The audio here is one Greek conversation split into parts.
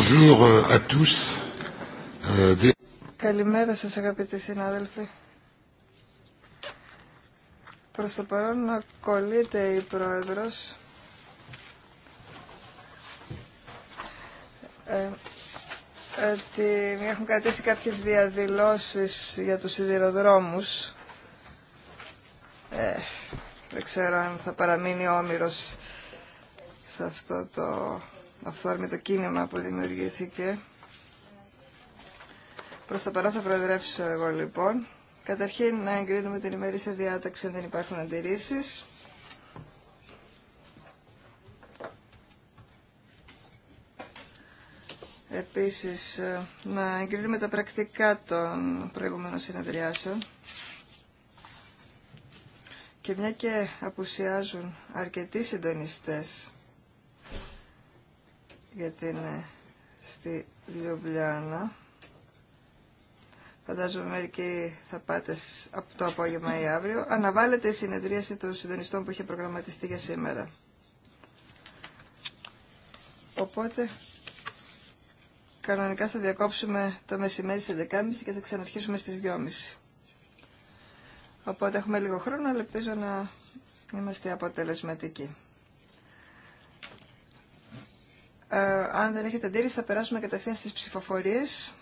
Euh, euh, Καλημέρα σας αγαπητοί συνάδελφοι. Προς το παρόν να κολλείται η Πρόεδρος. Ε, ότι έχουν κρατήσει κάποιες διαδηλώσεις για τους σιδηροδρόμους. Ε, δεν ξέρω αν θα παραμείνει όμοιρος σε αυτό το αυθόρμητο κίνημα που δημιουργήθηκε. Προς το παρόν θα προεδρεύσω εγώ λοιπόν. Καταρχήν να εγκρίνουμε την σε διάταξη αν δεν υπάρχουν αντιρρήσεις. Επίσης, να εγκρίνουμε τα πρακτικά των προηγούμενων συνεδριάσεων. Και μια και απουσιάζουν αρκετοί συντονιστές γιατί είναι στη Λιουμπλιάνα. Φαντάζομαι μερικοί θα πάτε από το απόγευμα ή αύριο. Αναβάλλεται η συνεδρίαση των συντονιστών που είχε προγραμματιστεί για σήμερα. Οπότε, κανονικά θα διακόψουμε το μεσημέρι στις 11.30 και θα ξαναρχίσουμε στις 2.30. Οπότε έχουμε λίγο χρόνο, αλλά ελπίζω να είμαστε αποτελεσματικοί. Ε, αν δεν έχετε αντίρρηση θα περάσουμε κατευθείαν στις ψηφοφορίες.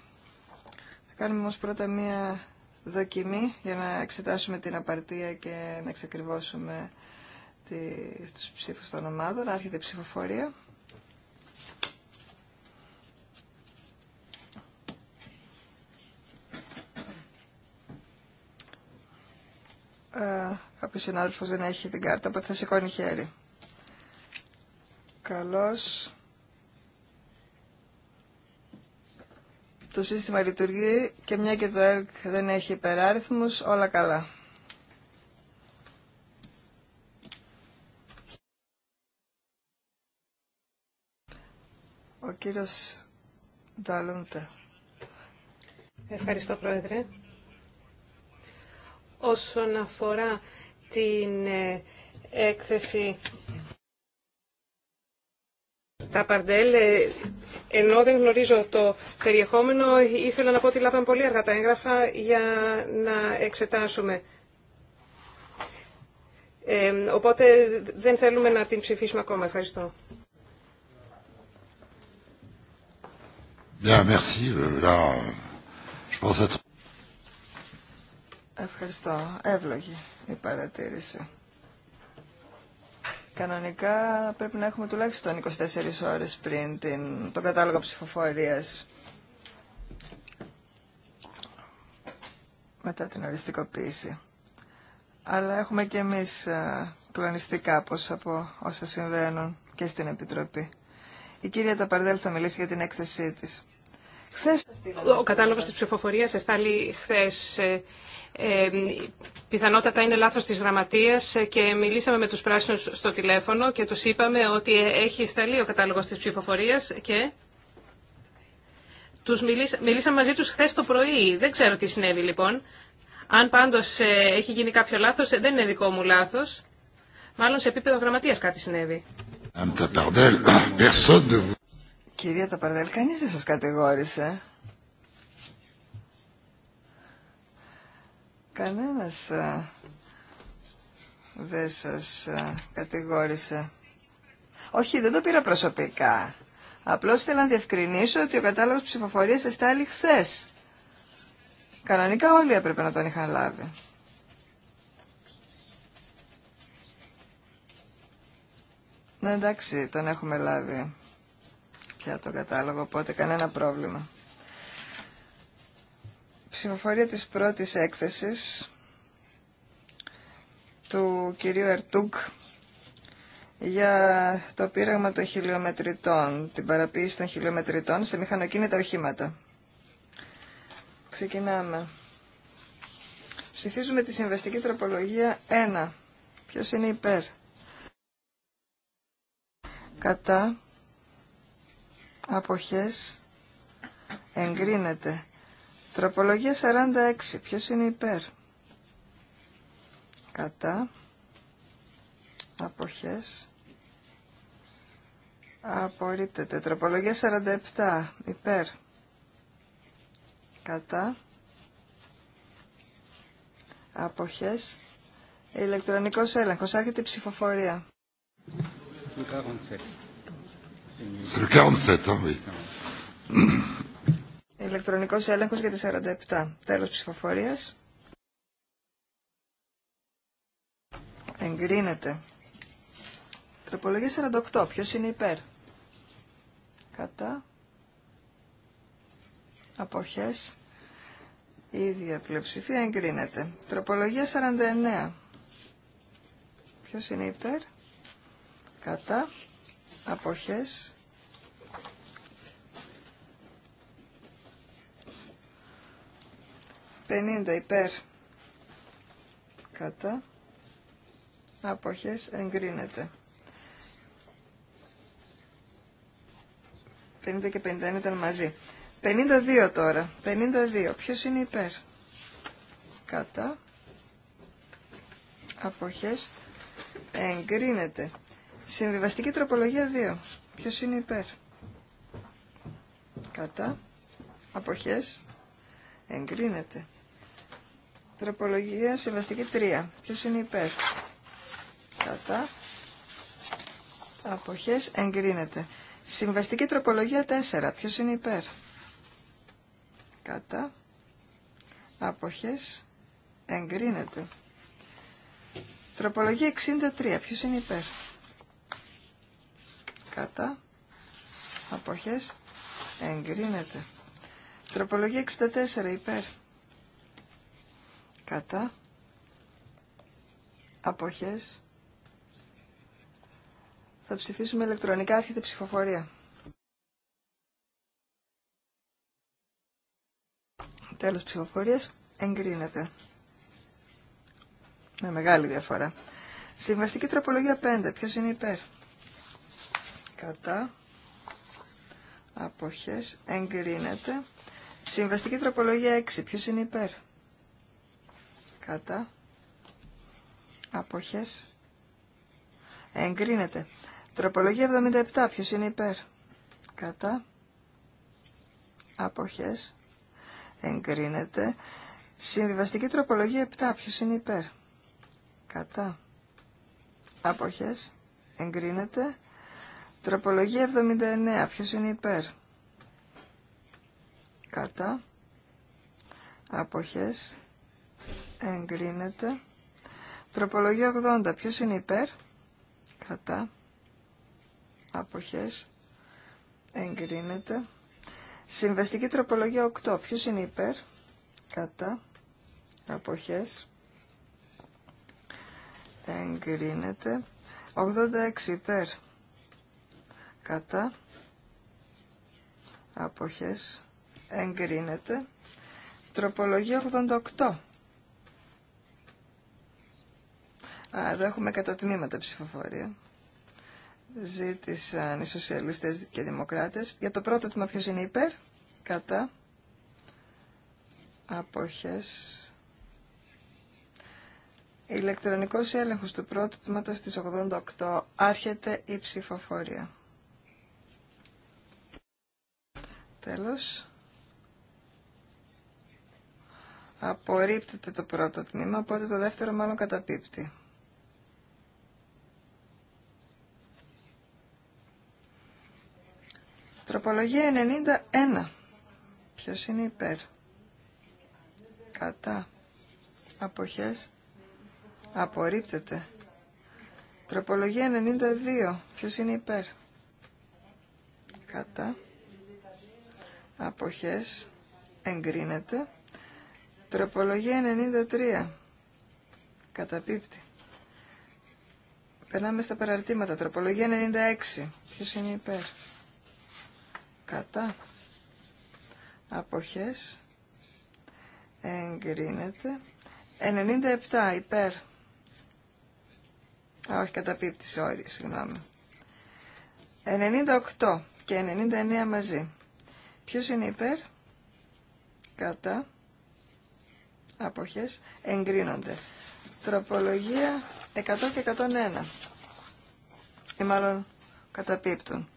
Θα κάνουμε όμως πρώτα μία δοκιμή για να εξετάσουμε την απαρτία και να ξεκριβώσουμε τους ψήφους των ομάδων. Άρχεται η ψηφοφορία. Ε, κάποιος συνάδελφος δεν έχει την κάρτα, οπότε θα σηκώνει χέρι. Καλώς. το σύστημα λειτουργεί και μια και το ΕΡΚ δεν έχει υπεράριθμους, όλα καλά. Ο κύριος Νταλούντα. Ευχαριστώ, Πρόεδρε. Όσον αφορά την ε, έκθεση τα παρντέλ, ε, ενώ δεν γνωρίζω το περιεχόμενο, ήθελα να πω ότι λάβαμε πολύ αργά τα έγγραφα για να εξετάσουμε. Ε, οπότε δεν θέλουμε να την ψηφίσουμε ακόμα. Ευχαριστώ. Bien, merci. Euh, là, je pense être... Ευχαριστώ. Εύλογη η παρατήρηση. Κανονικά πρέπει να έχουμε τουλάχιστον 24 ώρες πριν την, το κατάλογο ψηφοφορίας μετά την οριστικοποίηση. Αλλά έχουμε και εμείς ε, κλονιστεί κάπως από όσα συμβαίνουν και στην Επιτροπή. Η κυρία Ταπαρδέλ θα μιλήσει για την έκθεσή της. Ο κατάλογος της ψηφοφορίας εστάλει χθες. Ε, ε, Πιθανότατα είναι λάθος της γραμματείας ε, και μιλήσαμε με τους πράσινους στο τηλέφωνο και τους είπαμε ότι ε, έχει σταλεί ο κατάλογος της ψηφοφορίας και τους μιλήσαμε μαζί τους χθε το πρωί. Δεν ξέρω τι συνέβη λοιπόν. Αν πάντως ε, έχει γίνει κάποιο λάθος, δεν είναι δικό μου λάθος. Μάλλον σε επίπεδο γραμματείας κάτι συνέβη. Κυρία Ταπαρδέλ, κανείς δεν σας κατηγόρησε. Κανένας ε, δεν σας ε, κατηγόρησε. Όχι, δεν το πήρα προσωπικά. Απλώς θέλω να διευκρινίσω ότι ο κατάλογος ψηφοφορίας εστάλει χθε. Κανονικά όλοι έπρεπε να τον είχαν λάβει. Ναι, εντάξει, τον έχουμε λάβει πια τον κατάλογο, οπότε κανένα πρόβλημα ψηφοφορία της πρώτης έκθεσης του κυρίου Ερτούγκ για το πείραγμα των χιλιομετρητών, την παραποίηση των χιλιομετρητών σε μηχανοκίνητα οχήματα. Ξεκινάμε. Ψηφίζουμε τη συμβαστική τροπολογία 1. Ποιος είναι υπέρ. Κατά. Αποχές. Εγκρίνεται. Τροπολογία 46. Ποιος είναι υπέρ. Κατά. Αποχές. Απορρίπτεται. Τροπολογία 47. Υπέρ. Κατά. Αποχές. Ηλεκτρονικός έλεγχος. Άρχεται η ψηφοφορία. 47. 47, Ηλεκτρονικός έλεγχος για τη 47. Τέλος ψηφοφορίας. Εγκρίνεται. Τροπολογία 48. Ποιος είναι υπέρ. Κατά. Αποχές. ίδια πλειοψηφία εγκρίνεται. Τροπολογία 49. Ποιος είναι υπέρ. Κατά. Αποχές. 50 υπέρ κατά αποχές εγκρίνεται. 50 και 51 ήταν μαζί. 52 τώρα. 52. Ποιος είναι υπέρ. Κατά. Αποχές. Εγκρίνεται. Συμβιβαστική τροπολογία 2. Ποιος είναι υπέρ. Κατά. Αποχές. Εγκρίνεται. Τροπολογία συμβαστική 3. Ποιο είναι υπέρ. Κατά. Αποχές εγκρίνεται. Συμβαστική τροπολογία 4. Ποιο είναι υπέρ. Κατά. Αποχές εγκρίνεται. Τροπολογία 63. Ποιο είναι υπέρ. Κατά. Αποχές εγκρίνεται. Τροπολογία 64. Υπέρ κατά αποχές θα ψηφίσουμε ηλεκτρονικά άρχεται ψηφοφορία τέλος ψηφοφορίας εγκρίνεται με μεγάλη διαφορά συμβαστική τροπολογία 5 ποιος είναι υπέρ κατά αποχές εγκρίνεται συμβαστική τροπολογία 6 ποιος είναι υπέρ κατά αποχές εγκρίνεται. Τροπολογία 77, ποιος είναι υπέρ, κατά αποχές εγκρίνεται. Συμβιβαστική τροπολογία 7, ποιος είναι υπέρ, κατά αποχές εγκρίνεται. Τροπολογία 79, ποιος είναι υπέρ, κατά αποχές εγκρίνεται. Τροπολογία 80. Ποιος είναι υπέρ, κατά, αποχές, εγκρίνεται. Συμβαστική τροπολογία 8. Ποιος είναι υπέρ, κατά, αποχές, εγκρίνεται. 86 υπέρ, κατά, αποχές, εγκρίνεται. Τροπολογία 88 Εδώ έχουμε κατά τμήματα ψηφοφορία. Ζήτησαν οι σοσιαλιστές και οι δημοκράτες. Για το πρώτο τμήμα ποιος είναι υπέρ, κατά, αποχές. Ηλεκτρονικός έλεγχος του πρώτου τμήματος της 88 άρχεται η ψηφοφορία. Τέλος. Απορρίπτεται το πρώτο τμήμα, οπότε το δεύτερο μάλλον καταπίπτει. Τροπολογία 91. Ποιος είναι υπέρ. Κατά. Αποχές. Απορρίπτεται. Τροπολογία 92. Ποιος είναι υπέρ. Κατά. Αποχές. Εγκρίνεται. Τροπολογία 93. Καταπίπτει. Περνάμε στα παραρτήματα. Τροπολογία 96. Ποιος είναι υπέρ κατά αποχές εγκρίνεται 97 υπέρ Α, όχι καταπίπτει, όρη συγγνώμη 98 και 99 μαζί ποιος είναι υπέρ κατά αποχές εγκρίνονται τροπολογία 100 και 101 ή μάλλον καταπίπτουν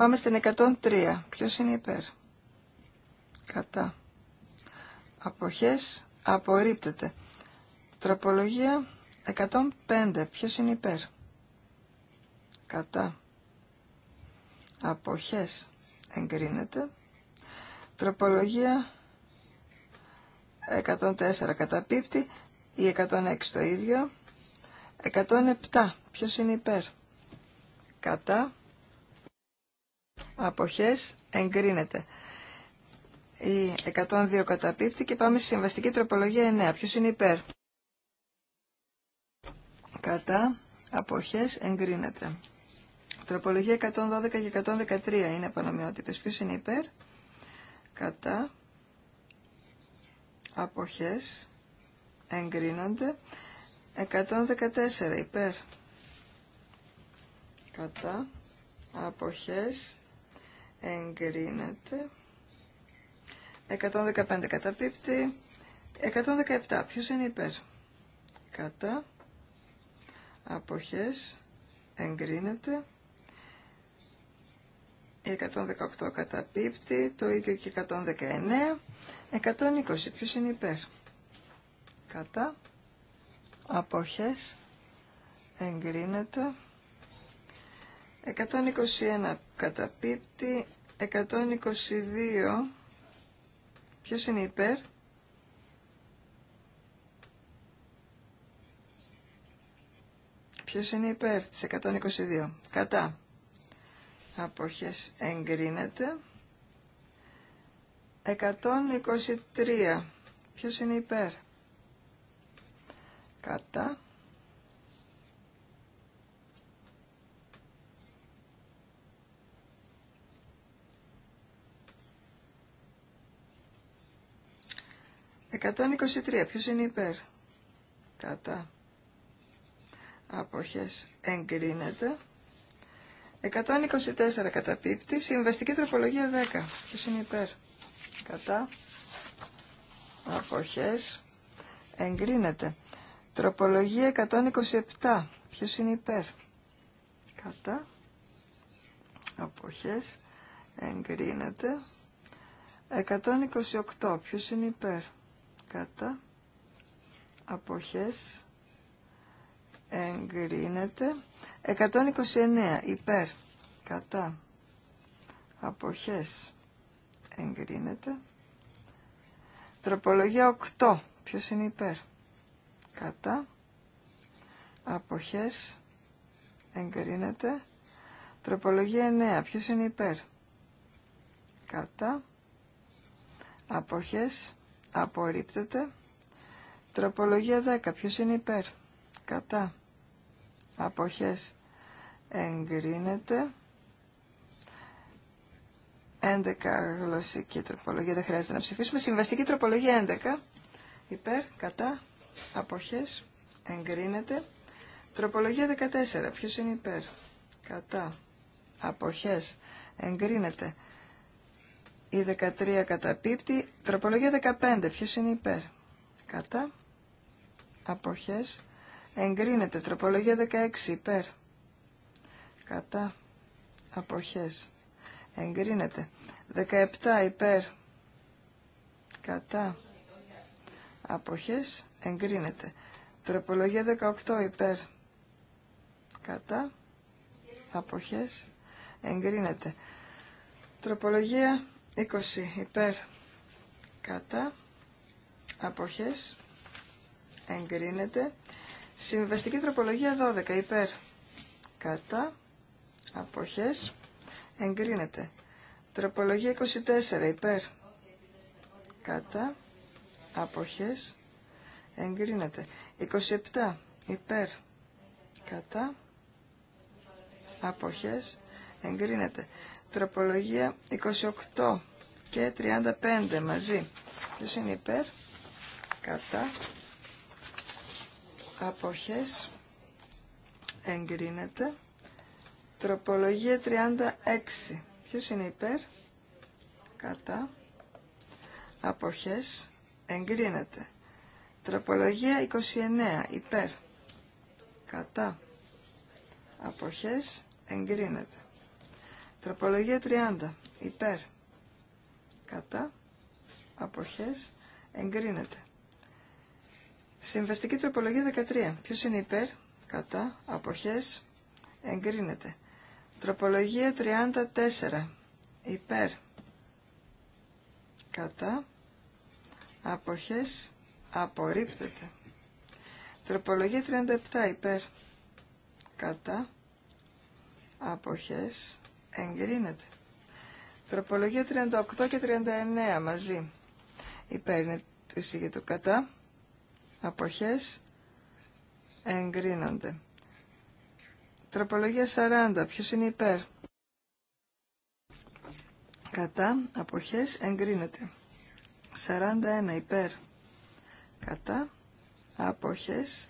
Πάμε στην 103. Ποιος είναι υπέρ. Κατά. Αποχές απορρίπτεται. Τροπολογία 105. Ποιος είναι υπέρ. Κατά. Αποχές εγκρίνεται. Τροπολογία 104 καταπίπτει ή 106 το ίδιο. 107. Ποιος είναι υπέρ. Κατά αποχές εγκρίνεται. Η 102 καταπίπτει και πάμε στη συμβαστική τροπολογία 9. Ποιος είναι υπέρ. Κατά αποχές εγκρίνεται. Τροπολογία 112 και 113 είναι πανομοιότυπες Ποιος είναι υπέρ. Κατά αποχές εγκρίνονται. 114 υπέρ. Κατά αποχές εγκρίνεται. 115 καταπίπτει. 117. Ποιος είναι υπέρ. Κατά. Αποχές. Εγκρίνεται. 118 καταπίπτει. Το ίδιο και 119. 120. Ποιος είναι υπέρ. Κατά. Αποχές. Εγκρίνεται. 121 καταπίπτει, 122 ποιος είναι υπέρ, ποιος είναι υπέρ της 122, κατά, αποχές εγκρίνεται, 123 ποιος είναι υπέρ, κατά, 123. Ποιος είναι υπέρ. Κατά. Αποχές εγκρίνεται. 124 καταπίπτει. Συμβαστική τροπολογία 10. Ποιος είναι υπέρ. Κατά. Αποχές εγκρίνεται. Τροπολογία 127. Ποιος είναι υπέρ. Κατά. Αποχές εγκρίνεται. 128. Ποιος είναι υπέρ κατά αποχές εγκρίνεται 129 υπέρ κατά αποχές εγκρίνεται τροπολογία 8 ποιος είναι υπέρ κατά αποχές εγκρίνεται τροπολογία 9 ποιος είναι υπέρ κατά αποχές απορρίπτεται. Τροπολογία 10. Ποιος είναι υπέρ. Κατά. Αποχές εγκρίνεται. 11 γλωσσική τροπολογία. Δεν χρειάζεται να ψηφίσουμε. Συμβαστική τροπολογία 11. Υπέρ. Κατά. Αποχές εγκρίνεται. Τροπολογία 14. Ποιος είναι υπέρ. Κατά. Αποχές εγκρίνεται. Η 13 καταπίπτει. Τροπολογία 15. Ποιο είναι υπέρ. Κατά. Αποχές. Εγκρίνεται. Τροπολογία 16. Υπέρ. Κατά. Αποχές. Εγκρίνεται. 17. Υπέρ. Κατά. Αποχές. Εγκρίνεται. Τροπολογία 18. Υπέρ. Κατά. Αποχές. Εγκρίνεται. Τροπολογία 20 υπέρ κατά αποχές εγκρίνεται συμβαστική τροπολογία 12 υπέρ κατά αποχές εγκρίνεται τροπολογία 24 υπέρ κατά αποχές εγκρίνεται 27 υπέρ κατά αποχές εγκρίνεται τροπολογία 28 και 35 μαζί. Ποιος είναι υπέρ, κατά, αποχές, εγκρίνεται. Τροπολογία 36. Ποιος είναι υπέρ, κατά, αποχές, εγκρίνεται. Τροπολογία 29. Υπέρ, κατά, αποχές, εγκρίνεται. Τροπολογία 30. Υπέρ, κατά, αποχές, εγκρίνεται. Συμβαστική τροπολογία 13. Ποιος είναι υπέρ, κατά, αποχές, εγκρίνεται. Τροπολογία 34. Υπέρ, κατά, αποχές, απορρίπτεται. Τροπολογία 37. Υπέρ, κατά, αποχές, εγκρίνεται. Τροπολογία 38 και 39 μαζί. Υπέρ είναι το κατά. Αποχές εγκρίνονται. Τροπολογία 40. Ποιος είναι υπέρ. Κατά. Αποχές εγκρίνεται. 41. Υπέρ. Κατά. Αποχές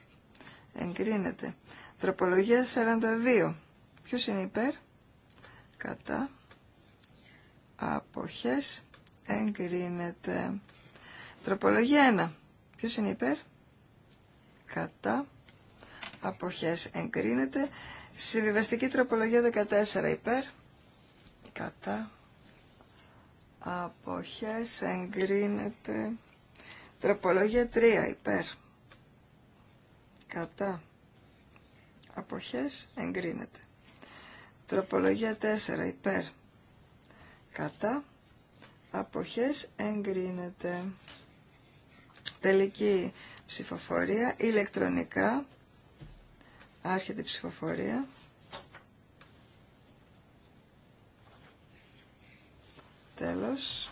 εγκρίνεται. Τροπολογία 42. Ποιος είναι υπέρ. Κατά αποχές εγκρίνεται. Τροπολογία 1. Ποιος είναι υπέρ? Κατά. Αποχές εγκρίνεται. Συμβιβαστική τροπολογία 14 υπέρ. Κατά. Αποχές εγκρίνεται. Τροπολογία 3 υπέρ. Κατά. Αποχές εγκρίνεται. Τροπολογία 4 υπέρ κατά, αποχές εγκρίνεται. Τελική ψηφοφορία, ηλεκτρονικά, άρχεται η ψηφοφορία. Τέλος.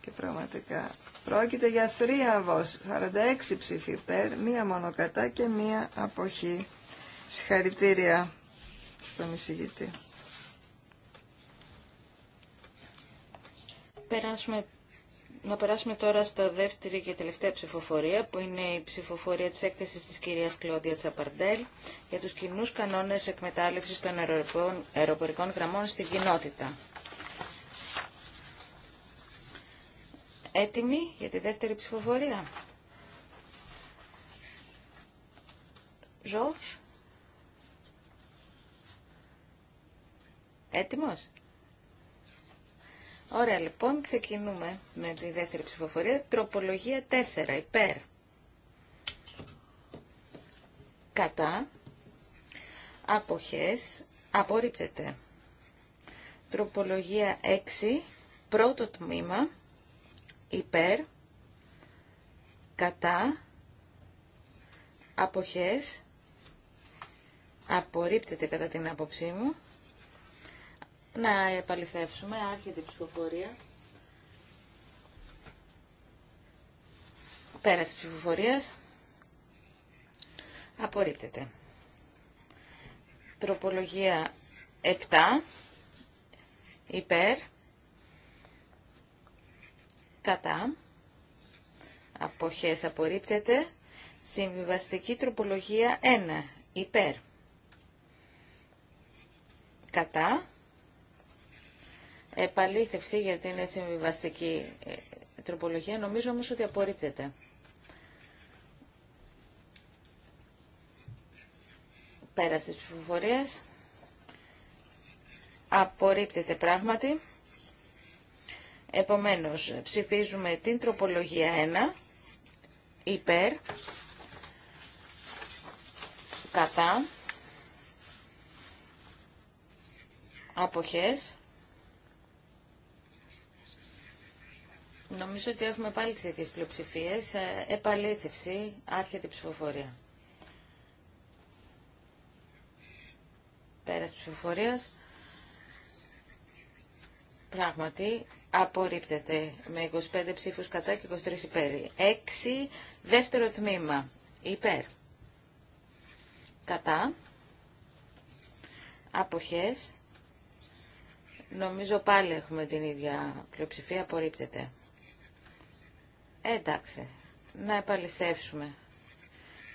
Και πραγματικά πρόκειται για θρίαμβος, 46 ψήφοι υπέρ, μία μονοκατά και μία αποχή. Συγχαρητήρια στον εισηγητή. Περάσουμε, να περάσουμε τώρα στο δεύτερη και τελευταία ψηφοφορία, που είναι η ψηφοφορία της έκθεσης της κυρίας Κλόντια Τσαπαρντέλ για τους κοινούς κανόνες εκμετάλλευσης των αεροπορικών γραμμών στην κοινότητα. Έτοιμοι για τη δεύτερη ψηφοφορία. Georges. Έτοιμος. Ωραία λοιπόν, ξεκινούμε με τη δεύτερη ψηφοφορία. Τροπολογία 4, υπέρ. Κατά. Αποχές. Απορρίπτεται. Τροπολογία 6, πρώτο τμήμα. Υπέρ. Κατά. Αποχές. Απορρίπτεται κατά την άποψή μου. Να επαληθεύσουμε. Άρχεται η ψηφοφορία. Πέραση ψηφοφορία. Απορρίπτεται. Τροπολογία 7. Υπέρ. Κατά. Αποχές απορρίπτεται. Συμβιβαστική τροπολογία 1. Υπέρ. Κατά επαλήθευση γιατί την συμβιβαστική ε, τροπολογία. Νομίζω όμως ότι απορρίπτεται. Πέρασε τις ψηφοφορίες. Απορρίπτεται πράγματι. Επομένως, ψηφίζουμε την τροπολογία 1, υπέρ, κατά, αποχές, Νομίζω ότι έχουμε πάλι τις ίδιες πλειοψηφίες. Ε, επαλήθευση, άρχεται η ψηφοφορία. Πέρας ψηφοφορίας. Πράγματι, απορρίπτεται με 25 ψήφους κατά και 23 υπέρ. 6, δεύτερο τμήμα, υπέρ. Κατά. Αποχές. Νομίζω πάλι έχουμε την ίδια πλειοψηφία, απορρίπτεται. Εντάξει, να επαληθεύσουμε.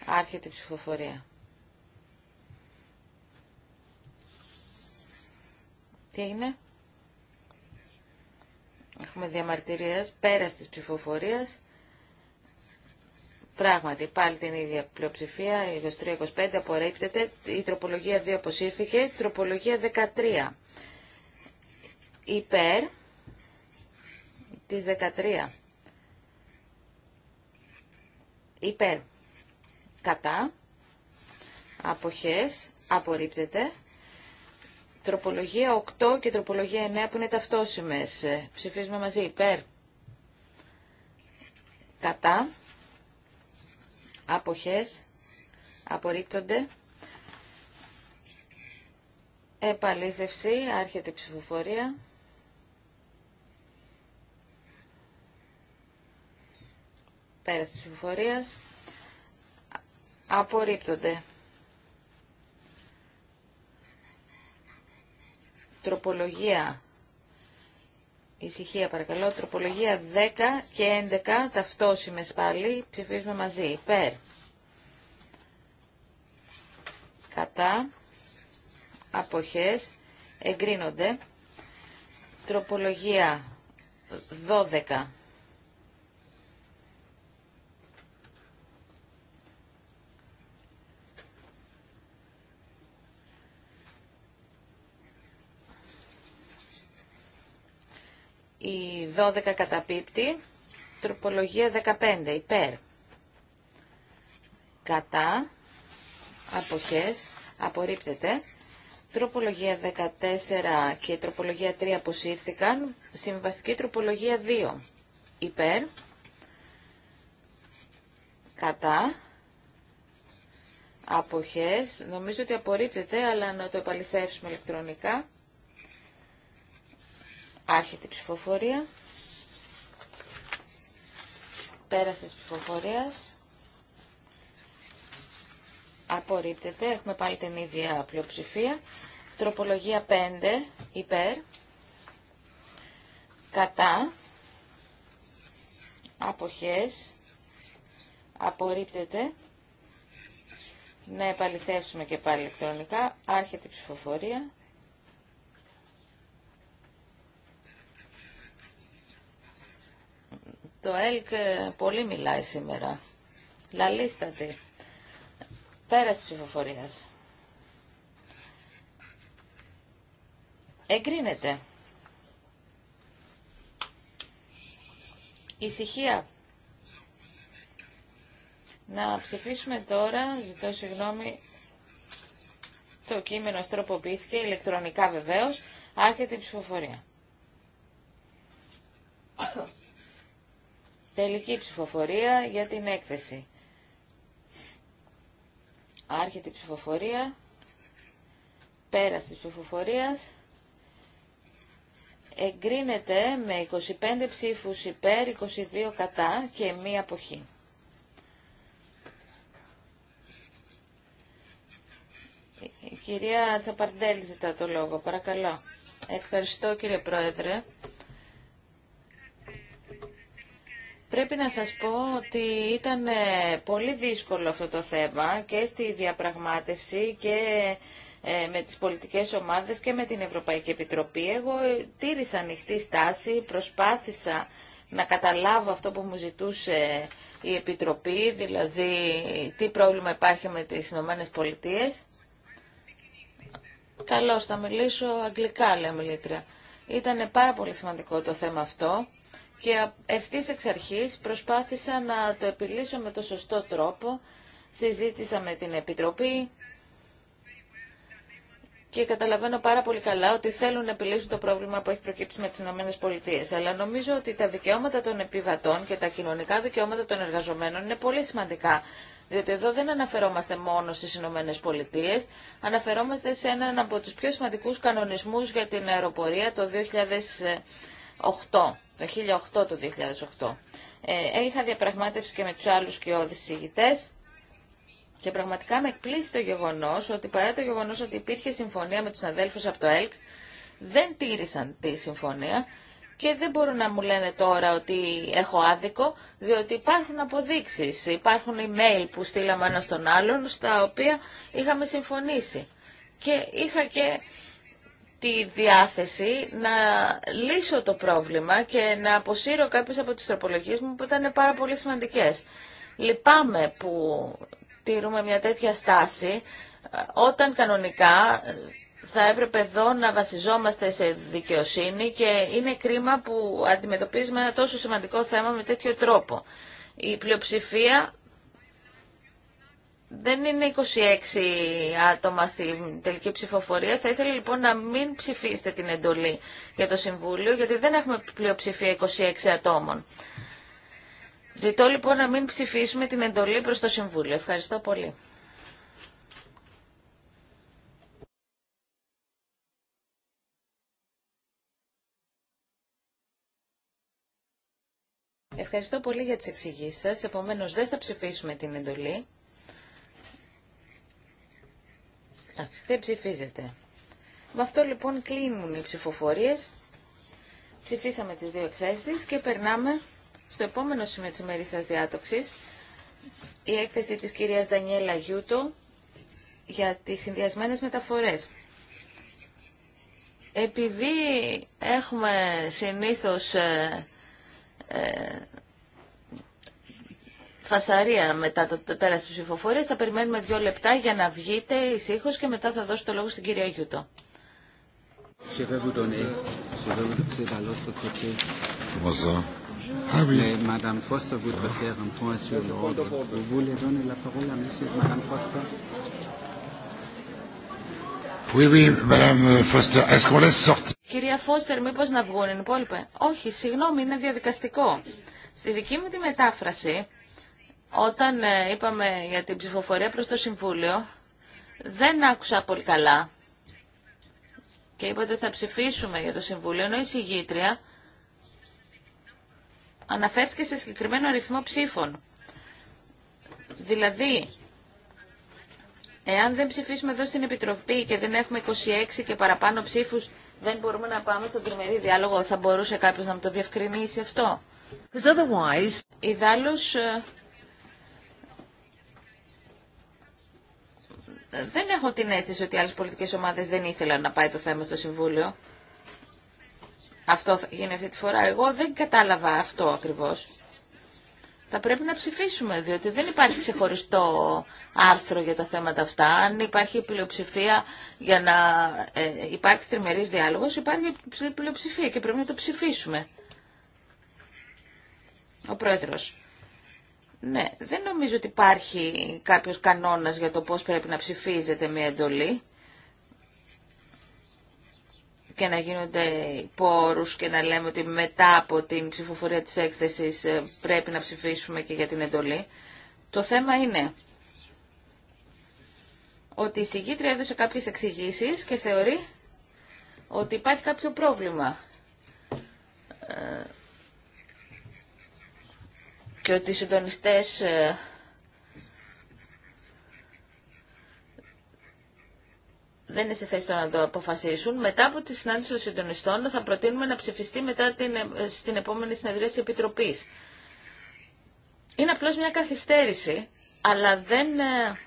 Άρχεται η ψηφοφορία. Τι έγινε? Έχουμε διαμαρτυρίες πέρα της ψηφοφορίας. Πράγματι, πάλι την ίδια πλειοψηφία, 23-25 απορρίπτεται, η τροπολογία 2 αποσύρθηκε, τροπολογία 13. Υπέρ της 13 υπέρ κατά αποχές απορρίπτεται τροπολογία 8 και τροπολογία 9 που είναι ταυτόσιμες ψηφίζουμε μαζί υπέρ κατά αποχές απορρίπτονται επαλήθευση άρχεται η ψηφοφορία Πέρας της ψηφοφορίας. Απορρίπτονται. Τροπολογία. Ησυχία παρακαλώ. Τροπολογία 10 και 11 ταυτόσιμες πάλι. Ψηφίζουμε μαζί. Υπέρ. Κατά. Αποχές. Εγκρίνονται. Τροπολογία 12 12 καταπίπτει. Τροπολογία 15 υπέρ. Κατά. Αποχές. Απορρίπτεται. Τροπολογία 14 και τροπολογία 3 αποσύρθηκαν. Συμβαστική τροπολογία 2 υπέρ. Κατά. Αποχές. Νομίζω ότι απορρίπτεται, αλλά να το επαληθεύσουμε ηλεκτρονικά. Άρχεται η ψηφοφορία. Πέρασε της ψηφοφορίας. Απορρίπτεται. Έχουμε πάλι την ίδια πλειοψηφία. Τροπολογία 5 υπέρ. Κατά. Αποχές. Απορρίπτεται. Να επαληθεύσουμε και πάλι ηλεκτρονικά. Άρχεται η ψηφοφορία. Το ΕΛΚ ε, πολύ μιλάει σήμερα. Λαλίστατη. Πέρας της ψηφοφορίας. Εγκρίνεται. Ησυχία. Να ψηφίσουμε τώρα, ζητώ συγγνώμη, το κείμενο στροποποιήθηκε ηλεκτρονικά βεβαίως, άρχεται η ψηφοφορία. Τελική ψηφοφορία για την έκθεση. Άρχεται η ψηφοφορία. Πέραση της ψηφοφορίας. Εγκρίνεται με 25 ψήφους υπέρ, 22 κατά και μία αποχή. Η κυρία Τσαπαρντέλη ζητά το λόγο, παρακαλώ. Ευχαριστώ κύριε Πρόεδρε. Πρέπει να σας πω ότι ήταν ε, πολύ δύσκολο αυτό το θέμα και στη διαπραγμάτευση και ε, με τις πολιτικές ομάδες και με την Ευρωπαϊκή Επιτροπή. Εγώ ε, τήρησα ανοιχτή στάση, προσπάθησα να καταλάβω αυτό που μου ζητούσε η Επιτροπή, δηλαδή τι πρόβλημα υπάρχει με τις Ηνωμένε Πολιτείες. Καλώς, θα μιλήσω αγγλικά, λέμε η Ήταν πάρα πολύ σημαντικό το θέμα αυτό και ευθύ εξ αρχή προσπάθησα να το επιλύσω με το σωστό τρόπο. Συζήτησα με την Επιτροπή και καταλαβαίνω πάρα πολύ καλά ότι θέλουν να επιλύσουν το πρόβλημα που έχει προκύψει με τις ΗΠΑ. Αλλά νομίζω ότι τα δικαιώματα των επιβατών και τα κοινωνικά δικαιώματα των εργαζομένων είναι πολύ σημαντικά. Διότι εδώ δεν αναφερόμαστε μόνο στι Ηνωμένε Πολιτείε, αναφερόμαστε σε έναν από του πιο σημαντικού κανονισμού για την αεροπορία το 2008 το 2008 του 2008. Ε, είχα διαπραγμάτευση και με τους άλλους και ηγητές και πραγματικά με εκπλήσει το γεγονός ότι παρά το γεγονός ότι υπήρχε συμφωνία με τους αδέλφους από το ΕΛΚ, δεν τήρησαν τη συμφωνία και δεν μπορούν να μου λένε τώρα ότι έχω άδικο, διότι υπάρχουν αποδείξεις, υπάρχουν email που στείλαμε ένα στον άλλον, στα οποία είχαμε συμφωνήσει. Και είχα και τη διάθεση να λύσω το πρόβλημα και να αποσύρω κάποιες από τις τροπολογίες μου που ήταν πάρα πολύ σημαντικές. Λυπάμαι που τηρούμε μια τέτοια στάση όταν κανονικά θα έπρεπε εδώ να βασιζόμαστε σε δικαιοσύνη και είναι κρίμα που αντιμετωπίζουμε ένα τόσο σημαντικό θέμα με τέτοιο τρόπο. Η πλειοψηφία δεν είναι 26 άτομα στη τελική ψηφοφορία. Θα ήθελα λοιπόν να μην ψηφίσετε την εντολή για το Συμβούλιο, γιατί δεν έχουμε πλειοψηφία 26 ατόμων. Ζητώ λοιπόν να μην ψηφίσουμε την εντολή προς το Συμβούλιο. Ευχαριστώ πολύ. Ευχαριστώ πολύ για τις εξηγήσεις σας. Επομένως δεν θα ψηφίσουμε την εντολή. Δεν ψηφίζεται. Με αυτό λοιπόν κλείνουν οι ψηφοφορίες. Ψηφίσαμε τις δύο εκθέσεις και περνάμε στο επόμενο σημείο της σα διάτοξης. Η έκθεση της κυρίας Δανιέλα Γιούτο για τις συνδυασμένες μεταφορές. Επειδή έχουμε συνήθως ε, ε, φασαρία μετά το πέρα τη ψηφοφορία. Θα περιμένουμε δύο λεπτά για να βγείτε η και μετά θα δώσω το λόγο στην κυρία Γιούτο. Κυρία Φώστερ, μήπω να βγουν οι υπόλοιποι. Όχι, συγγνώμη, είναι διαδικαστικό. Στη δική μου τη μετάφραση. Όταν ε, είπαμε για την ψηφοφορία προς το Συμβούλιο, δεν άκουσα πολύ καλά και είπατε θα ψηφίσουμε για το Συμβούλιο, ενώ η συγγήτρια αναφέρθηκε σε συγκεκριμένο αριθμό ψήφων. Δηλαδή, εάν δεν ψηφίσουμε εδώ στην Επιτροπή και δεν έχουμε 26 και παραπάνω ψήφους, δεν μπορούμε να πάμε στον τριμερή διάλογο. Θα μπορούσε κάποιος να μου το διευκρινίσει αυτό. δεν έχω την αίσθηση ότι άλλες πολιτικές ομάδες δεν ήθελαν να πάει το θέμα στο Συμβούλιο. Αυτό θα γίνει αυτή τη φορά. Εγώ δεν κατάλαβα αυτό ακριβώς. Θα πρέπει να ψηφίσουμε, διότι δεν υπάρχει ξεχωριστό άρθρο για τα θέματα αυτά. Αν υπάρχει πλειοψηφία για να ε, υπάρξει τριμερής διάλογος, υπάρχει πλειοψηφία και πρέπει να το ψηφίσουμε. Ο Πρόεδρος. Ναι, δεν νομίζω ότι υπάρχει κάποιος κανόνας για το πώς πρέπει να ψηφίζεται μια εντολή και να γίνονται πόρους και να λέμε ότι μετά από την ψηφοφορία της έκθεσης ε, πρέπει να ψηφίσουμε και για την εντολή. Το θέμα είναι ότι η συγκήτρια έδωσε κάποιες εξηγήσει και θεωρεί ότι υπάρχει κάποιο πρόβλημα ε, και ότι οι συντονιστές ε, δεν είναι σε θέση να το αποφασίσουν. Μετά από τη συνάντηση των συντονιστών θα προτείνουμε να ψηφιστεί μετά την, ε, στην επόμενη συνεδρία της Επιτροπής. Είναι απλώς μια καθυστέρηση, αλλά δεν ε,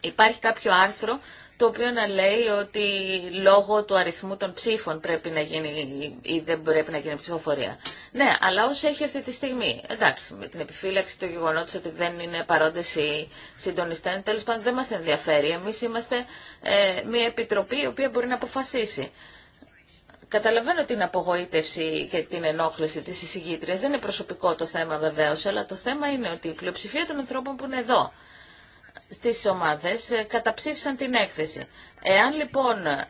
υπάρχει κάποιο άρθρο το οποίο να λέει ότι λόγω του αριθμού των ψήφων πρέπει να γίνει ή δεν πρέπει να γίνει ψηφοφορία. Ναι, αλλά όσο έχει αυτή τη στιγμή, εντάξει, με την επιφύλαξη του γεγονότο ότι δεν είναι παρόντε οι συντονιστέ, τέλο πάντων δεν μα ενδιαφέρει. Εμεί είμαστε ε, μια επιτροπή η οποία μπορεί να αποφασίσει. Καταλαβαίνω την απογοήτευση και την ενόχληση της εισηγήτριας. Δεν είναι προσωπικό το θέμα βεβαίω, αλλά το θέμα είναι ότι η πλειοψηφία των ανθρώπων που είναι εδώ στις ομάδες ε, καταψήφισαν την έκθεση. Εάν λοιπόν ε,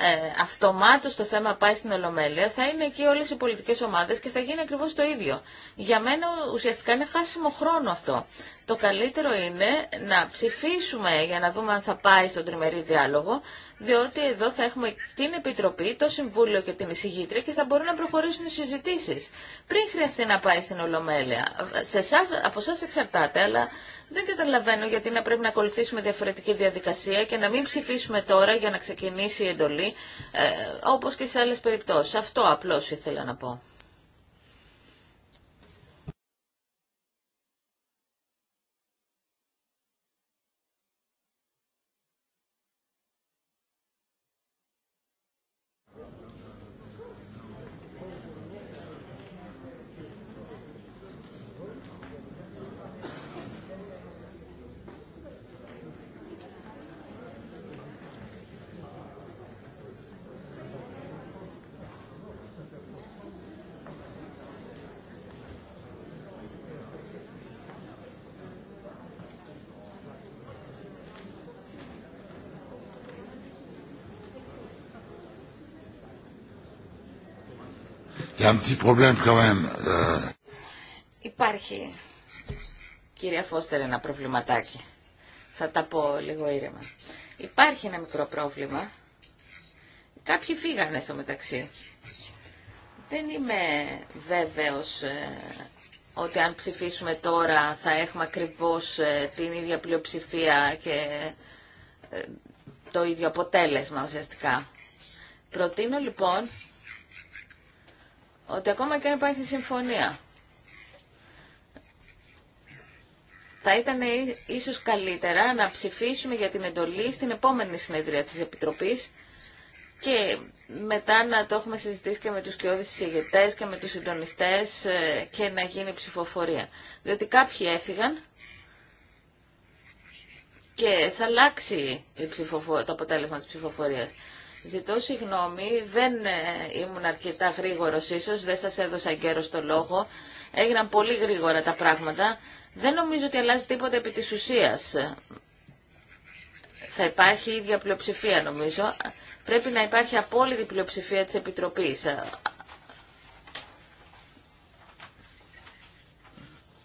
ε, αυτομάτως το θέμα πάει στην Ολομέλεια, θα είναι εκεί όλες οι πολιτικές ομάδες και θα γίνει ακριβώς το ίδιο. Για μένα ουσιαστικά είναι χάσιμο χρόνο αυτό. Το καλύτερο είναι να ψηφίσουμε για να δούμε αν θα πάει στον τριμερή διάλογο, διότι εδώ θα έχουμε την Επιτροπή, το Συμβούλιο και την Εισηγήτρια και θα μπορούν να προχωρήσουν οι συζητήσεις. Πριν χρειαστεί να πάει στην Ολομέλεια. Σε εσάς, από εσά εξαρτάται, αλλά δεν καταλαβαίνω γιατί να πρέπει να ακολουθήσουμε διαφορετική διαδικασία και να μην ψηφίσουμε τώρα για να ξεκινήσει η εντολή, ε, όπως και σε άλλες περιπτώσεις. Αυτό απλώς ήθελα να πω. un petit euh. Υπάρχει, κυρία Φώστερ, ένα προβληματάκι. Θα τα πω λίγο ήρεμα. Υπάρχει ένα μικρό πρόβλημα. Κάποιοι φύγανε στο μεταξύ. Δεν είμαι βέβαιος ε, ότι αν ψηφίσουμε τώρα θα έχουμε ακριβώς ε, την ίδια πλειοψηφία και ε, το ίδιο αποτέλεσμα ουσιαστικά. Προτείνω λοιπόν ότι ακόμα και αν υπάρχει συμφωνία, θα ήταν ίσως καλύτερα να ψηφίσουμε για την εντολή στην επόμενη συνεδρία της Επιτροπής και μετά να το έχουμε συζητήσει και με τους κοιόδης και με τους συντονιστές ε, και να γίνει ψηφοφορία. Διότι κάποιοι έφυγαν και θα αλλάξει το αποτέλεσμα της ψηφοφορίας. Ζητώ συγγνώμη, δεν ε, ήμουν αρκετά γρήγορος ίσως, δεν σας έδωσα καιρό το λόγο. Έγιναν πολύ γρήγορα τα πράγματα. Δεν νομίζω ότι αλλάζει τίποτα επί της ουσίας. Θα υπάρχει η ίδια πλειοψηφία νομίζω. Πρέπει να υπάρχει απόλυτη πλειοψηφία της Επιτροπής.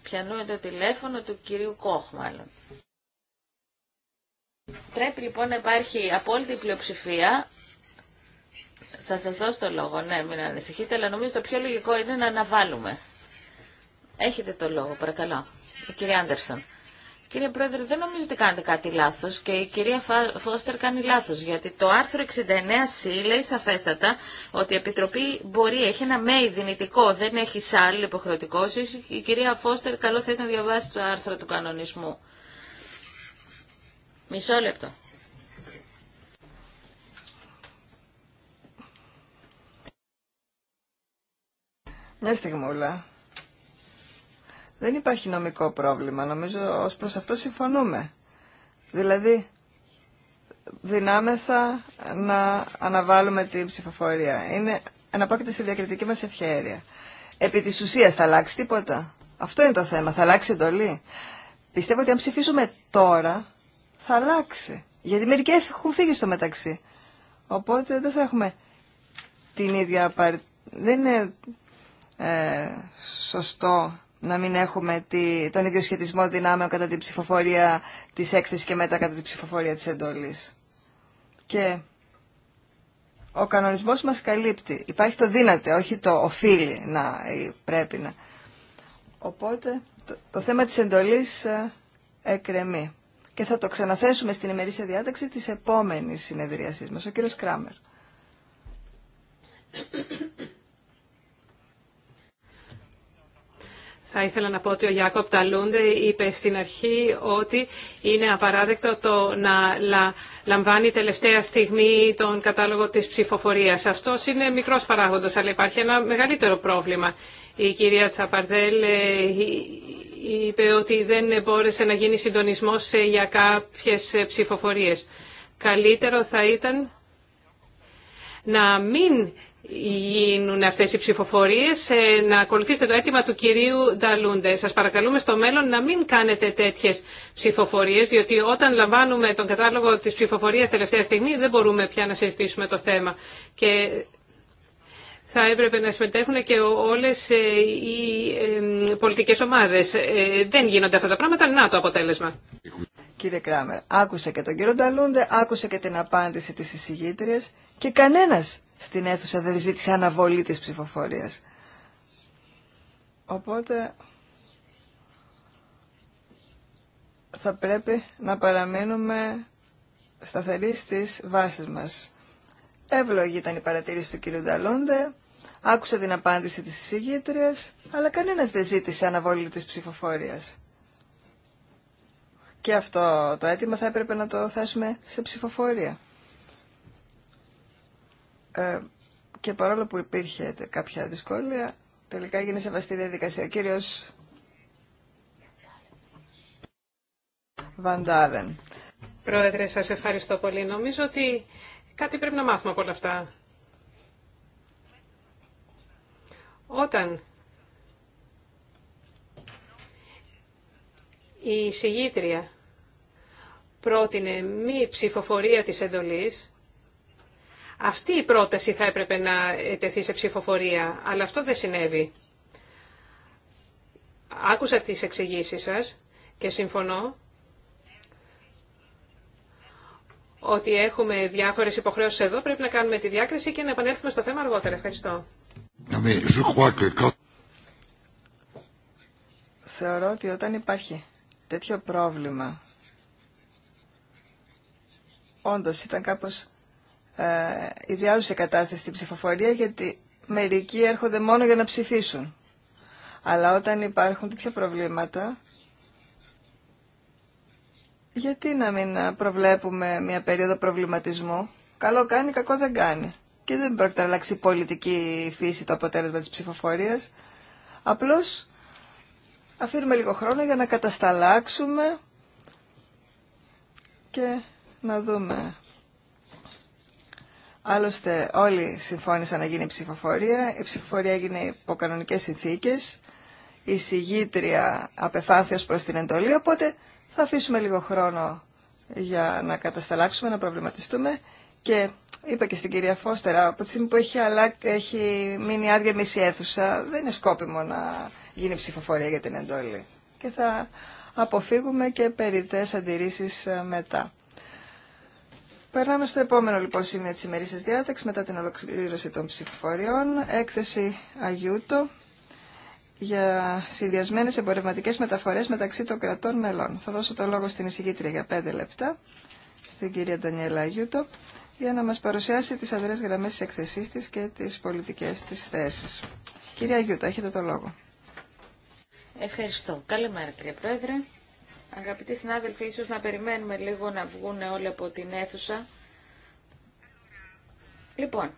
Πιανού το τηλέφωνο του κυρίου Κόχ μάλλον. Πρέπει λοιπόν να υπάρχει απόλυτη πλειοψηφία θα σας δώσω το λόγο, ναι, μην ανησυχείτε, αλλά νομίζω το πιο λογικό είναι να αναβάλουμε. Έχετε το λόγο, παρακαλώ. Ο Άντερσον. Κύριε Πρόεδρε, δεν νομίζω ότι κάνετε κάτι λάθο και η κυρία Φώστερ κάνει λάθο. Γιατί το άρθρο 69C λέει σαφέστατα ότι η Επιτροπή μπορεί, έχει ένα μέι δυνητικό, δεν έχει σάλ υποχρεωτικό. Η κυρία Φώστερ καλό θα ήταν να διαβάσει το άρθρο του κανονισμού. Μισό λεπτό. Μια στιγμούλα. Δεν υπάρχει νομικό πρόβλημα. Νομίζω ως προς αυτό συμφωνούμε. Δηλαδή, δυνάμεθα να αναβάλουμε την ψηφοφορία. Είναι αναπόκειται στη διακριτική μας ευχαίρεια. Επί της ουσίας θα αλλάξει τίποτα. Αυτό είναι το θέμα. Θα αλλάξει εντολή. Πιστεύω ότι αν ψηφίσουμε τώρα θα αλλάξει. Γιατί μερικοί έχουν φύγει στο μεταξύ. Οπότε δεν θα έχουμε την ίδια Δεν ε, σωστό να μην έχουμε τη, τον ίδιο σχετισμό δυνάμεων κατά την ψηφοφορία της έκθεσης και μετά κατά την ψηφοφορία της εντολής. Και ο κανονισμός μας καλύπτει. Υπάρχει το δύνατο, όχι το οφείλει να ε, πρέπει να. Οπότε το, θέμα της εντολής ε, εκρεμεί. Και θα το ξαναθέσουμε στην ημερήσια διάταξη της επόμενης συνεδρίασής μας, ο κύριος Κράμερ. Θα ήθελα να πω ότι ο Γιάκοπ Ταλούντε είπε στην αρχή ότι είναι απαράδεκτο το να λαμβάνει τελευταία στιγμή τον κατάλογο της ψηφοφορίας. Αυτό είναι μικρός παράγοντας, αλλά υπάρχει ένα μεγαλύτερο πρόβλημα. Η κυρία Τσαπαρδέλ ε, ε, είπε ότι δεν μπόρεσε να γίνει συντονισμός ε, για κάποιες ψηφοφορίες. Καλύτερο θα ήταν να μην γίνουν αυτές οι ψηφοφορίες, ε, να ακολουθήσετε το αίτημα του κυρίου Νταλούντε. Σας παρακαλούμε στο μέλλον να μην κάνετε τέτοιες ψηφοφορίες, διότι όταν λαμβάνουμε τον κατάλογο της ψηφοφορίας τελευταία στιγμή δεν μπορούμε πια να συζητήσουμε το θέμα. Και θα έπρεπε να συμμετέχουν και όλες ε, οι ε, πολιτικές ομάδες. Δεν γίνονται αυτά τα πράγματα, να το αποτέλεσμα. Κύριε Κράμερ, άκουσε και τον κύριο Νταλούντε, άκουσε και την απάντηση της εισηγήτριας και κανένας στην αίθουσα δεν ζήτησε αναβολή της ψηφοφορίας. Οπότε θα πρέπει να παραμείνουμε σταθεροί στις βάσεις μας. Εύλογη ήταν η παρατήρηση του κ. Νταλούντε, άκουσα την απάντηση της εισηγήτριας, αλλά κανένας δεν ζήτησε αναβολή της ψηφοφορίας. Και αυτό το αίτημα θα έπρεπε να το θέσουμε σε ψηφοφορία. Ε, και παρόλο που υπήρχε κάποια δυσκολία, τελικά έγινε σεβαστή διαδικασία. Ο κύριος Βαντάλεν. Πρόεδρε, σας ευχαριστώ πολύ. Νομίζω ότι κάτι πρέπει να μάθουμε από όλα αυτά. Όταν η συγγήτρια πρότεινε μη ψηφοφορία της εντολής, αυτή η πρόταση θα έπρεπε να τεθεί σε ψηφοφορία, αλλά αυτό δεν συνέβη. Άκουσα τις εξηγήσει σας και συμφωνώ ότι έχουμε διάφορες υποχρεώσεις εδώ, πρέπει να κάνουμε τη διάκριση και να επανέλθουμε στο θέμα αργότερα. Ευχαριστώ. Θεωρώ ότι όταν υπάρχει τέτοιο πρόβλημα, όντως ήταν κάπως ιδιάζουσα ε, κατάσταση στην ψηφοφορία γιατί μερικοί έρχονται μόνο για να ψηφίσουν. Αλλά όταν υπάρχουν τέτοια προβλήματα, γιατί να μην προβλέπουμε μια περίοδο προβληματισμού. Καλό κάνει, κακό δεν κάνει. Και δεν πρόκειται να αλλάξει η πολιτική φύση το αποτέλεσμα της ψηφοφορίας. Απλώς αφήνουμε λίγο χρόνο για να κατασταλάξουμε και να δούμε Άλλωστε όλοι συμφώνησαν να γίνει ψηφοφορία. Η ψηφοφορία έγινε υπό κανονικέ συνθήκες. Η συγγήτρια απεφάνθη προς την εντολή, οπότε θα αφήσουμε λίγο χρόνο για να κατασταλάξουμε, να προβληματιστούμε. Και είπα και στην κυρία Φώστερα, από τη στιγμή που έχει, αλλά, έχει μείνει άδεια μισή αίθουσα, δεν είναι σκόπιμο να γίνει ψηφοφορία για την εντόλη. Και θα αποφύγουμε και περιττές αντιρρήσεις ε, μετά. Περνάμε στο επόμενο λοιπόν σημείο της ημερήσης διάταξης μετά την ολοκλήρωση των ψηφοφοριών. Έκθεση Αγιούτο για συνδυασμένες εμπορευματικές μεταφορές μεταξύ των κρατών μελών. Θα δώσω το λόγο στην εισηγήτρια για πέντε λεπτά, στην κυρία Ντανιέλα Αγιούτο, για να μας παρουσιάσει τις αδρές γραμμές της εκθεσής της και τις πολιτικές της θέσεις. Κυρία Αγιούτο, έχετε το λόγο. Ευχαριστώ. Καλημέρα κύριε Πρόεδρε. Αγαπητοί συνάδελφοι, ίσως να περιμένουμε λίγο να βγουν όλοι από την αίθουσα. Λοιπόν,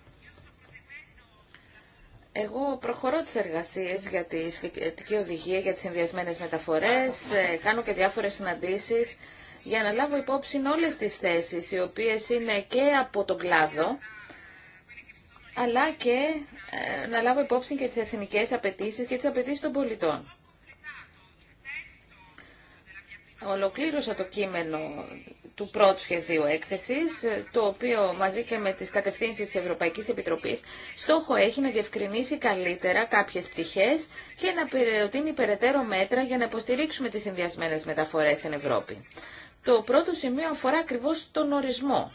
εγώ προχωρώ τις εργασίες για τη σχετική οδηγία για τις συνδυασμένε μεταφορές, ε, κάνω και διάφορες συναντήσεις για να λάβω υπόψη όλες τις θέσεις, οι οποίες είναι και από τον κλάδο, αλλά και ε, να λάβω υπόψη και τις εθνικές απαιτήσεις και τις απαιτήσεις των πολιτών ολοκλήρωσα το κείμενο του πρώτου σχεδίου έκθεσης, το οποίο μαζί και με τις κατευθύνσεις της Ευρωπαϊκής Επιτροπής στόχο έχει να διευκρινίσει καλύτερα κάποιες πτυχές και να περιοτείνει περαιτέρω μέτρα για να υποστηρίξουμε τις συνδυασμένες μεταφορές στην Ευρώπη. Το πρώτο σημείο αφορά ακριβώς τον ορισμό.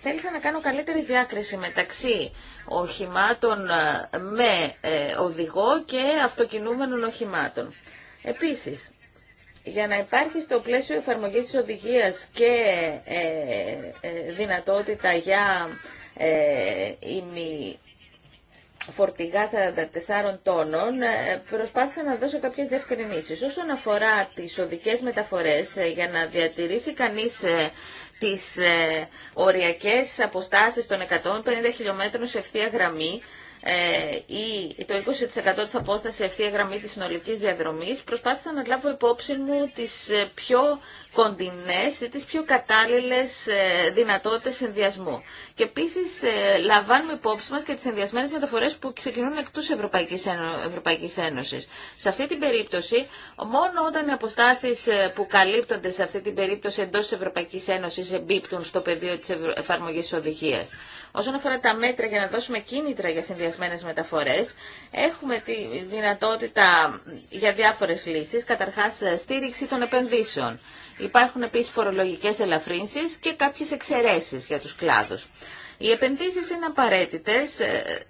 Θέλησα να κάνω καλύτερη διάκριση μεταξύ οχημάτων ε, με ε, οδηγό και αυτοκινούμενων οχημάτων. Επίσης, για να υπάρχει στο πλαίσιο εφαρμογής της οδηγίας και ε, ε, δυνατότητα για ημι φορτηγά 44 τόνων, ε, προσπάθησα να δώσω κάποιες διευκρινήσει. Όσον αφορά τις οδικές μεταφορές, για να διατηρήσει κανείς τις οριακέ αποστάσεις των 150 χιλιόμετρων σε ευθεία γραμμή, ή ε, το 20% της απόστασης ευθεία γραμμή της συνολικής διαδρομής, προσπάθησα να λάβω υπόψη μου τις ε, πιο κοντινές ή τις πιο κατάλληλες ε, δυνατότητες συνδυασμού. Και επίσης ε, λαμβάνουμε υπόψη μας και τις συνδυασμένες μεταφορές που ξεκινούν εκτός Ευρωπαϊκής, Ευρωπαϊκής Ένωσης. Σε αυτή την περίπτωση, μόνο όταν οι αποστάσεις ε, που καλύπτονται σε αυτή την περίπτωση εντός Ευρωπαϊκή Ευρωπαϊκής Ένωσης εμπίπτουν στο πεδίο της εφαρμογής της οδηγίας. Όσον αφορά τα μέτρα για να δώσουμε κίνητρα για συνδυασμένες μεταφορές, έχουμε τη δυνατότητα για διάφορες λύσεις, καταρχάς στήριξη των επενδύσεων. Υπάρχουν επίσης φορολογικές ελαφρύνσεις και κάποιες εξαιρέσεις για τους κλάδους. Οι επενδύσεις είναι απαραίτητες ε,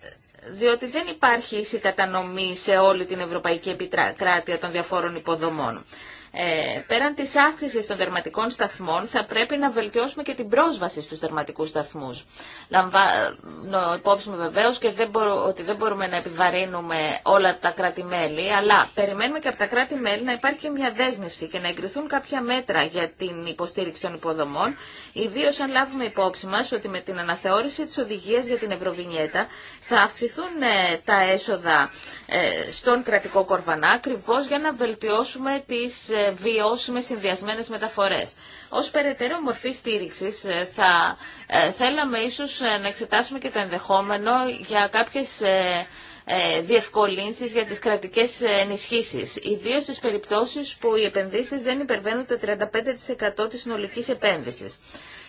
διότι δεν υπάρχει ίση κατανομή σε όλη την Ευρωπαϊκή Επικράτεια των διαφόρων υποδομών. Ε, πέραν της αύξησης των τερματικών σταθμών θα πρέπει να βελτιώσουμε και την πρόσβαση στους δερματικούς σταθμούς. Λαμβάνω υπόψη μου βεβαίως και δεν μπορώ, ότι δεν μπορούμε να επιβαρύνουμε όλα τα κράτη-μέλη, αλλά περιμένουμε και από τα κράτη-μέλη να υπάρχει μια δέσμευση και να εγκριθούν κάποια μέτρα για την υποστήριξη των υποδομών, ιδίω αν λάβουμε υπόψη μας ότι με την αναθεώρηση της οδηγίας για την Ευρωβινιέτα θα αυξηθούν ε, τα έσοδα ε, στον κρατικό κορβανά, ακριβώ για να βελτιώσουμε τις ε, ε, βιώσιμες συνδυασμένες μεταφορές. Ως περαιτέρω μορφή στήριξης ε, θα ε, θέλαμε ίσως να εξετάσουμε και το ενδεχόμενο για κάποιες διευκολύνσεις για τις κρατικές ενισχύσεις, ιδίως στις περιπτώσεις που οι επενδύσεις δεν υπερβαίνουν το 35% της συνολικής επένδυσης.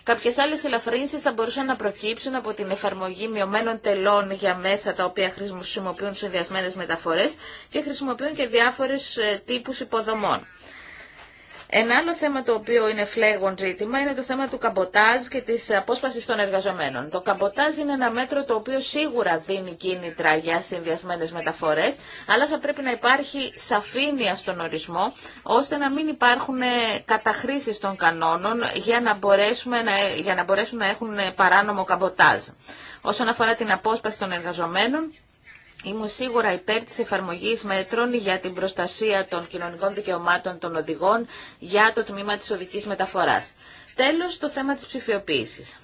Κάποιες άλλες ελαφρύνσεις θα μπορούσαν να προκύψουν από την εφαρμογή μειωμένων τελών για μέσα τα οποία χρησιμοποιούν συνδυασμένες μεταφορές και χρησιμοποιούν και διάφορες τύπους υποδομών. Ένα άλλο θέμα το οποίο είναι φλέγον ζήτημα είναι το θέμα του καμποτάζ και της απόσπασης των εργαζομένων. Το καμποτάζ είναι ένα μέτρο το οποίο σίγουρα δίνει κίνητρα για συνδυασμένε μεταφορές, αλλά θα πρέπει να υπάρχει σαφήνεια στον ορισμό, ώστε να μην υπάρχουν ε, καταχρήσεις των κανόνων για να, να, για να μπορέσουν να έχουν ε, παράνομο καμποτάζ. Όσον αφορά την απόσπαση των εργαζομένων, Ήμουν σίγουρα υπέρ της εφαρμογής μέτρων για την προστασία των κοινωνικών δικαιωμάτων των οδηγών για το τμήμα της οδικής μεταφοράς. Τέλος, το θέμα της ψηφιοποίησης.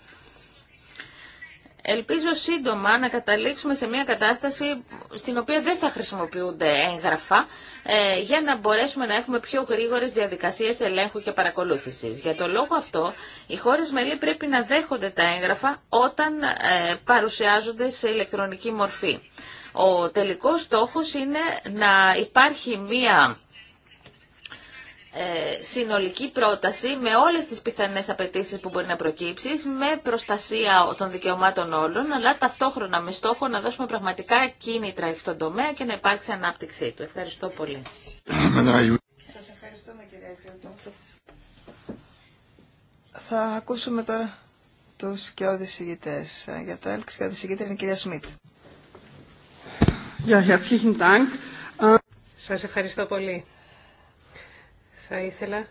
Ελπίζω σύντομα να καταλήξουμε σε μια κατάσταση στην οποία δεν θα χρησιμοποιούνται έγγραφα ε, για να μπορέσουμε να έχουμε πιο γρήγορες διαδικασίες ελέγχου και παρακολούθησης. Για τον λόγο αυτό, οι χώρες μελή πρέπει να δέχονται τα έγγραφα όταν ε, παρουσιάζονται σε ηλεκτρονική μορφή. Ο τελικός στόχος είναι να υπάρχει μία ε, συνολική πρόταση με όλες τις πιθανές απαιτήσεις που μπορεί να προκύψει, με προστασία των δικαιωμάτων όλων, αλλά ταυτόχρονα με στόχο να δώσουμε πραγματικά κίνητρα στον τομέα και να υπάρξει ανάπτυξή του. Ευχαριστώ πολύ. Σας ευχαριστούμε κυρία Θα ακούσουμε τώρα τους και οδησηγητές ε, για το ΕΛΚΣ. και οδησηγητή είναι η κυρία Σμίτ. Σας ευχαριστώ πολύ. Θα ήθελα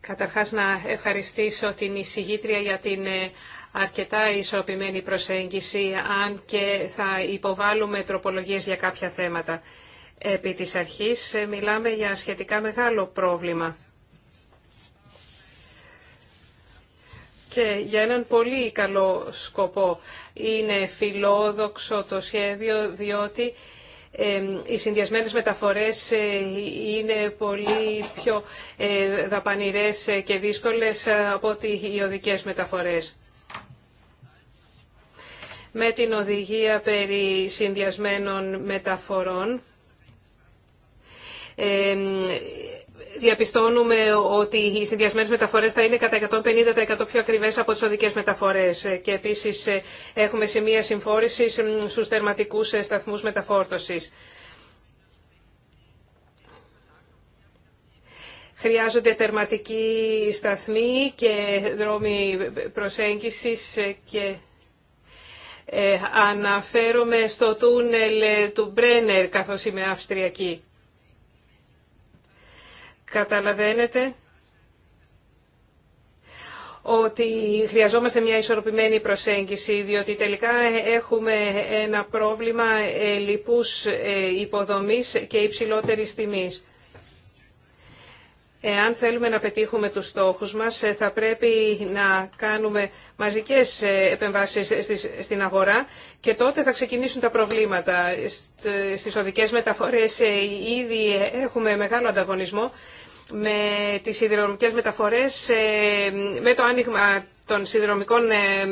καταρχάς να ευχαριστήσω την εισηγήτρια για την ε, αρκετά ισορροπημένη προσέγγιση, αν και θα υποβάλουμε τροπολογίες για κάποια θέματα. Επί της αρχής ε, μιλάμε για σχετικά μεγάλο πρόβλημα και για έναν πολύ καλό σκοπό. Είναι φιλόδοξο το σχέδιο διότι οι συνδυασμένες μεταφορές ε, είναι πολύ πιο ε, δαπανηρές και δύσκολες ε, από ότι οι οδικές μεταφορές. Με την οδηγία περί συνδυασμένων μεταφορών διαπιστώνουμε ότι οι συνδυασμένες μεταφορές θα είναι κατά 150% πιο ακριβές από τις οδικές μεταφορές και επίσης ε, έχουμε σημεία συμφόρησης στους τερματικούς ε, σταθμούς μεταφόρτωσης. Χρειάζονται τερματικοί σταθμοί και δρόμοι προσέγγισης ε, και αναφέρομαι στο τούνελ του Μπρένερ καθώς είμαι Αυστριακή. Καταλαβαίνετε ότι χρειαζόμαστε μια ισορροπημένη προσέγγιση, διότι τελικά έχουμε ένα πρόβλημα ε, λοιπούς ε, υποδομής και υψηλότερης τιμής. Εάν θέλουμε να πετύχουμε τους στόχους μας, ε, θα πρέπει να κάνουμε μαζικές ε, επεμβάσεις ε, στην αγορά και τότε θα ξεκινήσουν τα προβλήματα. Στις οδικές μεταφορές ήδη έχουμε μεγάλο ανταγωνισμό με τις σιδηροδρομικές μεταφορές, με το άνοιγμα των σιδηροδρομικών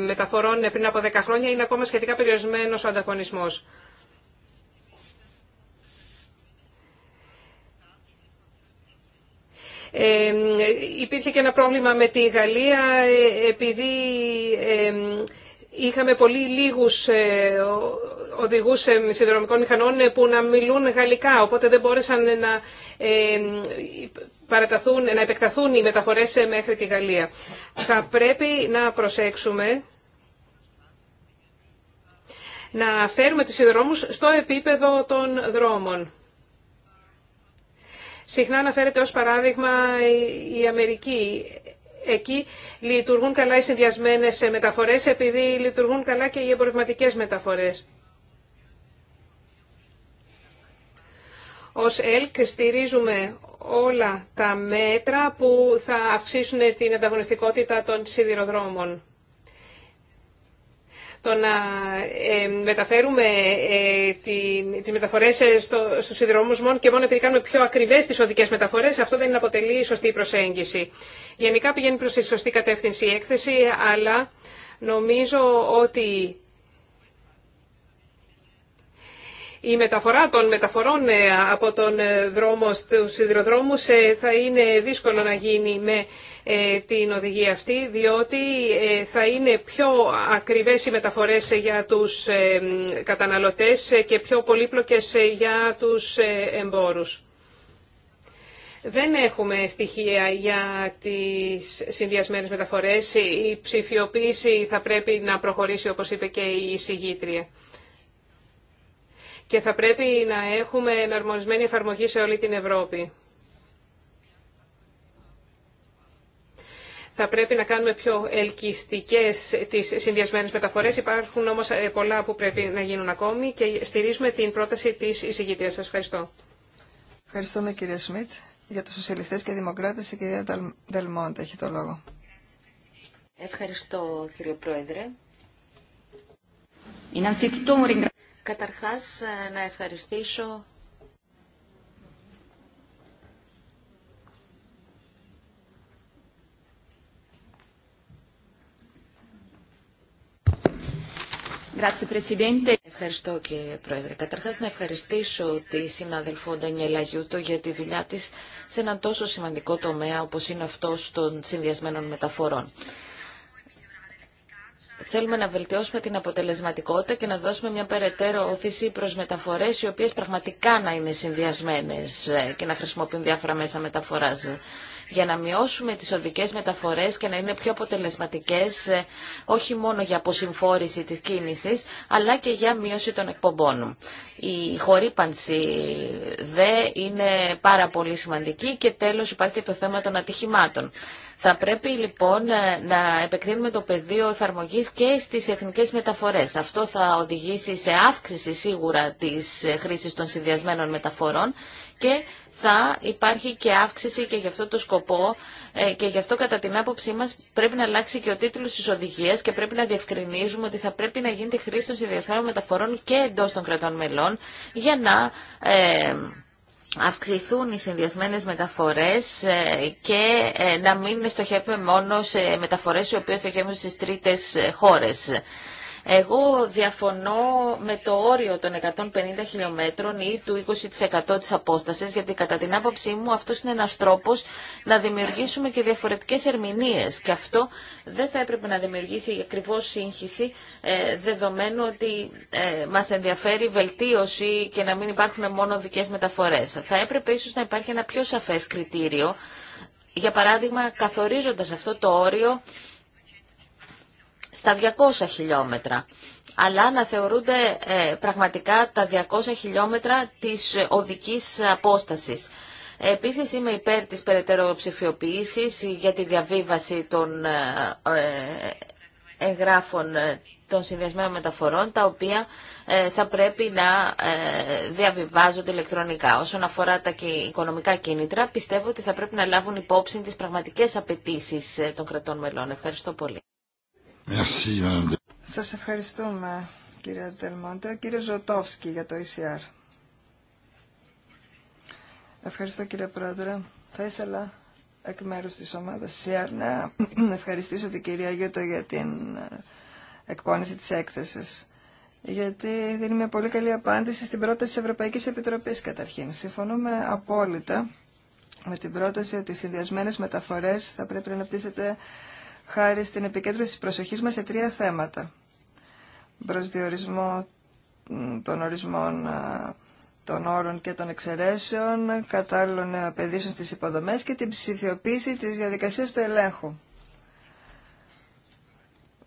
μεταφορών πριν από 10 χρόνια είναι ακόμα σχετικά περιορισμένος ο ανταγωνισμός. υπήρχε και ένα πρόβλημα με τη Γαλλία ε, επειδή είχαμε πολύ λίγους ε, οδηγούς συνδρομικών μηχανών ε, που να μιλούν γαλλικά, οπότε δεν μπόρεσαν να παραταθούν, να επεκταθούν οι μεταφορές μέχρι τη Γαλλία. Θα πρέπει να προσέξουμε να φέρουμε τις σιδερόμους στο επίπεδο των δρόμων. Συχνά αναφέρεται ως παράδειγμα η Αμερική. Εκεί λειτουργούν καλά οι συνδυασμένε μεταφορές επειδή λειτουργούν καλά και οι εμπορευματικές μεταφορές. Ως ΕΛΚ στηρίζουμε όλα τα μέτρα που θα αυξήσουν την ανταγωνιστικότητα των σιδηροδρόμων το να ε, μεταφέρουμε ε, τις μεταφορές ε, στους σιδηρόμους μόνο και μόνο επειδή κάνουμε πιο ακριβές τις οδικές μεταφορές, αυτό δεν αποτελεί σωστή προσέγγιση. Γενικά πηγαίνει προς τη σωστή κατεύθυνση η έκθεση, αλλά νομίζω ότι η μεταφορά των μεταφορών από τον δρόμο στους σιδηροδρόμους θα είναι δύσκολο να γίνει με ε, την οδηγία αυτή, διότι ε, θα είναι πιο ακριβές οι μεταφορές για τους ε, καταναλωτές και πιο πολύπλοκες για τους εμπόρους. Δεν έχουμε στοιχεία για τις συνδυασμένες μεταφορές. Η ψηφιοποίηση θα πρέπει να προχωρήσει, όπως είπε και η συγγήτρια. Και θα πρέπει να έχουμε εναρμονισμένη εφαρμογή σε όλη την Ευρώπη. Θα πρέπει να κάνουμε πιο ελκυστικέ τις συνδυασμένε μεταφορές. Υπάρχουν όμως ε, πολλά που πρέπει να γίνουν ακόμη και στηρίζουμε την πρόταση της εισηγητίας. Σας ευχαριστώ. Ευχαριστούμε κύριε Σμιτ. Για του Σοσιαλιστέ και δημοκράτες η κυρία Δελμόντα έχει το λόγο. Ευχαριστώ κύριε Πρόεδρε. Καταρχάς ε, να ευχαριστήσω Ευχαριστώ κύριε Πρόεδρε. Καταρχάς να ευχαριστήσω τη συναδελφό Ντανιέλα Γιούτο για τη δουλειά τη σε έναν τόσο σημαντικό τομέα όπω είναι αυτό των συνδυασμένων μεταφορών. Θέλουμε να βελτιώσουμε την αποτελεσματικότητα και να δώσουμε μια περαιτέρω όθηση προς μεταφορές οι οποίε πραγματικά να είναι συνδυασμένε ε, και να χρησιμοποιούν διάφορα μέσα μεταφορά για να μειώσουμε τις οδικές μεταφορές και να είναι πιο αποτελεσματικές ε, όχι μόνο για αποσυμφόρηση της κίνησης αλλά και για μείωση των εκπομπών. Η χορύπανση δε είναι πάρα πολύ σημαντική και τέλος υπάρχει και το θέμα των ατυχημάτων. Θα πρέπει λοιπόν ε, να επεκτείνουμε το πεδίο εφαρμογής και στις εθνικές μεταφορές. Αυτό θα οδηγήσει σε αύξηση σίγουρα της ε, χρήσης των συνδυασμένων μεταφορών και θα υπάρχει και αύξηση και γι' αυτό το σκοπό ε, και γι' αυτό κατά την άποψή μας πρέπει να αλλάξει και ο τίτλος της οδηγίας και πρέπει να διευκρινίζουμε ότι θα πρέπει να γίνεται χρήση των συνδυασμένων μεταφορών και εντός των κρατών μελών για να ε, αυξηθούν οι συνδυασμένες μεταφορές ε, και να μην στοχεύουμε μόνο σε μεταφορές οι οποίες στοχεύουν στις τρίτες χώρες. Εγώ διαφωνώ με το όριο των 150 χιλιόμετρων ή του 20% της απόστασης, γιατί κατά την άποψή μου αυτό είναι ένας τρόπος να δημιουργήσουμε και διαφορετικές ερμηνείες και αυτό δεν θα έπρεπε να δημιουργήσει ακριβώ σύγχυση, ε, δεδομένου ότι ε, μας ενδιαφέρει βελτίωση και να μην υπάρχουν μόνο δικές μεταφορές. Θα έπρεπε ίσως να υπάρχει ένα πιο σαφές κριτήριο, για παράδειγμα καθορίζοντας αυτό το όριο στα 200 χιλιόμετρα, αλλά να θεωρούνται ε, πραγματικά τα 200 χιλιόμετρα της οδικής απόστασης. Επίσης είμαι υπέρ της περαιτέρω για τη διαβίβαση των ε, ε, εγγράφων των συνδυασμένων μεταφορών, τα οποία θα πρέπει να διαβιβάζονται ηλεκτρονικά. Όσον αφορά τα οικονομικά κίνητρα, πιστεύω ότι θα πρέπει να λάβουν υπόψη τις πραγματικές απαιτήσει των κρατών μελών. Ευχαριστώ πολύ. Σας ευχαριστούμε κύριε Τελμόντε. κύριος Ζωτόφσκι για το ECR. Ευχαριστώ κύριε Πρόεδρε. Θα ήθελα εκ μέρους της ομάδας ECR να ευχαριστήσω την κυρία Γιώτο για την ε, εκπόνηση της έκθεσης. Γιατί δίνει μια πολύ καλή απάντηση στην πρόταση της Ευρωπαϊκής Επιτροπής καταρχήν. Συμφωνούμε απόλυτα με την πρόταση ότι οι συνδυασμένε μεταφορές θα πρέπει να αναπτύσσεται χάρη στην επικέντρωση της προσοχής μας σε τρία θέματα. Προσδιορισμό των ορισμών των όρων και των εξαιρέσεων, κατάλληλων επενδύσεων στις υποδομές και την ψηφιοποίηση της διαδικασίας του ελέγχου.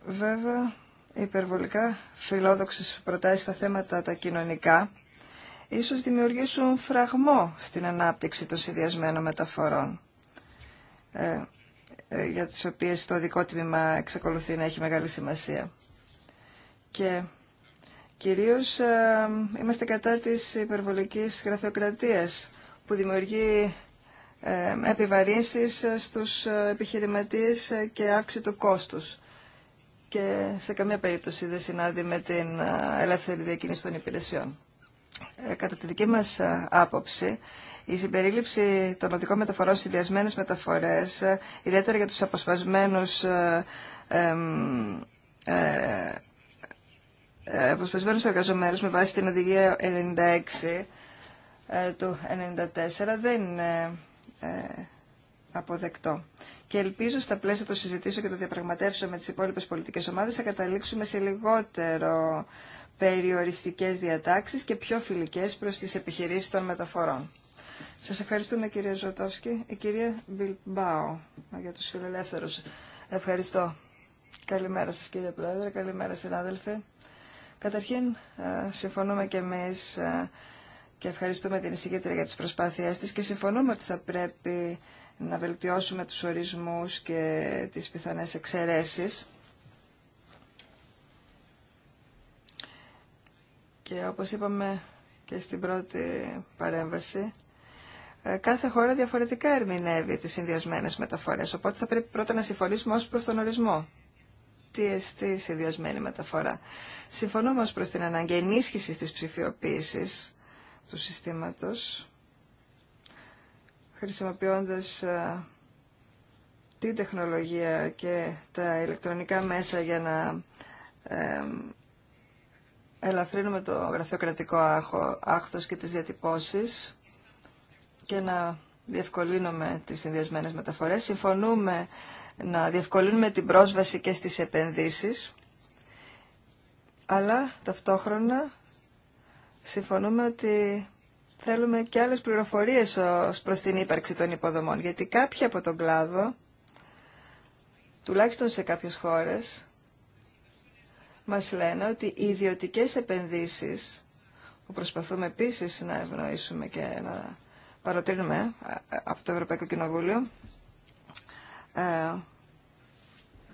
Βέβαια, υπερβολικά φιλόδοξες προτάσεις στα θέματα τα κοινωνικά ίσως δημιουργήσουν φραγμό στην ανάπτυξη των συνδυασμένων μεταφορών. Ε, ε, για τις οποίες το δικό τμήμα εξακολουθεί να έχει μεγάλη σημασία. Και κυρίως ε, είμαστε κατά της υπερβολικής γραφειοκρατίας που δημιουργεί ε, επιβαρύνσεις στους επιχειρηματίες και αύξηση του κόστους και σε καμία περίπτωση δεν συνάδει με την ελεύθερη διακίνηση των υπηρεσιών. Ε, κατά τη δική μας ε, άποψη, η συμπερίληψη των οδικών μεταφορών στις συνδυασμένες μεταφορές, ε, ιδιαίτερα για τους αποσπασμένους ε, αποσπασμένους με βάση την οδηγία 96 του 94 δεν είναι αποδεκτό. Και ελπίζω στα πλαίσια το συζητήσω και των διαπραγματεύσεων με τις υπόλοιπες πολιτικές ομάδες να καταλήξουμε σε λιγότερο περιοριστικές διατάξεις και πιο φιλικές προς τις επιχειρήσεις των μεταφορών. Σας ευχαριστούμε κυρία Ζωτόφσκη. Η ε, κυρία Μπιλμπάο για τους φιλελεύθερους. Ευχαριστώ. Καλημέρα σας κύριε Πρόεδρε, καλημέρα συνάδελφοι. Καταρχήν ε, συμφωνούμε και εμείς ε, και ευχαριστούμε την εισηγήτρια για τις προσπάθειές της και συμφωνούμε ότι θα πρέπει να βελτιώσουμε τους ορισμούς και τις πιθανές εξαιρέσεις Και όπως είπαμε και στην πρώτη παρέμβαση, ε, κάθε χώρα διαφορετικά ερμηνεύει τις συνδυασμένες μεταφορές, οπότε θα πρέπει πρώτα να συμφωνήσουμε ως προς τον ορισμό. Τι εστί συνδυασμένη μεταφορά. Συμφωνούμε ως προς την ανάγκη ενίσχυσης της ψηφιοποίησης του συστήματος, χρησιμοποιώντας ε, την τεχνολογία και τα ηλεκτρονικά μέσα για να ε, ελαφρύνουμε το γραφειοκρατικό άχθος και τις διατυπώσεις και να διευκολύνουμε τις συνδυασμένες μεταφορές. Συμφωνούμε να διευκολύνουμε την πρόσβαση και στις επενδύσεις, αλλά ταυτόχρονα συμφωνούμε ότι θέλουμε και άλλες πληροφορίες ως προς την ύπαρξη των υποδομών, γιατί κάποιοι από τον κλάδο, τουλάχιστον σε κάποιες χώρες, μας λένε ότι οι ιδιωτικές επενδύσεις, που προσπαθούμε επίσης να ευνοήσουμε και να παροτρύνουμε ε, ε, από το Ευρωπαϊκό Κοινοβούλιο, ε,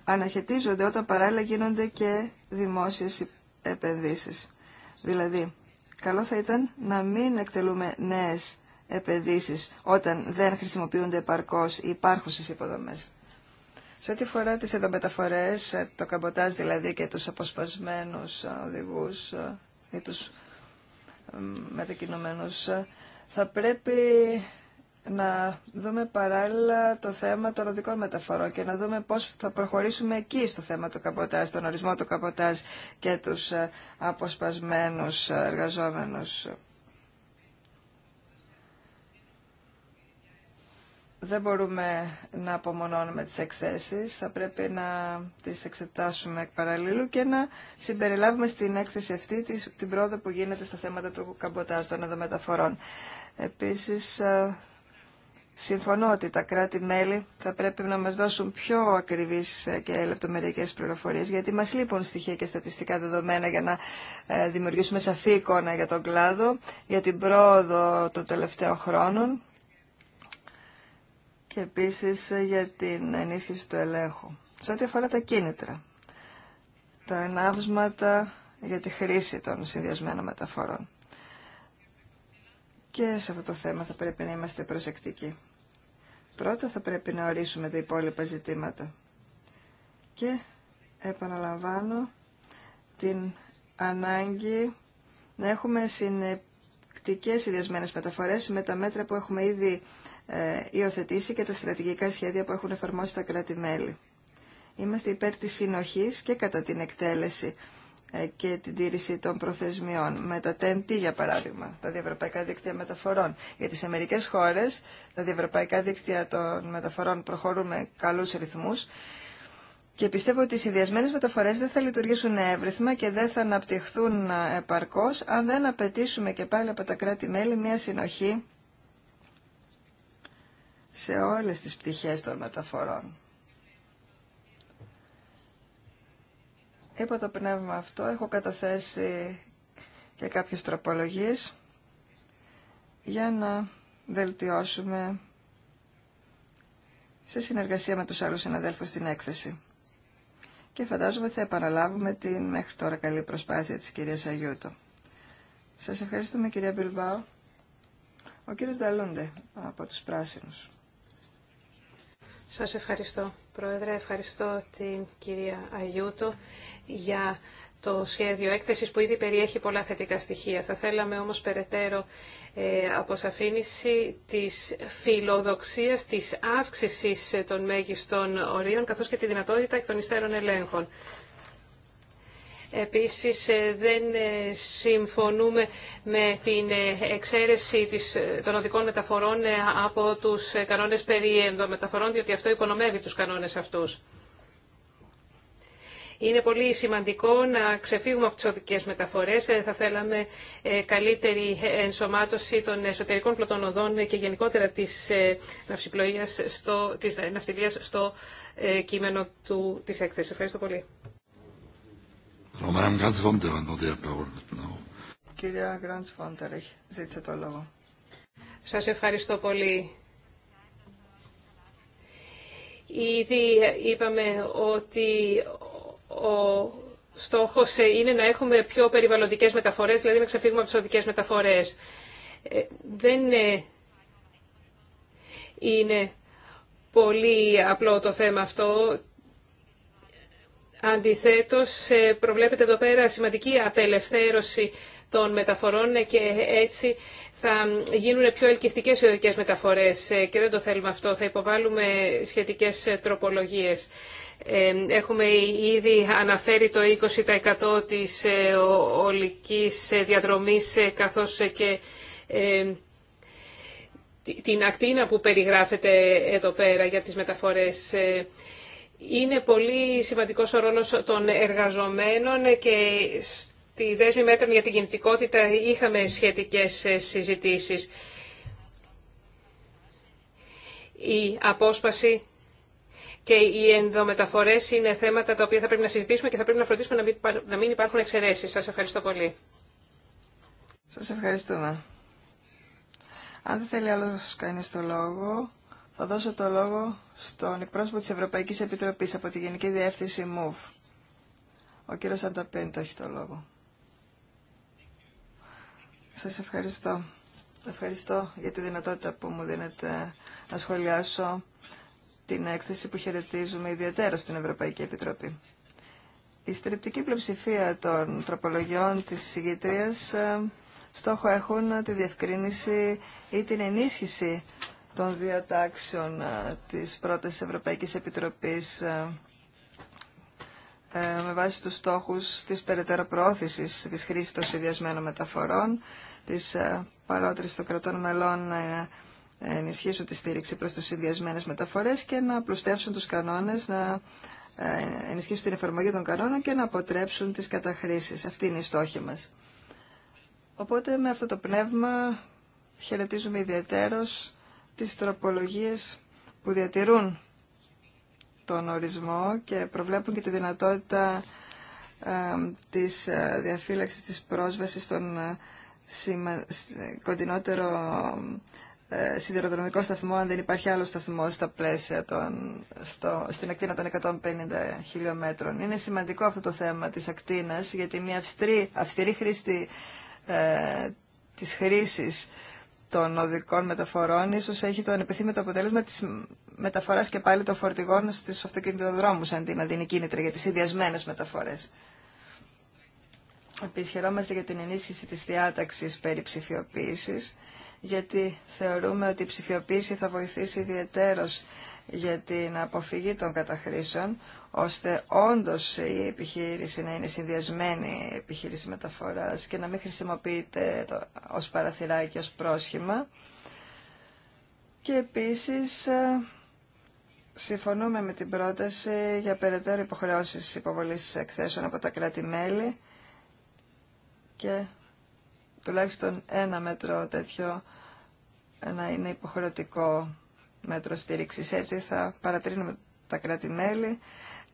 αναχαιτίζονται όταν παράλληλα γίνονται και δημόσιες επενδύσεις. Δηλαδή, καλό θα ήταν να μην εκτελούμε νέες επενδύσεις όταν δεν χρησιμοποιούνται επαρκώς οι υπάρχουσες υποδομές. Σε ό,τι φορά τις ενδομεταφορέ, ε, το καμποτάζ δηλαδή και τους αποσπασμένους ε, οδηγού ε, ή τους μετακινουμένους, θα πρέπει να δούμε παράλληλα το θέμα των οδικών μεταφορών και να δούμε πώς θα προχωρήσουμε εκεί στο θέμα του καμποτάζ, τον ορισμό του καμποτάζ και τους αποσπασμένους εργαζόμενους δεν μπορούμε να απομονώνουμε τις εκθέσεις, θα πρέπει να τις εξετάσουμε εκ παραλλήλου και να συμπεριλάβουμε στην έκθεση αυτή την πρόοδο που γίνεται στα θέματα του καμποτάζ των Εδωμεταφορών. Επίσης, συμφωνώ ότι τα κράτη-μέλη θα πρέπει να μας δώσουν πιο ακριβείς και λεπτομερικές πληροφορίες, γιατί μας λείπουν στοιχεία και στατιστικά δεδομένα για να ε, δημιουργήσουμε σαφή εικόνα για τον κλάδο, για την πρόοδο των τελευταίων χρόνων και επίσης ε, για την ενίσχυση του ελέγχου. Σε ό,τι αφορά τα κίνητρα, τα ενάβσματα για τη χρήση των συνδυασμένων μεταφορών. Και σε αυτό το θέμα θα πρέπει να είμαστε προσεκτικοί. Πρώτα θα πρέπει να ορίσουμε τα υπόλοιπα ζητήματα. Και επαναλαμβάνω την ανάγκη να έχουμε συνεπτικές συνδυασμένες μεταφορές με τα μέτρα που έχουμε ήδη ε, υιοθετήσει και τα στρατηγικά σχέδια που έχουν εφαρμόσει τα κράτη-μέλη. Είμαστε υπέρ της συνοχής και κατά την εκτέλεση ε, και την τήρηση των προθεσμιών, με τα TNT για παράδειγμα, τα διευρωπαϊκά δίκτυα μεταφορών. Γιατί σε μερικές χώρες τα διευρωπαϊκά δίκτυα των μεταφορών προχωρούν με καλούς ρυθμούς και πιστεύω ότι οι συνδυασμένε μεταφορέ δεν θα λειτουργήσουν εύρυθμα και δεν θα αναπτυχθούν ε, επαρκώ αν δεν απαιτήσουμε και πάλι από τα κράτη-μέλη μια συνοχή σε όλες τις πτυχές των μεταφορών. Υπό το πνεύμα αυτό έχω καταθέσει και κάποιες τροπολογίες για να βελτιώσουμε σε συνεργασία με τους άλλους συναδέλφους την έκθεση. Και φαντάζομαι θα επαναλάβουμε την μέχρι τώρα καλή προσπάθεια της κυρίας Αγιούτο. Σας ευχαριστούμε κυρία Μπιλμπάου. Ο κύριος Νταλούντε από τους Πράσινους. Σας ευχαριστώ, Πρόεδρε. Ευχαριστώ την κυρία Αγιούτο για το σχέδιο έκθεσης που ήδη περιέχει πολλά θετικά στοιχεία. Θα θέλαμε όμως περαιτέρω ε, αποσαφήνιση της φιλοδοξίας, της αύξησης των μέγιστων ορίων, καθώς και τη δυνατότητα εκ των υστέρων ελέγχων. Επίσης ε, δεν ε, συμφωνούμε με την ε, εξαίρεση των οδικών μεταφορών από τους κανόνες περί ενδομεταφορών, διότι αυτό υπονομεύει τους κανόνες αυτούς. Είναι πολύ σημαντικό να ξεφύγουμε από τις οδικές μεταφορές. Θα θέλαμε καλύτερη ενσωμάτωση των εσωτερικών πλωτών οδών και γενικότερα της ναυσιπλοείας, στο, της στο κείμενο του, της έκθεσης. Ευχαριστώ πολύ. Madame Κυρία γκραντς ζήτησε το λόγο. Σας ευχαριστώ πολύ. Ήδη ε, είπαμε ότι ο στόχος ε, είναι να έχουμε πιο περιβαλλοντικές μεταφορές, δηλαδή να ξεφύγουμε από τις οδικές μεταφορές. Ε, δεν είναι πολύ απλό το θέμα αυτό. Αντιθέτως, ε, προβλέπεται εδώ πέρα σημαντική απελευθέρωση των μεταφορών και έτσι θα γίνουν πιο ελκυστικές οι οδικές μεταφορές ε, και δεν το θέλουμε αυτό. Θα υποβάλουμε σχετικές ε, τροπολογίες. Έχουμε ήδη αναφέρει το 20% της ολικής διαδρομής καθώς και την ακτίνα που περιγράφεται εδώ πέρα για τις μεταφορές. Είναι πολύ σημαντικός ο ρόλος των εργαζομένων και στη δέσμη μέτρων για την κινητικότητα είχαμε σχετικές συζητήσεις. Η απόσπαση και οι ενδομεταφορές είναι θέματα τα οποία θα πρέπει να συζητήσουμε και θα πρέπει να φροντίσουμε να μην υπάρχουν εξαιρέσεις. Σας ευχαριστώ πολύ. Σας ευχαριστούμε. Αν δεν θέλει άλλος κανείς το λόγο, θα δώσω το λόγο στον εκπρόσωπο της Ευρωπαϊκής Επιτροπής από τη Γενική Διεύθυνση ΜΟΥΒ. Ο κύριος Ανταπέντο έχει το λόγο. Σας ευχαριστώ. Ευχαριστώ για τη δυνατότητα που μου δίνετε να σχολιάσω την έκθεση που χαιρετίζουμε ιδιαίτερα στην Ευρωπαϊκή Επιτροπή. Η στριπτική πλειοψηφία των τροπολογιών της ηγητρίας ε, στόχο έχουν τη διευκρίνηση ή την ενίσχυση των διατάξεων ε, της πρώτης Ευρωπαϊκής Επιτροπής ε, ε, με βάση τους στόχους της περαιτέρω προώθησης της χρήσης των συνδυασμένων μεταφορών, της παρότρησης των κρατών μελών να ενισχύσουν τη στήριξη προς τις συνδυασμένες μεταφορές και να πλουστεύσουν τους κανόνες, να ενισχύσουν την εφαρμογή των κανόνων και να αποτρέψουν τις καταχρήσεις. Αυτή είναι η στόχη μας. Οπότε με αυτό το πνεύμα χαιρετίζουμε ιδιαίτερος τις τροπολογίες που διατηρούν τον ορισμό και προβλέπουν και τη δυνατότητα της ε, διαφύλαξης της πρόσβασης στον ε, κοντινότερο ε, σιδηροδρομικό σταθμό αν δεν υπάρχει άλλο σταθμό στα πλαίσια των, στο, στην ακτίνα των 150 χιλιόμετρων. Είναι σημαντικό αυτό το θέμα της ακτίνας γιατί μια αυστηρή, αυστηρή χρήστη ε, της χρήσης των οδικών μεταφορών ίσω έχει τον επιθύμητο αποτέλεσμα τη μεταφορά και πάλι των φορτηγών στις αυτοκινητοδρόμου αντί να δίνει κίνητρα για τι ιδιασμένες μεταφορέ. Επίση, χαιρόμαστε για την ενίσχυση τη διάταξη περί ψηφιοποίηση, γιατί θεωρούμε ότι η ψηφιοποίηση θα βοηθήσει ιδιαίτερω για την αποφυγή των καταχρήσεων ώστε όντως η επιχείρηση να είναι συνδυασμένη η επιχείρηση μεταφοράς και να μην χρησιμοποιείται το, ως παραθυράκι, ως πρόσχημα. Και επίσης ε, συμφωνούμε με την πρόταση για περαιτέρω υποχρεώσεις υποβολής εκθέσεων από τα κράτη-μέλη και τουλάχιστον ένα μέτρο τέτοιο να είναι υποχρεωτικό μέτρο στήριξης. Έτσι θα παρατρύνουμε τα κράτη-μέλη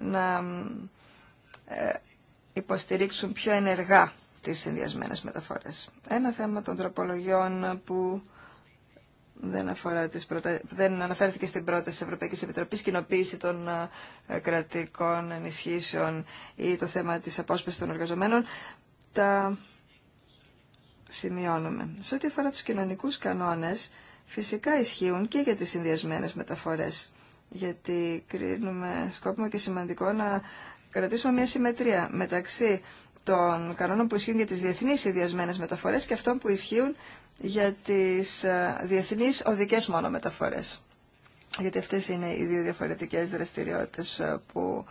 να ε, υποστηρίξουν πιο ενεργά τις συνδυασμένες μεταφορές. Ένα θέμα των τροπολογιών που δεν, δεν αναφέρθηκε στην πρόταση της Ευρωπαϊκής Επιτροπής, κοινοποίηση των ε, κρατικών ενισχύσεων ή το θέμα της απόσπασης των εργαζομένων, τα σημειώνουμε. Σε ό,τι αφορά τους κοινωνικούς κανόνες, φυσικά ισχύουν και για τις συνδυασμένες μεταφορές γιατί κρίνουμε σκόπιμο και σημαντικό να κρατήσουμε μια συμμετρία μεταξύ των κανόνων που ισχύουν για τις διεθνείς ιδιασμένες μεταφορές και αυτών που ισχύουν για τις ε, διεθνείς οδικές μόνο μεταφορές. Γιατί αυτές είναι οι δύο διαφορετικές δραστηριότητες ε, που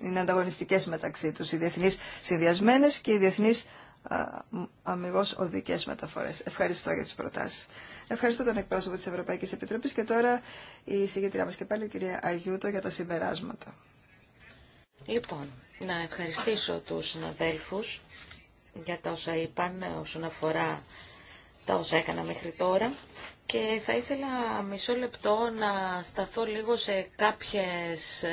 είναι ανταγωνιστικές μεταξύ τους, οι διεθνείς συνδυασμένες και οι διεθνείς αμυγός οδικές μεταφορές. Ευχαριστώ για τις προτάσεις. Ευχαριστώ τον εκπρόσωπο της Ευρωπαϊκής Επιτροπής και τώρα η συγκεκριά μας και πάλι η κυρία Αγιούτο για τα συμπεράσματα. Λοιπόν, να ευχαριστήσω τους συναδέλφους για τα όσα είπαν όσον αφορά τα όσα έκανα μέχρι τώρα και θα ήθελα μισό λεπτό να σταθώ λίγο σε κάποιες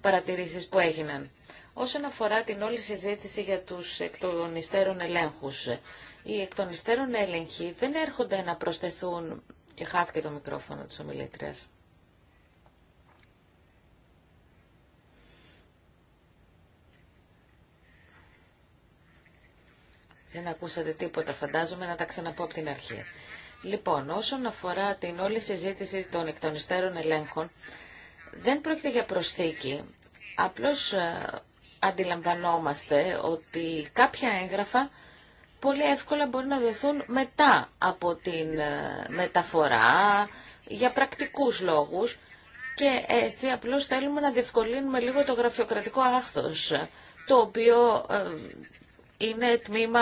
παρατηρήσεις που έγιναν. Όσον αφορά την όλη συζήτηση για τους εκτονιστέρων των ελέγχους, οι εκτονιστέρων έλεγχοι δεν έρχονται να προσθεθούν και χάθηκε το μικρόφωνο της ομιλήτριας. Δεν ακούσατε τίποτα, φαντάζομαι, να τα ξαναπώ από την αρχή. Λοιπόν, όσον αφορά την όλη συζήτηση των εκτονιστέρων ελέγχων, δεν πρόκειται για προσθήκη. Απλώς ε, αντιλαμβανόμαστε ότι κάποια έγγραφα πολύ εύκολα μπορεί να δοθούν μετά από την ε, μεταφορά, για πρακτικούς λόγους και έτσι απλώς θέλουμε να διευκολύνουμε λίγο το γραφειοκρατικό άχθος, το οποίο ε, είναι τμήμα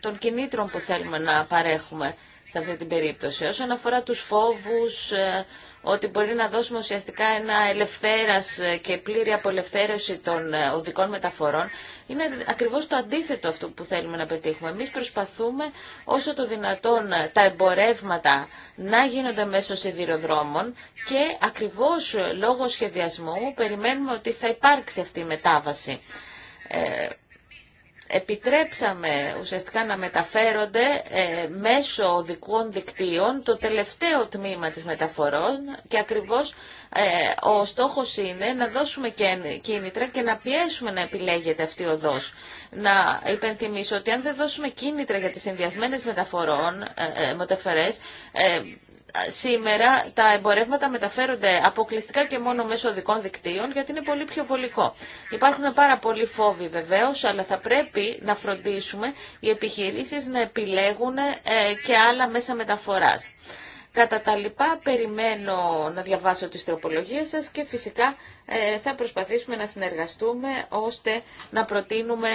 των κινήτρων που θέλουμε να παρέχουμε σε αυτή την περίπτωση. Όσον αφορά τους φόβους ε, ότι μπορεί να δώσουμε ουσιαστικά ένα ελευθέρας ε, και πλήρη απολευθέρωση των ε, οδικών μεταφορών, είναι ακριβώς το αντίθετο αυτό που θέλουμε να πετύχουμε. Εμείς προσπαθούμε όσο το δυνατόν τα εμπορεύματα να γίνονται μέσω σιδηροδρόμων και ακριβώς λόγω σχεδιασμού περιμένουμε ότι θα υπάρξει αυτή η μετάβαση επιτρέψαμε ουσιαστικά να μεταφέρονται ε, μέσω οδικών δικτύων το τελευταίο τμήμα της μεταφορών και ακριβώς ε, ο στόχος είναι να δώσουμε κίνητρα και να πιέσουμε να επιλέγεται αυτή η οδός. Να υπενθυμίσω ότι αν δεν δώσουμε κίνητρα για τις συνδυασμένε μεταφορών, ε, μεταφορές, σήμερα τα εμπορεύματα μεταφέρονται αποκλειστικά και μόνο μέσω οδικών δικτύων γιατί είναι πολύ πιο βολικό. Υπάρχουν πάρα πολλοί φόβοι βεβαίω, αλλά θα πρέπει να φροντίσουμε οι επιχειρήσεις να επιλέγουν ε, και άλλα μέσα μεταφοράς. Κατά τα λοιπά, περιμένω να διαβάσω τις τροπολογίες σας και φυσικά ε, θα προσπαθήσουμε να συνεργαστούμε ώστε να προτείνουμε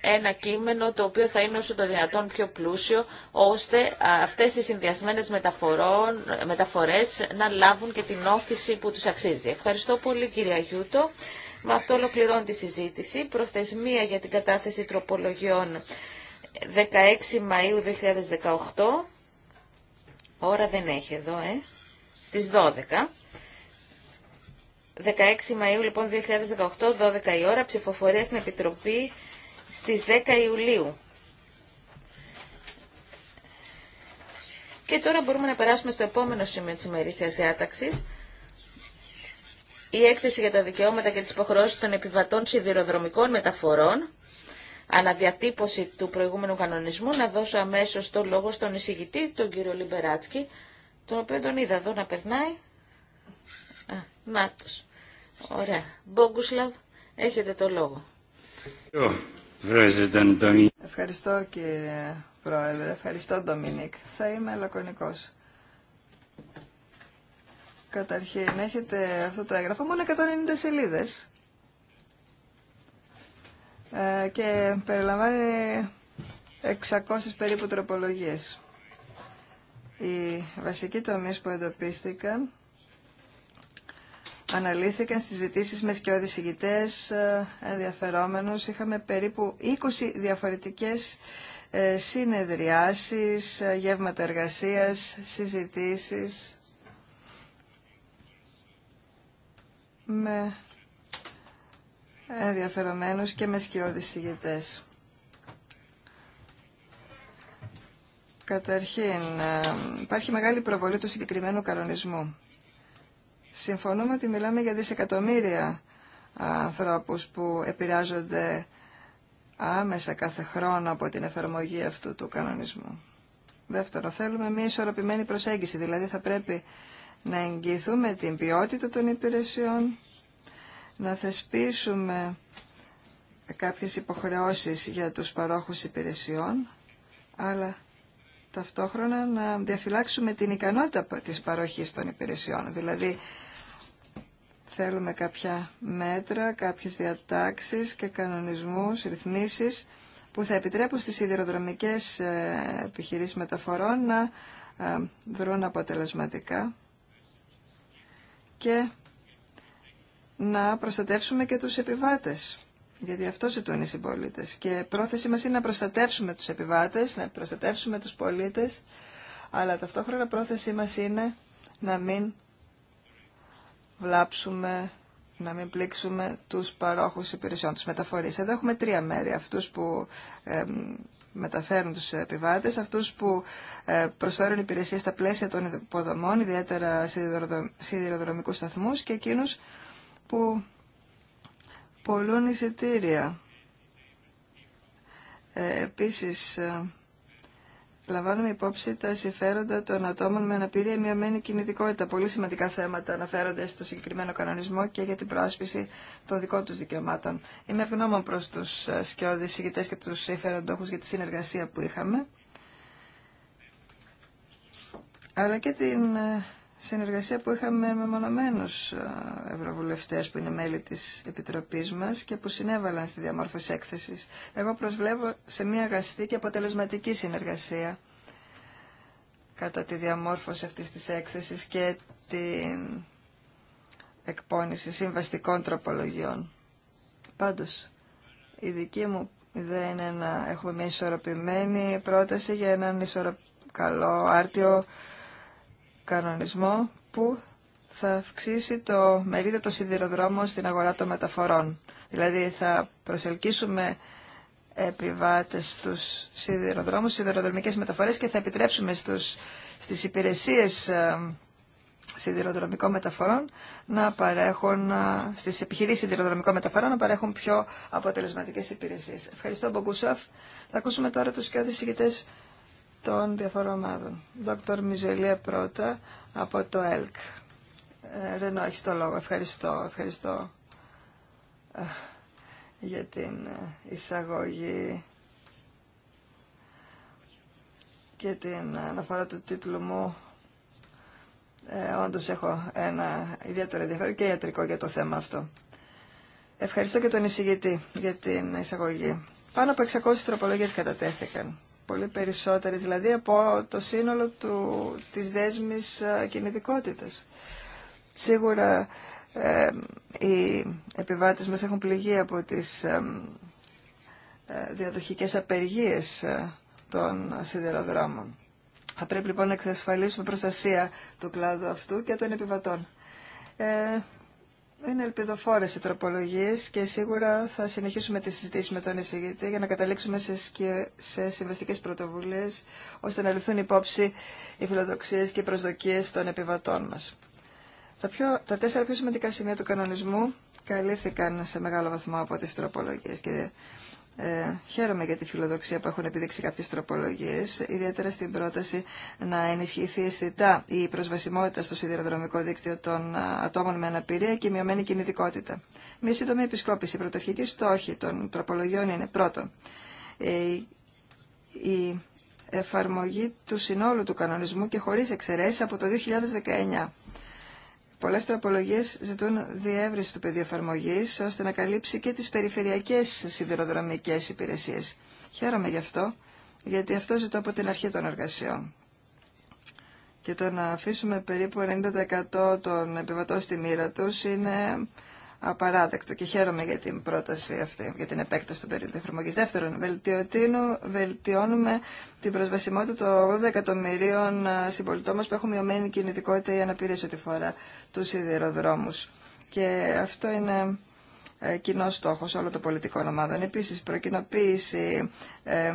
ένα κείμενο το οποίο θα είναι όσο το δυνατόν πιο πλούσιο ώστε αυτές οι συνδυασμένες μεταφορών, μεταφορές να λάβουν και την όφηση που τους αξίζει. Ευχαριστώ πολύ κυρία Γιούτο. Με αυτό ολοκληρώνω τη συζήτηση. Προθεσμία για την κατάθεση τροπολογιών 16 Μαΐου 2018. Ώρα δεν έχει εδώ, ε. Στις 12. 16 Μαΐου λοιπόν 2018, 12 η ώρα, ψηφοφορία στην Επιτροπή στις 10 Ιουλίου. Και τώρα μπορούμε να περάσουμε στο επόμενο σημείο της ημερήσιας διάταξης. Η έκθεση για τα δικαιώματα και τις υποχρεώσεις των επιβατών σιδηροδρομικών μεταφορών αναδιατύπωση του προηγούμενου κανονισμού, να δώσω αμέσως το λόγο στον εισηγητή, τον κύριο Λιμπεράτσκι, τον οποίο τον είδα εδώ να περνάει. Α, Ωραία. Μπόγκουσλαβ, έχετε το λόγο. Ευχαριστώ κύριε Πρόεδρε, ευχαριστώ Ντομινίκ. Θα είμαι λακωνικός. Καταρχήν, έχετε αυτό το έγγραφο, μόνο 190 σελίδες. Ε, και περιλαμβάνει 600 περίπου τροπολογίες. Οι βασικοί τομείς που εντοπίστηκαν αναλύθηκαν στις ζητήσεις με σκιώδη ηγητές, ε, ενδιαφερόμενους. Είχαμε περίπου 20 διαφορετικές ε, συνεδριάσεις, γεύματα εργασίας, συζητήσεις με ενδιαφερομένους και με σκιώδεις ηγετές. Καταρχήν, ε, υπάρχει μεγάλη προβολή του συγκεκριμένου κανονισμού. Συμφωνούμε ότι μιλάμε για δισεκατομμύρια ανθρώπους που επηρεάζονται άμεσα κάθε χρόνο από την εφαρμογή αυτού του κανονισμού. Δεύτερο, θέλουμε μια ισορροπημένη προσέγγιση, δηλαδή θα πρέπει να εγγυηθούμε την ποιότητα των υπηρεσιών να θεσπίσουμε κάποιες υποχρεώσεις για τους παρόχους υπηρεσιών, αλλά ταυτόχρονα να διαφυλάξουμε την ικανότητα της παροχής των υπηρεσιών. Δηλαδή, θέλουμε κάποια μέτρα, κάποιες διατάξεις και κανονισμούς, ρυθμίσεις που θα επιτρέπουν στις σιδηροδρομικές ε, επιχειρήσεις μεταφορών να ε, δρούν αποτελεσματικά και να προστατεύσουμε και τους επιβάτες. Γιατί αυτό ζητούν οι συμπολίτε. Και πρόθεσή μα είναι να προστατεύσουμε του επιβάτε, να προστατεύσουμε του πολίτε, αλλά ταυτόχρονα πρόθεσή μα είναι να μην βλάψουμε, να μην πλήξουμε του παρόχου υπηρεσιών, του μεταφορεί. Εδώ έχουμε τρία μέρη. Αυτού που μεταφέρουν τους επιβάτες, αυτούς που ε, προσφέρουν υπηρεσίες στα πλαίσια των υποδομών, ιδιαίτερα σιδηροδρομικούς σταθμούς και εκείνους που πολλούν εισιτήρια. Ε, επίσης, ε, λαμβάνουμε υπόψη τα συμφέροντα των ατόμων με αναπηρία μειωμένη κινητικότητα. Πολύ σημαντικά θέματα αναφέρονται στο συγκεκριμένο κανονισμό και για την προάσπιση των δικών τους δικαιωμάτων. Είμαι ευγνώμων προς τους ε, σκιώδεις ηγητές και τους συμφέροντοχους για τη συνεργασία που είχαμε, αλλά και την ε, συνεργασία που είχαμε με μονομένους ε, ευρωβουλευτές που είναι μέλη της Επιτροπής μας και που συνέβαλαν στη διαμόρφωση έκθεσης. Εγώ προσβλέπω σε μια αγαστή και αποτελεσματική συνεργασία κατά τη διαμόρφωση αυτής της έκθεσης και την εκπόνηση συμβαστικών τροπολογιών. Πάντως, η δική μου ιδέα είναι να έχουμε μια ισορροπημένη πρόταση για έναν ισορροπημένο καλό, άρτιο κανονισμό που θα αυξήσει το μερίδιο των σιδηροδρόμων στην αγορά των μεταφορών. Δηλαδή θα προσελκύσουμε επιβάτες στους σιδηροδρόμους, σιδηροδρομικές μεταφορές και θα επιτρέψουμε στους, στις υπηρεσίες ε, σιδηροδρομικών μεταφορών να παρέχουν, ε, στις επιχειρήσεις σιδηροδρομικών μεταφορών να παρέχουν πιο αποτελεσματικές υπηρεσίες. Ευχαριστώ Μπογκουσόφ. Θα ακούσουμε τώρα τους και οδησηγητές των διαφορών ομάδων. Δόκτωρ Μιζελία πρώτα από το ΕΛΚ. Ε, Ρενό, έχεις το λόγο. Ευχαριστώ, ευχαριστώ ε, για την ε, εισαγωγή και την αναφορά του τίτλου μου. Ε, όντως έχω ένα ιδιαίτερο ενδιαφέρον και ιατρικό για το θέμα αυτό. Ευχαριστώ και τον εισηγητή για την εισαγωγή. Πάνω από 600 τροπολογίες κατατέθηκαν πολύ περισσότερες δηλαδή από το σύνολο του, της δέσμης ε, κινητικότητας. Σίγουρα ε, οι επιβάτες μας έχουν πληγεί από τις ε, ε διαδοχικές απεργίες ε, των σιδηροδρόμων. Θα πρέπει λοιπόν να εξασφαλίσουμε προστασία του κλάδου αυτού και των επιβατών. Είναι ελπιδοφόρες οι τροπολογίες και σίγουρα θα συνεχίσουμε τη συζήτηση με τον εισηγητή για να καταλήξουμε σε, σε συμβαστικές πρωτοβουλίες ώστε να ληφθούν υπόψη οι φιλοδοξίες και οι προσδοκίες των επιβατών μας. Τα, πιο, τα τέσσερα πιο σημαντικά σημεία του κανονισμού καλύφθηκαν σε μεγάλο βαθμό από τις τροπολογίες ε, χαίρομαι για τη φιλοδοξία που έχουν επιδείξει κάποιε τροπολογίε, ιδιαίτερα στην πρόταση να ενισχυθεί αισθητά η προσβασιμότητα στο σιδηροδρομικό δίκτυο των ε, ατόμων με αναπηρία και η μειωμένη κινητικότητα. Μια σύντομη επισκόπηση. Η πρωτοχική στόχη των τροπολογιών είναι πρώτον, ε, η εφαρμογή του συνόλου του κανονισμού και χωρί εξαιρέσει από το 2019. Πολλές τροπολογίες ζητούν διεύρυνση του πεδίου εφαρμογή ώστε να καλύψει και τις περιφερειακές σιδηροδρομικές υπηρεσίες. Χαίρομαι γι' αυτό, γιατί αυτό ζητώ από την αρχή των εργασιών. Και το να αφήσουμε περίπου 90% των επιβατών στη μοίρα τους είναι απαράδεκτο και χαίρομαι για την πρόταση αυτή, για την επέκταση του περίοδου εφαρμογή. Δεύτερον, βελτιώνουμε την προσβασιμότητα των 80 εκατομμυρίων ε, συμπολιτών μα που έχουν μειωμένη κινητικότητα ή αναπηρία ό,τι φορά του σιδηροδρόμου. Και αυτό είναι ε, κοινό στόχο όλων των πολιτικών ομάδων. Επίση, προκοινοποίηση. Ε,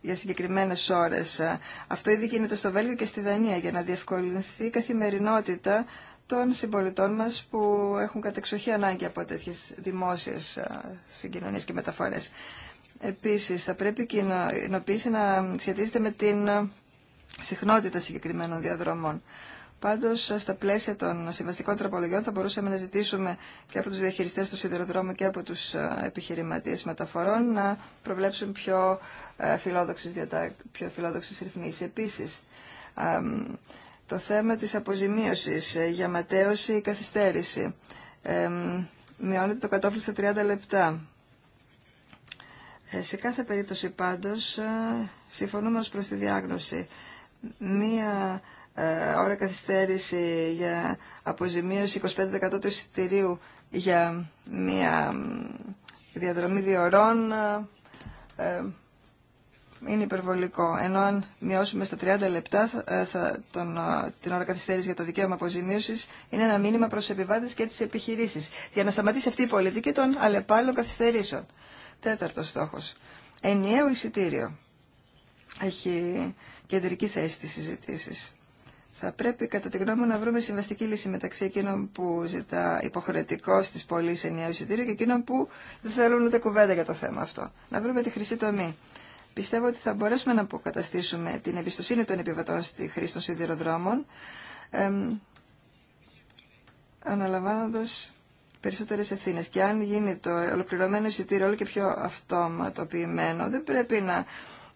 για συγκεκριμένες ώρες. Αυτό ήδη γίνεται στο Βέλγιο και στη Δανία για να διευκολυνθεί η καθημερινότητα των συμπολιτών μας που έχουν κατεξοχή ανάγκη από τέτοιες δημόσιες ε, συγκοινωνίες και μεταφορές. Επίσης, θα πρέπει η κοινοποίηση να σχετίζεται με την ε, συχνότητα συγκεκριμένων διαδρομών. Πάντως, ε, στα πλαίσια των συμβαστικών τροπολογιών θα μπορούσαμε να ζητήσουμε και από τους διαχειριστές του σιδηροδρόμου και από τους επιχειρηματίες μεταφορών να προβλέψουν πιο φιλόδοξες, διατά... πιο φιλόδοξες ρυθμίσεις. Επίσης, το θέμα της αποζημίωσης ε, για ματέωση ή καθυστέρηση. Ε, μειώνεται το κατόφλι στα 30 λεπτά. Ε, σε κάθε περίπτωση πάντως ε, συμφωνούμε ως προς τη διάγνωση. Μία ώρα καθυστέρηση για αποζημίωση 25% του εισιτηρίου για μία διαδρομή διορών είναι υπερβολικό. Ενώ αν μειώσουμε στα 30 λεπτά θα, ε, τον, ε, την ώρα καθυστέρηση για το δικαίωμα αποζημίωση είναι ένα μήνυμα προ επιβάτε και τι επιχειρήσει Για να σταματήσει αυτή η πολιτική των αλλεπάλληλων καθυστερήσεων. Τέταρτος στόχο. Ενιαίο εισιτήριο. Έχει κεντρική θέση στι συζητήσει. Θα πρέπει κατά τη γνώμη μου να βρούμε συμβαστική λύση μεταξύ εκείνων που ζητά υποχρεωτικό στι πωλήσει ενιαίου εισιτήριου και εκείνων που δεν θέλουν ούτε κουβέντα για το θέμα αυτό. Να βρούμε τη χρυσή τομή. Πιστεύω ότι θα μπορέσουμε να αποκαταστήσουμε την εμπιστοσύνη των επιβατών στη χρήση των σιδηροδρόμων, ε, αναλαμβάνοντας περισσότερες ευθύνες. Και αν γίνει το ολοκληρωμένο εισιτήριο όλο και πιο αυτοματοποιημένο, δεν πρέπει να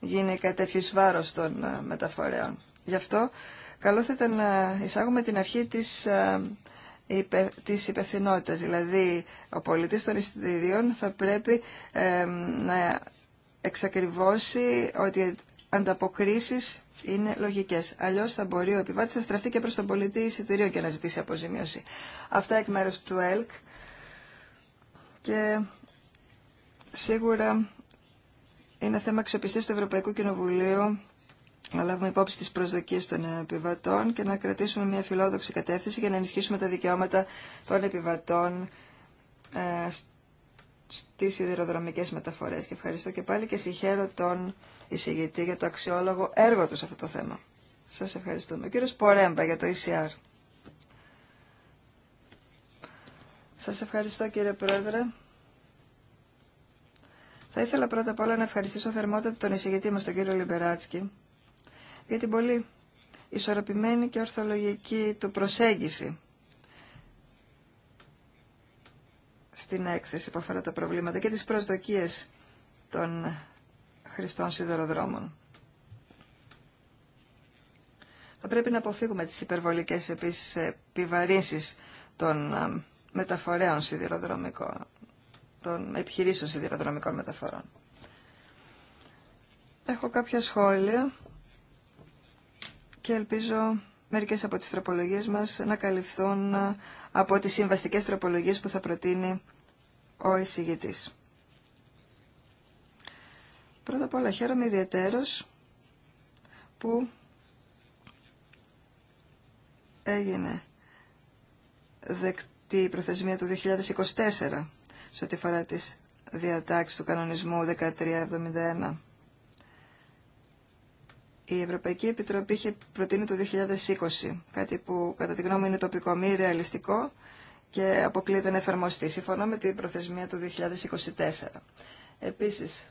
γίνει κάτι τέτοιο βάρος των ε, μεταφορέων. Γι' αυτό καλό θα ήταν να εισάγουμε την αρχή της ε, της υπευθυνότητα. Δηλαδή, ο πολιτής των εισιτηρίων θα πρέπει να εξακριβώσει ότι ανταποκρίσεις είναι λογικές. Αλλιώ θα μπορεί ο επιβάτης να στραφεί και προς τον πολιτή εισιτηρίο και να ζητήσει αποζημίωση. Αυτά εκ μέρου του ΕΛΚ και σίγουρα είναι θέμα αξιοπιστία του Ευρωπαϊκού Κοινοβουλίου να λάβουμε υπόψη τις προσδοκίε των επιβατών και να κρατήσουμε μια φιλόδοξη κατεύθυνση για να ενισχύσουμε τα δικαιώματα των επιβατών ε, στις σιδηροδρομικές μεταφορές. Και ευχαριστώ και πάλι και συγχαίρω τον εισηγητή για το αξιόλογο έργο του σε αυτό το θέμα. Σας ευχαριστούμε. Ο κύριος Πορέμπα για το ECR. Σας ευχαριστώ κύριε Πρόεδρε. Θα ήθελα πρώτα απ' όλα να ευχαριστήσω θερμότατα τον εισηγητή μας, τον κύριο Λιμπεράτσκι, για την πολύ ισορροπημένη και ορθολογική του προσέγγιση στην έκθεση που αφορά τα προβλήματα και τις προσδοκίες των χρηστών σιδεροδρόμων. Θα πρέπει να αποφύγουμε τις υπερβολικές επίσης επιβαρύνσεις των μεταφορέων σιδηροδρομικών, των επιχειρήσεων σιδηροδρομικών μεταφορών. Έχω κάποια σχόλια και ελπίζω μερικές από τις τροπολογίες μας να καλυφθούν από τις συμβαστικές τροπολογίες που θα προτείνει ο εισηγητής. Πρώτα απ' όλα χαίρομαι ιδιαίτερος που έγινε δεκτή η προθεσμία του 2024 σε ό,τι αφορά τις διατάξεις του κανονισμού 1371 η Ευρωπαϊκή Επιτροπή είχε προτείνει το 2020, κάτι που κατά τη γνώμη είναι τοπικό μη ρεαλιστικό και αποκλείεται να εφαρμοστεί. Συμφωνώ με την προθεσμία του 2024. Επίσης,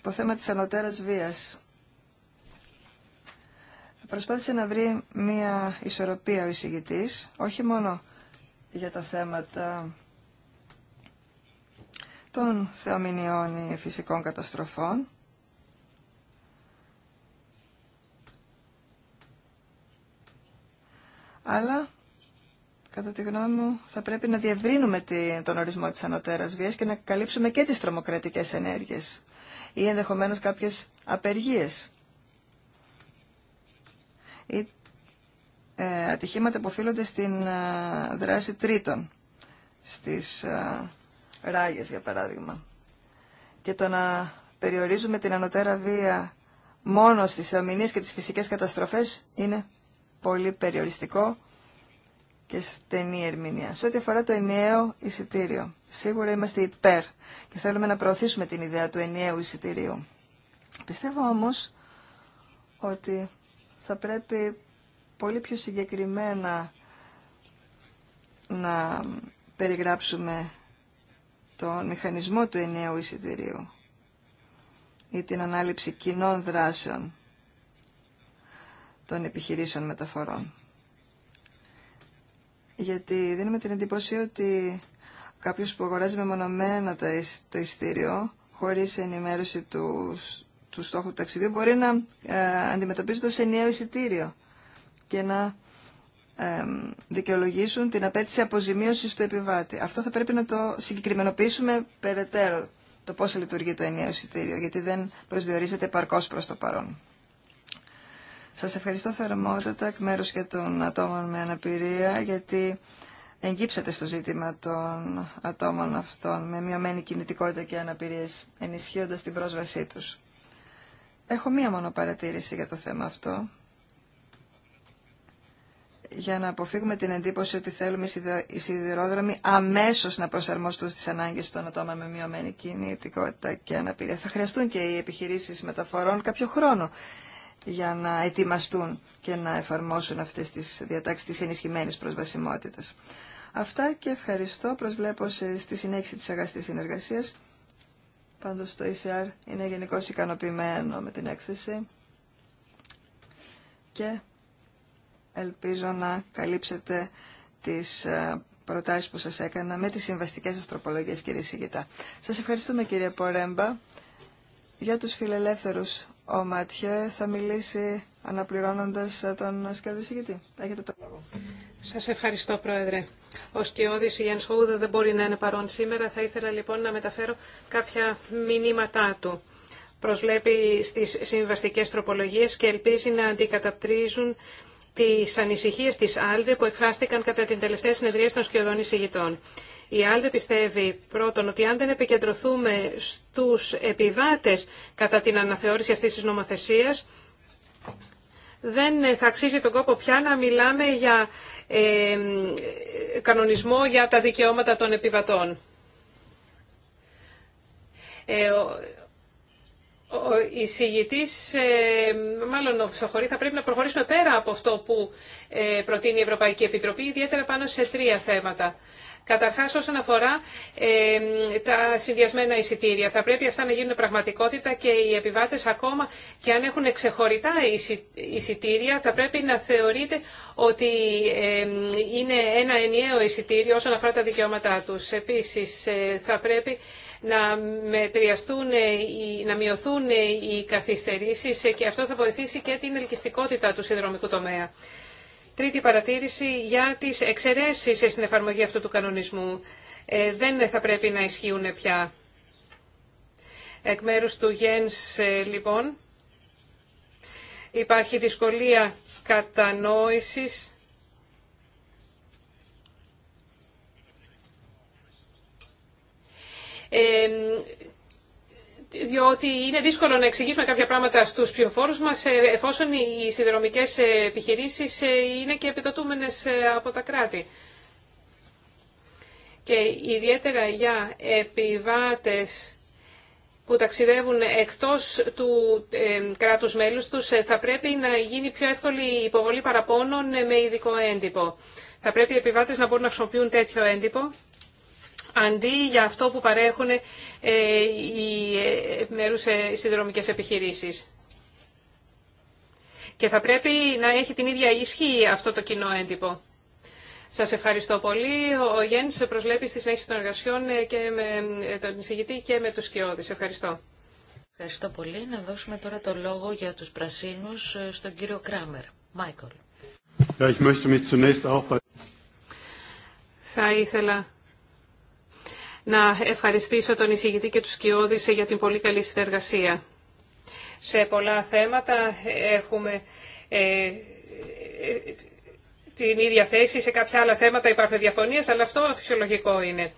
το θέμα της ανωτέρας βίας. Προσπάθησε να βρει μία ισορροπία ο εισηγητής, όχι μόνο για τα θέματα των θεομηνιών ή φυσικών καταστροφών. Αλλά, κατά τη γνώμη μου, θα πρέπει να διευρύνουμε τον ορισμό της ανωτέρας βίας και να καλύψουμε και τις τρομοκρατικές ενέργειες ή ενδεχομένως κάποιες απεργίες ή ε, ατυχήματα που οφείλονται στην ε, δράση τρίτων στις ε, ράγες για παράδειγμα. Και το να περιορίζουμε την ανωτέρα βία μόνο στις θεομηνίες και τις φυσικές καταστροφές είναι πολύ περιοριστικό και στενή ερμηνεία. Σε ό,τι αφορά το ενιαίο εισιτήριο, σίγουρα είμαστε υπέρ και θέλουμε να προωθήσουμε την ιδέα του ενιαίου εισιτηρίου. Πιστεύω όμως ότι θα πρέπει πολύ πιο συγκεκριμένα να περιγράψουμε τον μηχανισμό του ενιαίου εισιτηρίου ή την ανάληψη κοινών δράσεων των επιχειρήσεων μεταφορών. Γιατί δίνουμε την εντύπωση ότι κάποιος που αγοράζει μεμονωμένα το εισιτήριο χωρίς ενημέρωση του, στόχου του ταξιδιού, μπορεί να ε, το σε ενιαίο εισιτήριο και να δικαιολογήσουν την απέτηση αποζημίωσης του επιβάτη. Αυτό θα πρέπει να το συγκεκριμενοποιήσουμε περαιτέρω το πώς λειτουργεί το ενιαίο εισιτήριο, γιατί δεν προσδιορίζεται παρκώς προς το παρόν. Σας ευχαριστώ θερμότατα εκ μέρους και των ατόμων με αναπηρία, γιατί εγκύψατε στο ζήτημα των ατόμων αυτών με μειωμένη κινητικότητα και αναπηρίες, ενισχύοντας την πρόσβασή τους. Έχω μία μόνο παρατήρηση για το θέμα αυτό για να αποφύγουμε την εντύπωση ότι θέλουμε οι σιδηρόδρομοι αμέσως να προσαρμοστούν στις ανάγκες των ατόμων με μειωμένη κινητικότητα και αναπηρία. Θα χρειαστούν και οι επιχειρήσεις μεταφορών κάποιο χρόνο για να ετοιμαστούν και να εφαρμόσουν αυτές τις διατάξεις της ενισχυμένης προσβασιμότητας. Αυτά και ευχαριστώ. Προσβλέπω στη συνέχιση της αγαστής συνεργασίας. Πάντως το ECR είναι γενικώ ικανοποιημένο με την έκθεση. Και ελπίζω να καλύψετε τις ε, προτάσεις που σας έκανα με τις συμβαστικές σας τροπολογίες, κύριε Σιγητά. Σας ευχαριστούμε, κύριε Πορέμπα. Για τους φιλελεύθερους, ο Ματιέ θα μιλήσει αναπληρώνοντας τον Σκέδη Σιγητή. Έχετε το λόγο. Σας ευχαριστώ, Πρόεδρε. Ο Σκιώδης Γιάννης δεν μπορεί να είναι παρόν σήμερα. Θα ήθελα λοιπόν να μεταφέρω κάποια μηνύματά του. Προσβλέπει στις συμβαστικές τροπολογίες και ελπίζει να αντικαταπτρίζουν τις ανησυχίες της ΑλΔΕ που εκφράστηκαν κατά την τελευταία συνεδρία των σκιωδών εισηγητών. Η ΑλΔΕ πιστεύει πρώτον ότι αν δεν επικεντρωθούμε στους επιβάτες κατά την αναθεώρηση αυτής της νομοθεσίας, δεν θα αξίζει τον κόπο πια να μιλάμε για ε, κανονισμό για τα δικαιώματα των επιβατών. Ε, ο εισηγητής, ε, μάλλον ο θα πρέπει να προχωρήσουμε πέρα από αυτό που ε, προτείνει η Ευρωπαϊκή Επιτροπή, ιδιαίτερα πάνω σε τρία θέματα. Καταρχάς όσον αφορά ε, τα συνδυασμένα εισιτήρια. Θα πρέπει αυτά να γίνουν πραγματικότητα και οι επιβάτες ακόμα και αν έχουν ξεχωριτά εισιτήρια θα πρέπει να θεωρείται ότι ε, είναι ένα ενιαίο εισιτήριο όσον αφορά τα δικαιώματά του. Επίσης θα πρέπει να μετριαστούν, ε, να μειωθούν ε, οι καθυστερήσεις ε, και αυτό θα βοηθήσει και την ελκυστικότητα του συνδρομικού τομέα. Τρίτη παρατήρηση για τις εξαιρέσεις στην εφαρμογή αυτού του κανονισμού. δεν θα πρέπει να ισχύουν πια. Εκ μέρους του Γένς, λοιπόν, υπάρχει δυσκολία κατανόησης διότι είναι δύσκολο να εξηγήσουμε κάποια πράγματα στους ψηφοφόρου μας ε, εφόσον οι συνδρομικές ε, επιχειρήσεις ε, είναι και επιδοτούμενες από τα κράτη. Και ιδιαίτερα για επιβάτες που ταξιδεύουν εκτός του κράτου μέλους τους θα πρέπει να γίνει πιο εύκολη η υποβολή παραπώνων με ειδικό έντυπο. Θα πρέπει οι επιβάτε να μπορούν να χρησιμοποιούν τέτοιο έντυπο αντί για αυτό που παρέχουν ε, οι μέρους ε, συνδρομικές επιχειρήσεις. Και θα πρέπει να έχει την ίδια ισχύ αυτό το κοινό έντυπο. Σας ευχαριστώ πολύ. Ο Γέννης προσλέπει στη συνέχιση των εργασιών ε, και με τον εισηγητή και με τους σκιώδεις. Ευχαριστώ. Ευχαριστώ πολύ. Να δώσουμε τώρα το λόγο για τους πρασίνους στον κύριο Κράμερ. Μάικολ. Θα ήθελα να ευχαριστήσω τον εισηγητή και τους Κιώδης για την πολύ καλή συνεργασία. Σε πολλά θέματα έχουμε ε, ε, την ίδια θέση, σε κάποια άλλα θέματα υπάρχουν διαφωνίες, αλλά αυτό φυσιολογικό είναι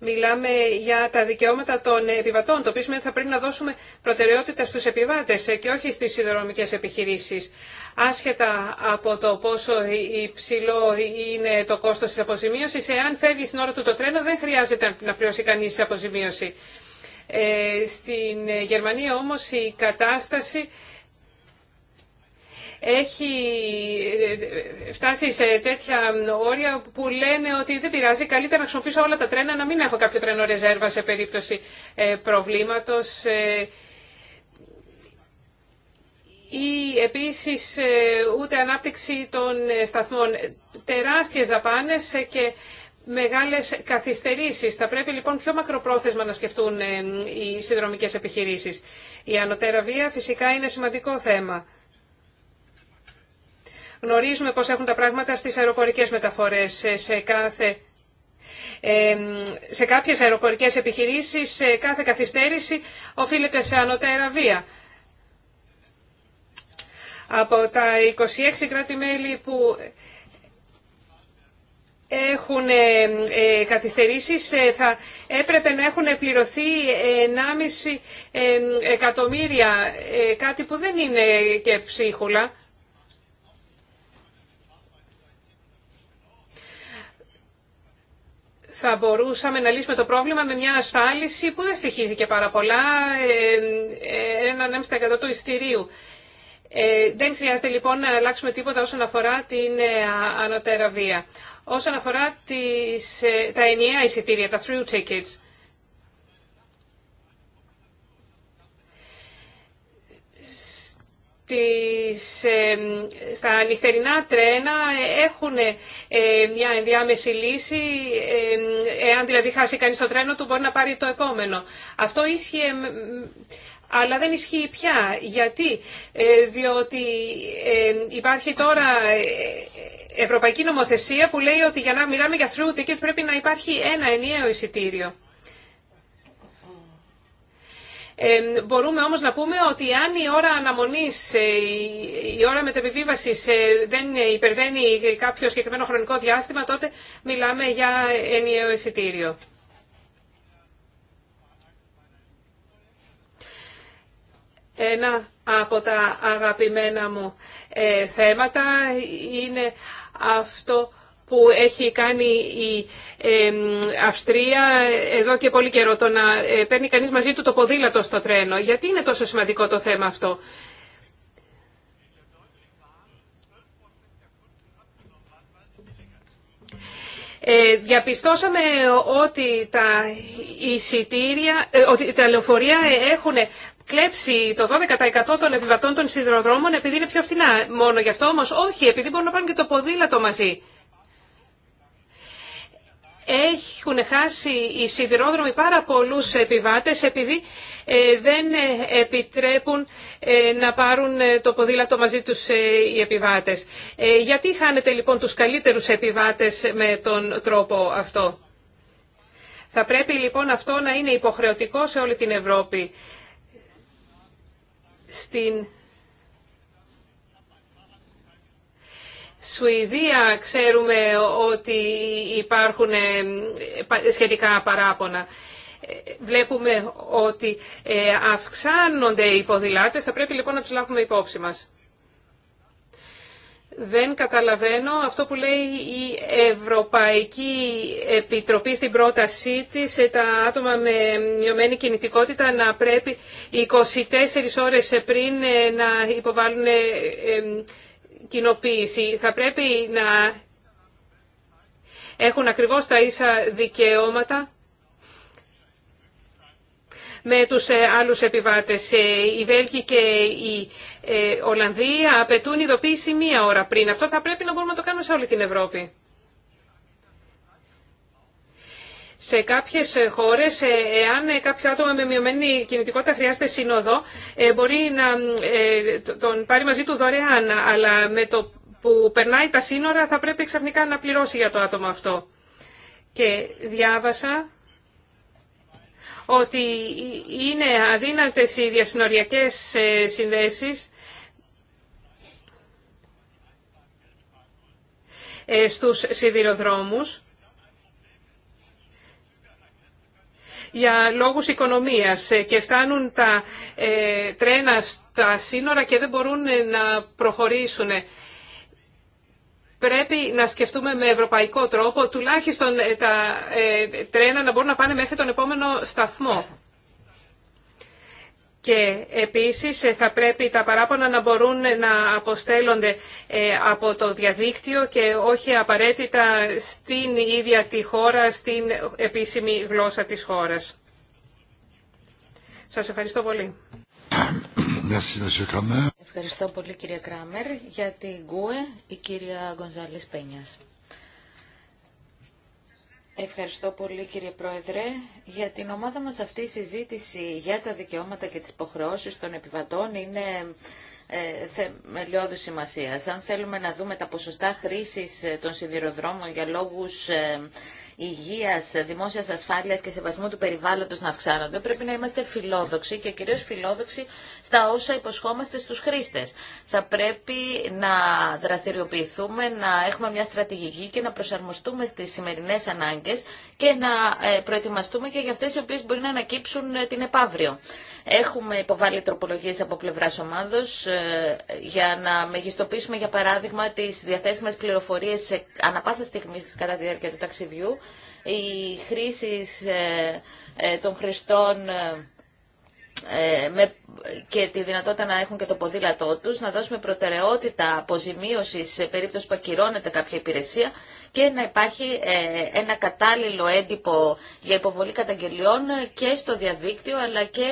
μιλάμε για τα δικαιώματα των επιβατών, το οποίο σημαίνει ότι θα πρέπει να δώσουμε προτεραιότητα στους επιβάτες και όχι στις σιδηροδρομικές επιχειρήσεις. Άσχετα από το πόσο υψηλό είναι το κόστος της αποζημίωσης, εάν φεύγει στην ώρα του το τρένο δεν χρειάζεται να πληρώσει κανείς αποζημίωση. Ε, στην Γερμανία όμως η κατάσταση έχει ε, φτάσει σε τέτοια όρια που λένε ότι δεν πειράζει, καλύτερα να χρησιμοποιήσω όλα τα τρένα, να μην έχω κάποιο τρένο ρεζέρβα σε περίπτωση ε, προβλήματος. Ε. Ή επίσης ούτε ανάπτυξη των σταθμών. Τεράστιες δαπάνες και μεγάλες καθυστερήσεις. Θα πρέπει λοιπόν πιο μακροπρόθεσμα να σκεφτούν οι συνδρομικές επιχειρήσεις. Η ανωτέρα βία φυσικά είναι σημαντικό θέμα. Γνωρίζουμε πώς έχουν τα πράγματα στις αεροπορικές μεταφορές. Σε, κάθε, σε κάποιες αεροπορικές επιχειρήσεις σε κάθε καθυστέρηση οφείλεται σε ανώτερα βία. Από τα 26 κράτη-μέλη που έχουν ε, ε, καθυστερήσεις ε, θα έπρεπε να έχουν πληρωθεί 1,5 εκατομμύρια, κάτι που δεν είναι και ψίχουλα. θα μπορούσαμε να λύσουμε το πρόβλημα με μια ασφάλιση που δεν στοιχίζει και πάρα πολλά, ε, ε, έναν εκατό του ειστηρίου. Ε, δεν χρειάζεται λοιπόν να αλλάξουμε τίποτα όσον αφορά την ε, ανωτέρα βία. Όσον αφορά τις, τα ενιαία εισιτήρια, τα through tickets, τις, στα νυχτερινά τρένα έχουν ε, μια ενδιάμεση λύση. εάν δηλαδή χάσει κανείς το τρένο του μπορεί να πάρει το επόμενο. Αυτό ίσχυε, αλλά δεν ισχύει πια. Γιατί, ε, διότι υπάρχει τώρα ε, ευρωπαϊκή νομοθεσία που λέει ότι για να μιλάμε για through ticket πρέπει να υπάρχει ένα ενιαίο εισιτήριο μπορούμε όμως να πούμε ότι αν η ώρα αναμονής, ε, η ώρα μεταβιβίβασης ε, δεν υπερβαίνει κάποιο συγκεκριμένο χρονικό διάστημα, τότε μιλάμε για ενιαίο εισιτήριο. Ένα από τα αγαπημένα μου ε, θέματα είναι αυτό που έχει κάνει η Αυστρία εδώ και πολύ καιρό, το να ε, παίρνει κανείς μαζί του το ποδήλατο στο τρένο. Γιατί είναι τόσο σημαντικό το θέμα αυτό. Ε, διαπιστώσαμε ότι τα εισιτήρια, ε, ότι τα λεωφορεία έχουν κλέψει το 12% των επιβατών των σιδηροδρόμων επειδή είναι πιο φθηνά. Μόνο γι' αυτό όμως όχι, επειδή μπορούν να πάνε και το ποδήλατο μαζί έχουν χάσει οι σιδηρόδρομοι πάρα πολλούς επιβάτες επειδή ε, δεν ε, επιτρέπουν ε, να πάρουν το ποδήλατο μαζί τους οι επιβάτες. Γιατί χάνετε λοιπόν τους καλύτερους επιβάτες με τον τρόπο αυτό. Θα πρέπει λοιπόν αυτό να είναι υποχρεωτικό σε όλη την Ευρώπη. Στην Σουηδία ξέρουμε ότι υπάρχουν ε, σχετικά παράπονα. Ε, βλέπουμε ότι ε, αυξάνονται οι υποδηλάτες, θα πρέπει λοιπόν να τους λάβουμε υπόψη μας. Δεν καταλαβαίνω αυτό που λέει η Ευρωπαϊκή Επιτροπή στην πρότασή της τα άτομα με μειωμένη κινητικότητα να πρέπει 24 ώρες πριν να υποβάλουν κοινοποίηση. Θα πρέπει να έχουν ακριβώς τα ίσα δικαιώματα με τους ε, άλλους επιβάτες. Ε, οι Βέλγοι και οι ε, Ολλανδοί απαιτούν ειδοποίηση μία ώρα πριν. Αυτό θα πρέπει να μπορούμε να το κάνουμε σε όλη την Ευρώπη. Σε κάποιε ε, χώρε, ε, εάν ε, κάποιο άτομο με μειωμένη κινητικότητα χρειάζεται σύνοδο, μπορεί να τον πάρει μαζί του δωρεάν, αλλά με το που περνάει τα σύνορα θα πρέπει ξαφνικά να πληρώσει για το άτομο αυτό. Και διάβασα ότι είναι αδύνατες οι διασυνοριακές συνδέσεις στους σιδηροδρόμους για λόγους οικονομίας ε, και φτάνουν τα ε, τρένα στα σύνορα και δεν μπορούν ε, να προχωρήσουν. Πρέπει να σκεφτούμε με ευρωπαϊκό τρόπο τουλάχιστον τα τρένα να μπορούν να πάνε μέχρι τον επόμενο σταθμό. Και επίσης ε, θα πρέπει τα παράπονα να μπορούν να αποστέλλονται ε, από το διαδίκτυο και όχι απαραίτητα στην ίδια τη χώρα, στην επίσημη γλώσσα της χώρας. Σας ευχαριστώ πολύ. Ευχαριστώ πολύ κυρία Κράμερ. Για την ΚΟΕ η κυρία Γκονζάλης Πένιας. Ευχαριστώ πολύ κύριε Πρόεδρε. Για την ομάδα μας αυτή η συζήτηση για τα δικαιώματα και τις υποχρεώσεις των επιβατών είναι ε, θεμελιώδου σημασία. Αν θέλουμε να δούμε τα ποσοστά χρήσης ε, των σιδηροδρόμων για λόγους ε, υγεία, δημόσια ασφάλεια και σεβασμού του περιβάλλοντο να αυξάνονται, πρέπει να είμαστε φιλόδοξοι και κυρίω φιλόδοξοι στα όσα υποσχόμαστε στου χρήστε. Θα πρέπει να δραστηριοποιηθούμε, να έχουμε μια στρατηγική και να προσαρμοστούμε στι σημερινέ ανάγκε και να ε, προετοιμαστούμε και για αυτέ οι οποίε μπορεί να ανακύψουν ε, την επαύριο. Έχουμε υποβάλει τροπολογίε από πλευράς ομάδος ε, για να μεγιστοποιήσουμε, για παράδειγμα, τις διαθέσιμε πληροφορίες σε ανα πάσα στιγμή κατά τη διάρκεια του ταξιδιού, οι χρήσει ε, ε, των χρηστών με, και τη δυνατότητα να έχουν και το ποδήλατό τους, να δώσουμε προτεραιότητα αποζημίωση σε περίπτωση που ακυρώνεται κάποια υπηρεσία και να υπάρχει ε, ένα κατάλληλο έντυπο για υποβολή καταγγελιών και στο διαδίκτυο αλλά και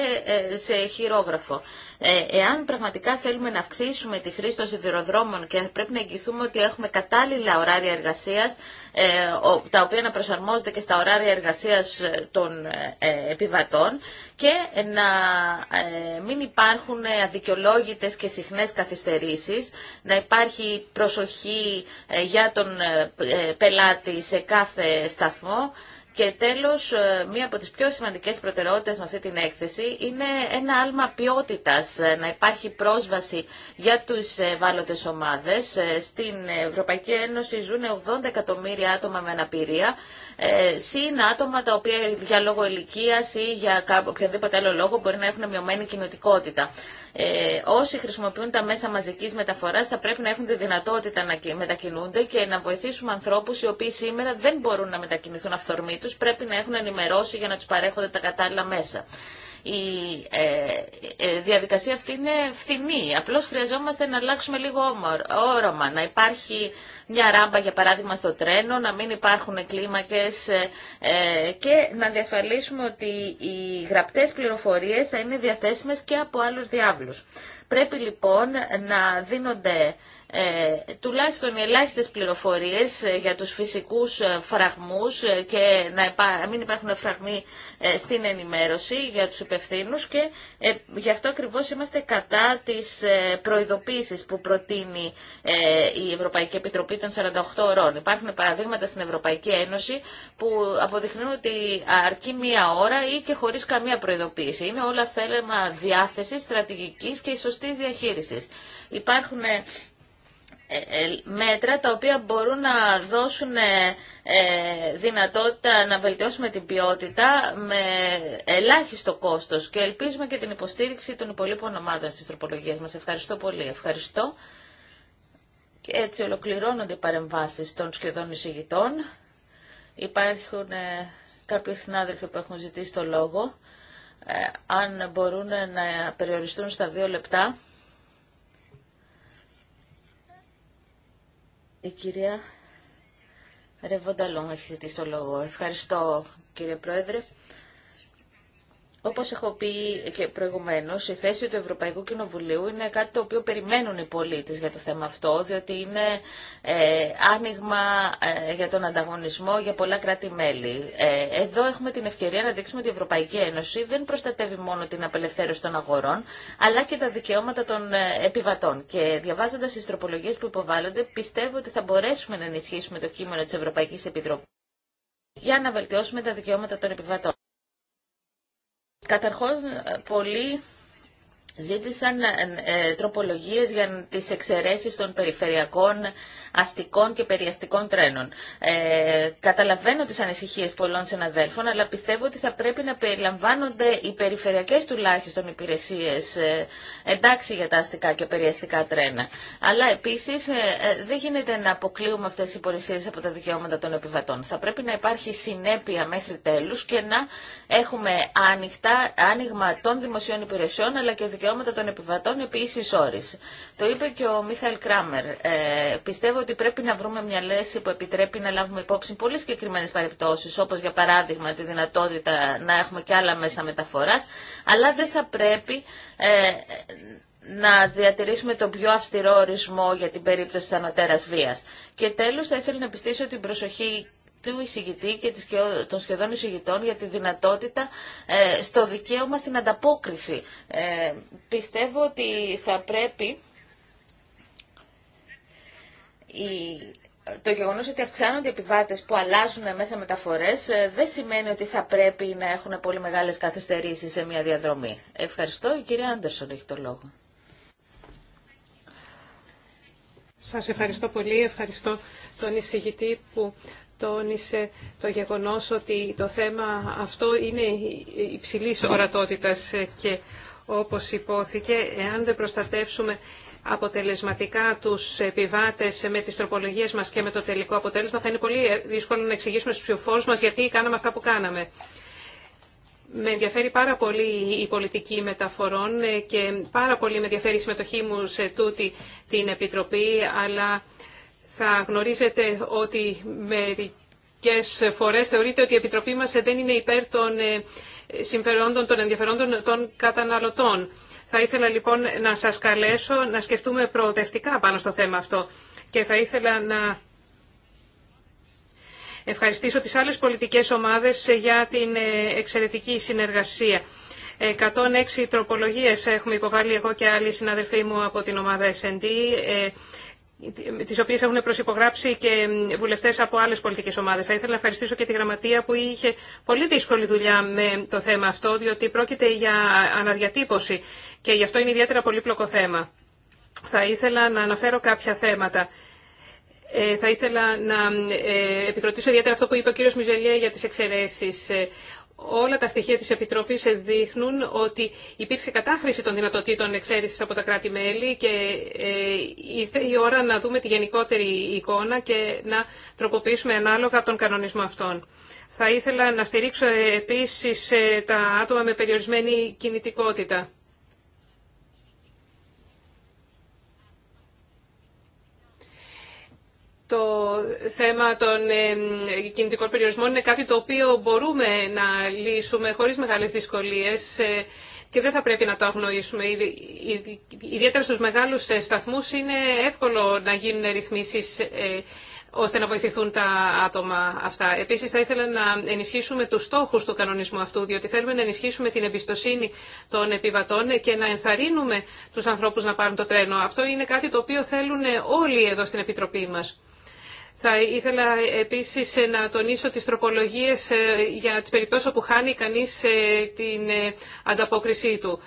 ε, σε χειρόγραφο. Ε, εάν πραγματικά θέλουμε να αυξήσουμε τη χρήση των σιδηροδρόμων και πρέπει να εγγυηθούμε ότι έχουμε κατάλληλα ωράρια εργασίας, τα οποία να προσαρμόζονται και στα ωράρια εργασίας των επιβατών και να μην υπάρχουν αδικαιολόγητες και συχνές καθυστερήσεις, να υπάρχει προσοχή για τον πελάτη σε κάθε σταθμό. Και τέλος, ε, μία από τις πιο σημαντικές προτεραιότητες με αυτή την έκθεση είναι ένα άλμα ποιότητας, ε, να υπάρχει πρόσβαση για τους ευάλωτες ομάδες. Ε, στην Ευρωπαϊκή Ένωση ζουν 80 εκατομμύρια άτομα με αναπηρία, συν άτομα τα οποία για λόγω ηλικία ή για οποιοδήποτε άλλο λόγο μπορεί να έχουν μειωμένη κινητικότητα. Ε, όσοι χρησιμοποιούν τα μέσα μαζικής μεταφοράς θα πρέπει να έχουν τη δυνατότητα να μετακινούνται και να βοηθήσουμε ανθρώπους οι οποίοι σήμερα δεν μπορούν να μετακινηθούν τους πρέπει να έχουν ενημερώσει για να τους παρέχονται τα κατάλληλα μέσα. Η ε, ε, διαδικασία αυτή είναι φθηνή. Απλώς χρειαζόμαστε να αλλάξουμε λίγο όρομα. Να υπάρχει μια ράμπα, για παράδειγμα, στο τρένο, να μην υπάρχουν κλίμακες ε, και να διασφαλίσουμε ότι οι γραπτές πληροφορίες θα είναι διαθέσιμες και από άλλους διάβλους. Πρέπει λοιπόν να δίνονται ε, τουλάχιστον οι ελάχιστες πληροφορίες ε, για τους φυσικούς ε, φραγμούς ε, και να μην υπάρχουν φραγμοί στην ενημέρωση για τους υπευθύνους και γι' αυτό ακριβώς είμαστε κατά της προειδοποίησης που προτείνει η Ευρωπαϊκή Επιτροπή των 48 ώρων. Υπάρχουν παραδείγματα στην Ευρωπαϊκή Ένωση που αποδεικνύουν ότι αρκεί μία ώρα ή και χωρίς καμία προειδοποίηση. Είναι όλα θέλεμα διάθεσης, στρατηγικής και σωστή διαχείρισης. Ε, ε, μέτρα τα οποία μπορούν να δώσουν ε, δυνατότητα να βελτιώσουμε την ποιότητα με ελάχιστο κόστος και ελπίζουμε και την υποστήριξη των υπολείπων ομάδων στις τροπολογίες μας. Ευχαριστώ πολύ. Ευχαριστώ. Και έτσι ολοκληρώνονται οι παρεμβάσεις των σχεδόν εισηγητών. Υπάρχουν κάποιοι συνάδελφοι που έχουν ζητήσει το λόγο. αν μπορούν να περιοριστούν στα δύο λεπτά Η κυρία Ρεβονταλόν έχει ζητήσει το λόγο. Ευχαριστώ κύριε Πρόεδρε. Όπω έχω πει και προηγουμένω, η θέση του Ευρωπαϊκού Κοινοβουλίου είναι κάτι το οποίο περιμένουν οι πολίτε για το θέμα αυτό, διότι είναι ε, άνοιγμα ε, για τον ανταγωνισμό για πολλά κράτη-μέλη. Ε, εδώ έχουμε την ευκαιρία να δείξουμε ότι η Ευρωπαϊκή Ένωση δεν προστατεύει μόνο την απελευθέρωση των αγορών, αλλά και τα δικαιώματα των ε, επιβατών. Και διαβάζοντα τι τροπολογίε που υποβάλλονται, πιστεύω ότι θα μπορέσουμε να ενισχύσουμε το κείμενο τη Ευρωπαϊκή Επιτροπή για να βελτιώσουμε τα δικαιώματα των επιβατών. Καταρχώς, ε, πολλοί ζήτησαν ε, ε, τροπολογίες για τις εξαιρέσεις των περιφερειακών αστικών και περιαστικών τρένων. Ε, καταλαβαίνω τις ανησυχίες πολλών συναδέλφων, αλλά πιστεύω ότι θα πρέπει να περιλαμβάνονται οι περιφερειακές τουλάχιστον υπηρεσίες ε, εντάξει για τα αστικά και περιαστικά τρένα. Αλλά επίσης ε, δεν γίνεται να αποκλείουμε αυτές οι υπηρεσίες από τα δικαιώματα των επιβατών. Θα πρέπει να υπάρχει συνέπεια μέχρι τέλους και να έχουμε άνοιχτα, άνοιγμα των δημοσίων υπηρεσιών αλλά και δικαιώματα δικαιώματα των επιβατών επί ίσης Το είπε και ο Μίχαλ Κράμερ. Ε, πιστεύω ότι πρέπει να βρούμε μια λέση που επιτρέπει να λάβουμε υπόψη πολύ συγκεκριμένε περιπτώσει, όπω για παράδειγμα τη δυνατότητα να έχουμε και άλλα μέσα μεταφορά, αλλά δεν θα πρέπει ε, να διατηρήσουμε τον πιο αυστηρό ορισμό για την περίπτωση τη ανωτέρα βία. Και τέλος θα ήθελα να πιστήσω την προσοχή του εισηγητή και των σχεδόν εισηγητών για τη δυνατότητα ε, στο δικαίωμα στην ανταπόκριση. Ε, πιστεύω ότι θα πρέπει το γεγονός ότι αυξάνονται οι επιβάτες που αλλάζουν μέσα μεταφορές ε, δεν σημαίνει ότι θα πρέπει να έχουν πολύ μεγάλες καθυστερήσεις σε μια διαδρομή. Ευχαριστώ. Η κυρία Άντερσον έχει το λόγο. Σας ευχαριστώ πολύ. Ευχαριστώ τον εισηγητή που τόνισε το γεγονός ότι το θέμα αυτό είναι υψηλής ορατότητας και όπως υπόθηκε, εάν δεν προστατεύσουμε αποτελεσματικά τους επιβάτες με τις τροπολογίες μας και με το τελικό αποτέλεσμα, θα είναι πολύ δύσκολο να εξηγήσουμε στους ψηφοφόρους μας γιατί κάναμε αυτά που κάναμε. Με ενδιαφέρει πάρα πολύ η πολιτική μεταφορών και πάρα πολύ με ενδιαφέρει η συμμετοχή μου σε τούτη την Επιτροπή, αλλά θα γνωρίζετε ότι μερικές φορές θεωρείτε ότι η Επιτροπή μας δεν είναι υπέρ των ε, συμφερόντων, των ενδιαφερόντων των καταναλωτών. Θα ήθελα λοιπόν να σας καλέσω να σκεφτούμε προοδευτικά πάνω στο θέμα αυτό και θα ήθελα να ευχαριστήσω τις άλλες πολιτικές ομάδες για την ε, εξαιρετική συνεργασία. 106 τροπολογίες έχουμε υποβάλει εγώ και άλλοι συναδελφοί μου από την ομάδα S&D. Τι οποίε έχουν προσυπογράψει και βουλευτέ από άλλε πολιτικές ομάδες. Θα ήθελα να ευχαριστήσω και τη Γραμματεία που είχε πολύ δύσκολη δουλειά με το θέμα αυτό, διότι πρόκειται για αναδιατύπωση και γι' αυτό είναι ιδιαίτερα πολύπλοκο θέμα. Θα ήθελα να αναφέρω κάποια θέματα. Ε, θα ήθελα να ε, επικροτήσω ιδιαίτερα αυτό που είπε ο κύριος Μιζελιέ για τις εξαιρέσεις. Ε, όλα τα στοιχεία της Επιτροπής δείχνουν ότι υπήρξε κατάχρηση των δυνατοτήτων εξαίρεσης από τα κράτη-μέλη και ε, ήρθε η ώρα να δούμε τη γενικότερη εικόνα και να τροποποιήσουμε ανάλογα τον κανονισμό αυτών. Θα ήθελα να στηρίξω επίσης ε, τα άτομα με περιορισμένη κινητικότητα. το θέμα των κινητικών περιορισμών είναι κάτι το οποίο μπορούμε να λύσουμε χωρίς μεγάλες δυσκολίες ε, και δεν θα πρέπει να το αγνοήσουμε. Ιδιαίτερα στους μεγάλους ε, σταθμούς είναι εύκολο να γίνουν ρυθμίσεις ε, ώστε να βοηθηθούν τα άτομα αυτά. Επίσης θα ήθελα να ενισχύσουμε τους στόχους του κανονισμού αυτού, διότι θέλουμε να ενισχύσουμε την εμπιστοσύνη των επιβατών και να ενθαρρύνουμε τους ανθρώπους να πάρουν το τρένο. Αυτό είναι κάτι το οποίο θέλουν όλοι εδώ στην Επιτροπή μας. Θα ήθελα επίσης να τονίσω τις τροπολογίες ε, για τις περιπτώσεις όπου χάνει κανείς ε, την ε, ανταπόκρισή του.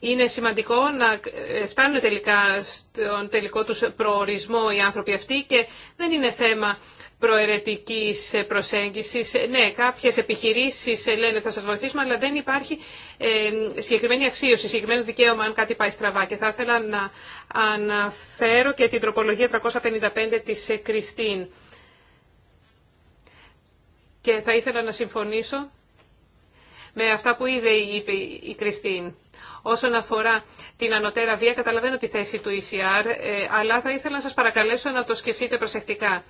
Είναι σημαντικό να φτάνουν τελικά στον τελικό τους προορισμό οι άνθρωποι αυτοί και δεν είναι θέμα προαιρετική ε, προσέγγιση. Ε, ναι, κάποιε επιχειρήσει. Ε, λένε θα σα βοηθήσουμε, αλλά δεν υπάρχει συγκεκριμένη αξίωση, συγκεκριμένο δικαίωμα αν κάτι πάει στραβά. Και θα ήθελα να αναφέρω και την τροπολογία 355 τη Κριστίν. Και θα ήθελα να συμφωνήσω με αυτά που είδε είπε η Κριστίν. Όσον αφορά την ανωτέρα βία, καταλαβαίνω τη θέση του ECR, αλλά θα ήθελα να σας παρακαλέσω να το σκεφτείτε προσεκτικά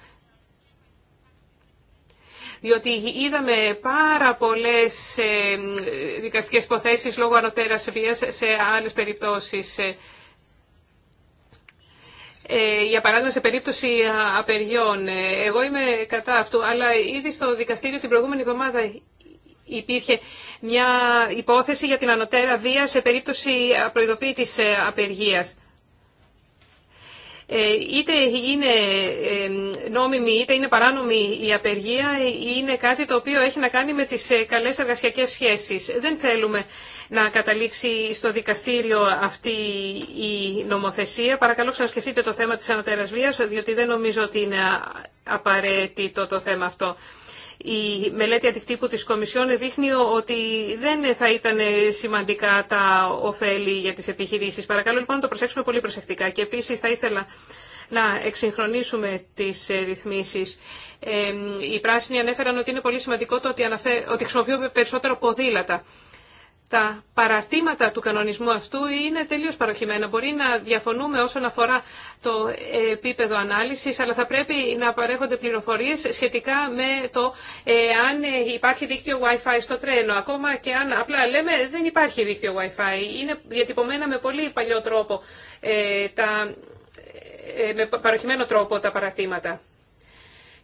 διότι είδαμε πάρα πολλές ε, δικαστικές υποθέσεις λόγω ανωτέρας βίας σε άλλες περιπτώσεις. Ε, ε, για παράδειγμα, σε περίπτωση απεργιών. Εγώ είμαι κατά αυτού, αλλά ήδη στο δικαστήριο την προηγούμενη εβδομάδα υπήρχε μια υπόθεση για την ανωτέρα βία σε περίπτωση προειδοποίητης απεργίας. Ε, είτε είναι νόμιμη είτε είναι παράνομη η απεργία, ε, είναι κάτι το οποίο έχει να κάνει με τις ε, καλές εργασιακές σχέσεις. Δεν θέλουμε να καταλήξει στο δικαστήριο αυτή η νομοθεσία. Παρακαλώ ξανασκεφτείτε το θέμα της ανατερασβίας διότι δεν νομίζω ότι είναι απαραίτητο το θέμα αυτό. Η μελέτη αντικτύπου της Κομισιόν δείχνει ότι δεν θα ήταν σημαντικά τα ωφέλη για τις επιχειρήσεις. Παρακαλώ λοιπόν να το προσέξουμε πολύ προσεκτικά. Και επίσης θα ήθελα να εξυγχρονίσουμε τις ε, ρυθμίσεις. Ε, οι πράσινοι ανέφεραν ότι είναι πολύ σημαντικό το ότι, αναφέ... ότι χρησιμοποιούμε περισσότερο ποδήλατα τα παραρτήματα του κανονισμού αυτού είναι τελείως παροχημένα. Μπορεί να διαφωνούμε όσον αφορά το επίπεδο ανάλυσης, αλλά θα πρέπει να παρέχονται πληροφορίες σχετικά με το ε, αν υπάρχει δίκτυο Wi-Fi στο τρένο. Ακόμα και αν απλά λέμε δεν υπάρχει δίκτυο Wi-Fi. Είναι διατυπωμένα με πολύ παλιό τρόπο, ε, τα, ε, με παροχημένο τρόπο τα παραρτήματα.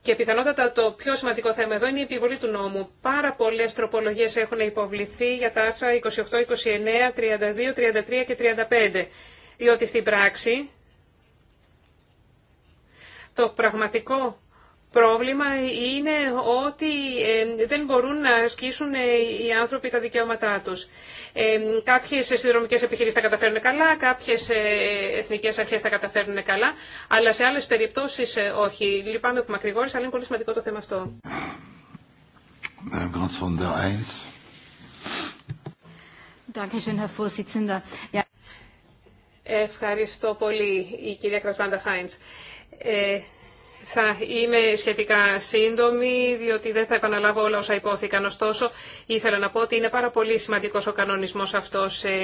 Και πιθανότατα το πιο σημαντικό θέμα εδώ είναι η επιβολή του νόμου. Πάρα πολλέ τροπολογίε έχουν υποβληθεί για τα άρθρα 28, 29, 32, 33 και 35. Διότι στην πράξη το πραγματικό πρόβλημα είναι ότι ε, δεν μπορούν να ασκήσουν ε, οι άνθρωποι τα δικαιώματά τους. Ε, κάποιες συνδρομικές επιχειρήσεις τα καταφέρνουν καλά, κάποιες εθνικές αρχές τα καταφέρνουν καλά, αλλά σε άλλες περιπτώσεις όχι. Λυπάμαι που μακρηγόρησα, αλλά είναι πολύ σημαντικό το θέμα αυτό. Ευχαριστώ πολύ η κυρία Κρασβάντα Ε, θα είμαι σχετικά σύντομη, διότι δεν θα επαναλάβω όλα όσα υπόθηκαν. Ωστόσο, ήθελα να πω ότι είναι πάρα πολύ σημαντικό ο κανονισμός αυτός. Ε,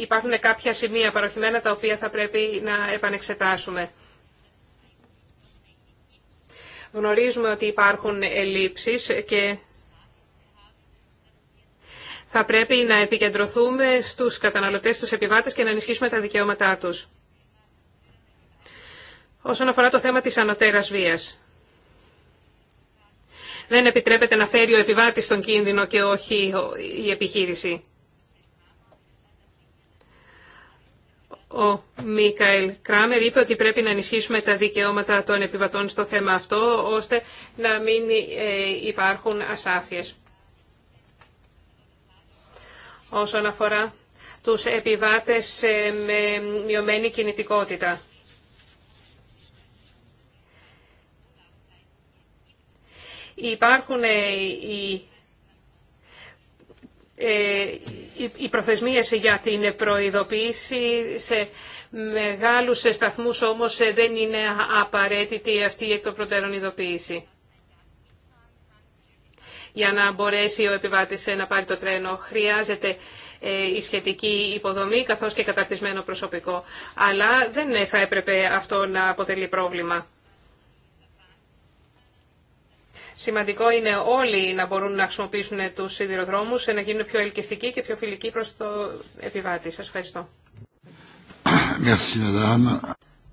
υπάρχουν κάποια σημεία παροχημένα τα οποία θα πρέπει να επανεξετάσουμε. Γνωρίζουμε ότι υπάρχουν ελλείψεις και θα πρέπει να επικεντρωθούμε στους καταναλωτές, στους επιβάτες και να ενισχύσουμε τα δικαιώματά τους όσον αφορά το θέμα της ανωτέρας βίας. Δεν επιτρέπεται να φέρει ο επιβάτης τον κίνδυνο και όχι η επιχείρηση. Ο Μίκαελ Κράμερ είπε ότι πρέπει να ενισχύσουμε τα δικαιώματα των επιβατών στο θέμα αυτό, ώστε να μην ε, υπάρχουν ασάφειες. Όσον αφορά τους επιβάτες ε, με μειωμένη κινητικότητα. Υπάρχουν ε, ε, οι οι προθεσμίες για την προειδοποίηση σε μεγάλους σταθμούς όμως ε, δεν είναι απαραίτητη αυτή η εκ των προτέρων ειδοποίηση. Για να μπορέσει ο επιβάτης να πάρει το τρένο χρειάζεται η σχετική υποδομή καθώς και καταρτισμένο προσωπικό. Αλλά δεν θα έπρεπε αυτό να αποτελεί πρόβλημα. Σημαντικό είναι όλοι να μπορούν να χρησιμοποιήσουν τους σιδηροδρόμους, να γίνουν πιο ελκυστικοί και πιο φιλικοί προς το επιβάτη. Σας ευχαριστώ.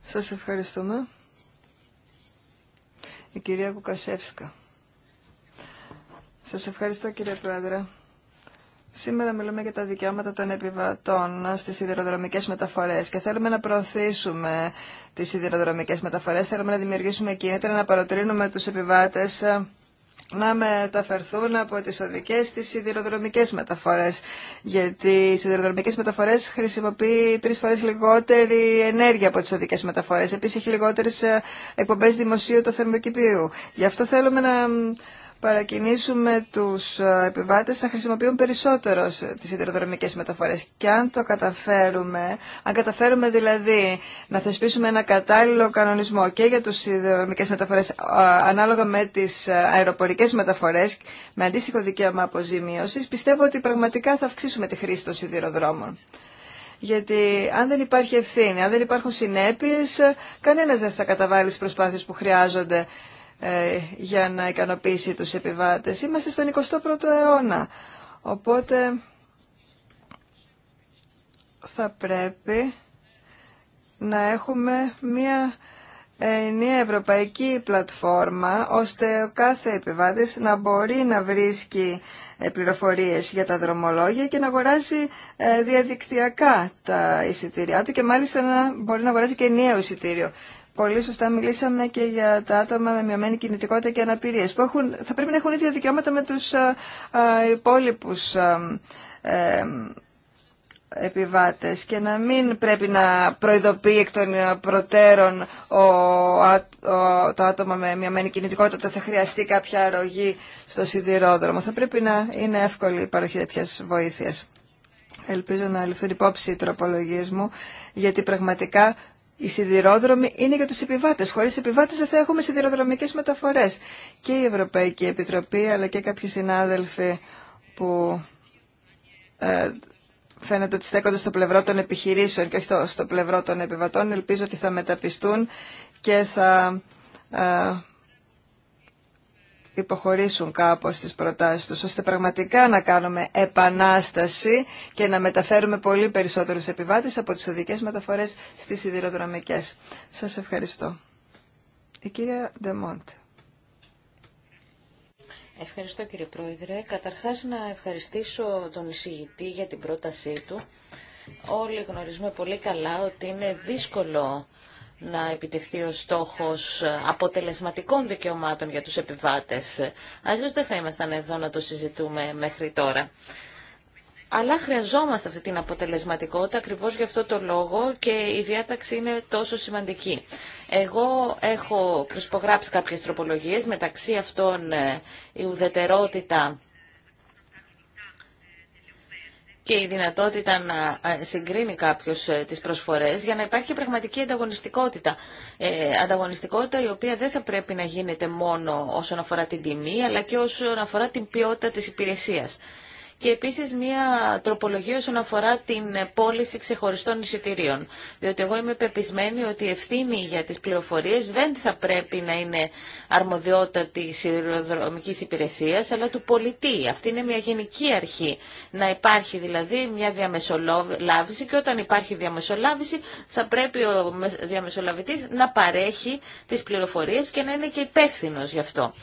Σας ευχαριστούμε. Η κυρία Κουκασεύσκα. Σας ευχαριστώ κύριε Πρόεδρε. Σήμερα μιλούμε για τα δικαιώματα των επιβατών στις σιδηροδρομικές μεταφορές και θέλουμε να προωθήσουμε τις σιδηροδρομικές μεταφορές, θέλουμε να δημιουργήσουμε κίνητρα, να παροτρύνουμε τους επιβάτες ε, να μεταφερθούν από τις οδικές στις σιδηροδρομικές μεταφορές. Γιατί οι σιδηροδρομικές μεταφορές χρησιμοποιεί τρεις φορές λιγότερη ενέργεια από τις οδικές μεταφορές. Επίσης έχει λιγότερες ε, εκπομπές δημοσίου του θερμοκηπίου. Γι' αυτό θέλουμε να παρακινήσουμε τους ε, επιβάτες να χρησιμοποιούν περισσότερο τις ιδεροδρομικές μεταφορές. Και αν το καταφέρουμε, αν καταφέρουμε δηλαδή να θεσπίσουμε ένα κατάλληλο κανονισμό και για τους ιδεροδρομικές μεταφορές ε, ανάλογα με τις ε, αεροπορικές μεταφορές με αντίστοιχο δικαίωμα αποζημίωσης, πιστεύω ότι πραγματικά θα αυξήσουμε τη χρήση των σιδηροδρόμων. Γιατί αν δεν υπάρχει ευθύνη, αν δεν υπάρχουν συνέπειες, κανένας δεν θα καταβάλει τις προσπάθειες που χρειάζονται ε, για να ικανοποιήσει τους επιβάτες. Είμαστε στον 21ο αιώνα, οπότε θα πρέπει να έχουμε μία ενιαία ευρωπαϊκή πλατφόρμα, ώστε ο κάθε επιβάτης να μπορεί να βρίσκει ε, πληροφορίες για τα δρομολόγια και να αγοράζει ε, διαδικτυακά τα εισιτήριά του και μάλιστα να μπορεί να αγοράζει και ενιαίο εισιτήριο πολύ σωστά μιλήσαμε και για τα άτομα με μειωμένη κινητικότητα και αναπηρίες που θα πρέπει να έχουν ίδια δικαιώματα με τους υπόλοιπου ε, ε, υπόλοιπους ε, ε, επιβάτες και να μην πρέπει να προειδοποιεί εκ των προτέρων ο, το άτομο με μειωμένη κινητικότητα ότι θα χρειαστεί κάποια αρρωγή στο σιδηρόδρομο. Θα πρέπει να είναι εύκολη η παροχή τέτοια βοήθεια. Ελπίζω να ληφθούν υπόψη οι τροπολογίε μου, γιατί πραγματικά οι σιδηρόδρομοι είναι για τους επιβάτες. Χωρίς επιβάτες δεν θα έχουμε σιδηροδρομικές μεταφορές. Και η Ευρωπαϊκή Επιτροπή αλλά και κάποιοι συνάδελφοι που ε, φαίνεται ότι στέκονται στο πλευρό των επιχειρήσεων και όχι στο πλευρό των επιβατών ελπίζω ότι θα μεταπιστούν και θα... Ε, υποχωρήσουν κάπως τις προτάσεις τους, ώστε πραγματικά να κάνουμε επανάσταση και να μεταφέρουμε πολύ περισσότερους επιβάτες από τις οδικές μεταφορές στις σιδηροδρομικές. Σας ευχαριστώ. Η κυρία Ντεμόντ. Ευχαριστώ κύριε Πρόεδρε. Καταρχάς να ευχαριστήσω τον εισηγητή για την πρότασή του. Όλοι γνωρίζουμε πολύ καλά ότι είναι δύσκολο να επιτευχθεί ο στόχος αποτελεσματικών δικαιωμάτων για τους επιβάτες. Αλλιώς δεν θα ήμασταν εδώ να το συζητούμε μέχρι τώρα. Αλλά χρειαζόμαστε αυτή την αποτελεσματικότητα ακριβώς γι' αυτό το λόγο και η διάταξη είναι τόσο σημαντική. Εγώ έχω προσπογράψει κάποιες τροπολογίες, μεταξύ αυτών ε, η ουδετερότητα και η δυνατότητα να ε, συγκρίνει κάποιο ε, τι προσφορέ για να υπάρχει και πραγματική ανταγωνιστικότητα. Ε, ανταγωνιστικότητα η οποία δεν θα πρέπει να γίνεται μόνο όσον αφορά την τιμή, αλλά και όσον αφορά την ποιότητα τη υπηρεσία και επίσης μια τροπολογία όσον αφορά την πώληση ξεχωριστών εισιτηρίων. Διότι εγώ είμαι πεπισμένη ότι η ευθύνη για τις πληροφορίες δεν θα πρέπει να είναι αρμοδιότητα της σιδηροδρομική υπηρεσίας, αλλά του πολιτή. Αυτή είναι μια γενική αρχή. Να υπάρχει δηλαδή μια διαμεσολάβηση και όταν υπάρχει διαμεσολάβηση θα πρέπει ο διαμεσολαβητή να παρέχει τι πληροφορίε και να είναι και υπεύθυνο γι' αυτό.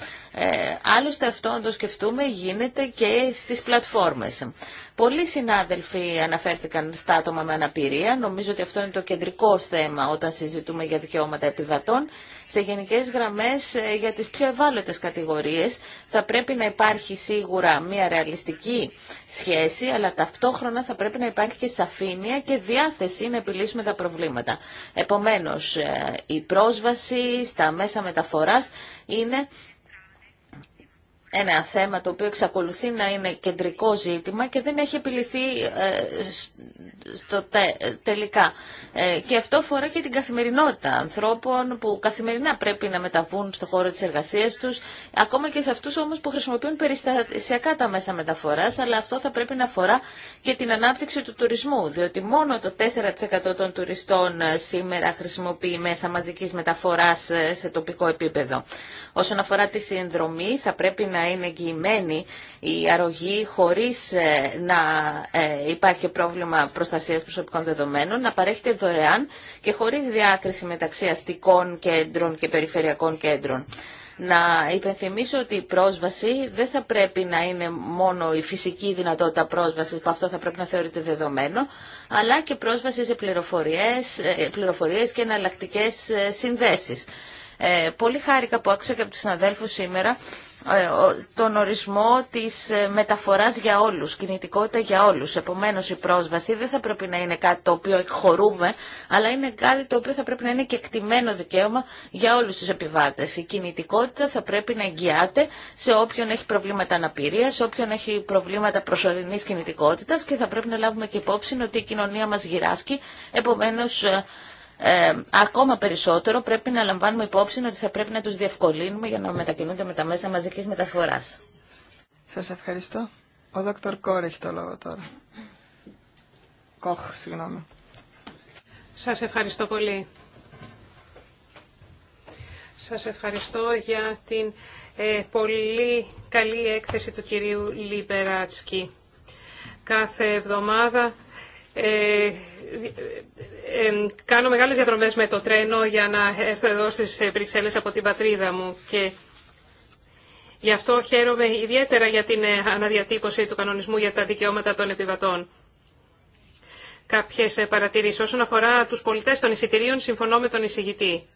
Ε, άλλωστε αυτό να το σκεφτούμε γίνεται και στις πλατφόρμες. Πολλοί συνάδελφοι αναφέρθηκαν στα άτομα με αναπηρία. Νομίζω ότι αυτό είναι το κεντρικό θέμα όταν συζητούμε για δικαιώματα επιβατών. Σε γενικές γραμμές ε, για τις πιο ευάλωτες κατηγορίες θα πρέπει να υπάρχει σίγουρα μια ρεαλιστική σχέση, αλλά ταυτόχρονα θα πρέπει να υπάρχει και σαφήνεια και διάθεση να επιλύσουμε τα προβλήματα. Επομένως, ε, η πρόσβαση στα μέσα μεταφοράς είναι ένα θέμα το οποίο εξακολουθεί να είναι κεντρικό ζήτημα και δεν έχει επιληθεί ε, τελικά. Ε, και αυτό αφορά και την καθημερινότητα ανθρώπων που καθημερινά πρέπει να μεταβούν στο χώρο της εργασίας τους, ακόμα και σε αυτούς όμως που χρησιμοποιούν περιστασιακά τα μέσα μεταφοράς, αλλά αυτό θα πρέπει να αφορά και την ανάπτυξη του τουρισμού, διότι μόνο το 4% των τουριστών ε, σήμερα χρησιμοποιεί μέσα μαζικής μεταφοράς ε, σε τοπικό επίπεδο. Όσον αφορά τη συνδρομή, θα πρέπει να να είναι εγγυημένη η αρρωγή χωρίς ε, να ε, υπάρχει πρόβλημα προστασίας προσωπικών δεδομένων, να παρέχεται δωρεάν και χωρίς διάκριση μεταξύ αστικών κέντρων και περιφερειακών κέντρων. Να υπενθυμίσω ότι η πρόσβαση δεν θα πρέπει να είναι μόνο η φυσική δυνατότητα πρόσβασης, που αυτό θα πρέπει να θεωρείται δεδομένο, αλλά και πρόσβαση σε πληροφορίες, ε, πληροφορίες και εναλλακτικέ συνδέσεις. Ε, πολύ χάρηκα που άκουσα και από τους συναδέλφους σήμερα ε, τον ορισμό της ε, μεταφοράς για όλους, κινητικότητα για όλους. Επομένως η πρόσβαση δεν θα πρέπει να είναι κάτι το οποίο εκχωρούμε, αλλά είναι κάτι το οποίο θα πρέπει να είναι και εκτιμένο δικαίωμα για όλους τους επιβάτες. Η κινητικότητα θα πρέπει να εγγυάται σε όποιον έχει προβλήματα αναπηρίας, σε όποιον έχει προβλήματα προσωρινής κινητικότητας και θα πρέπει να λάβουμε και υπόψη ότι η κοινωνία μας γυράσκει. Επομένως ε, ε, ακόμα περισσότερο πρέπει να λαμβάνουμε υπόψη ότι θα πρέπει να τους διευκολύνουμε για να μετακινούνται με τα μέσα μαζικής μεταφοράς. Σας ευχαριστώ. Ο Δόκτωρ Κόρ έχει το λόγο τώρα. Κοχ, συγγνώμη. Σας ευχαριστώ πολύ. Σας ευχαριστώ για την ε, πολύ καλή έκθεση του κυρίου Λιμπεράτσκι. Κάθε εβδομάδα ε, ε, ε, ε, κάνω μεγάλες διαδρομές με το τρένο για να έρθω εδώ στις Βρυξέλλες από την πατρίδα μου και γι' αυτό χαίρομαι ιδιαίτερα για την αναδιατύπωση του κανονισμού για τα δικαιώματα των επιβατών. Κάποιες παρατηρήσεις όσον αφορά τους πολιτές των εισιτηρίων συμφωνώ με τον εισηγητή.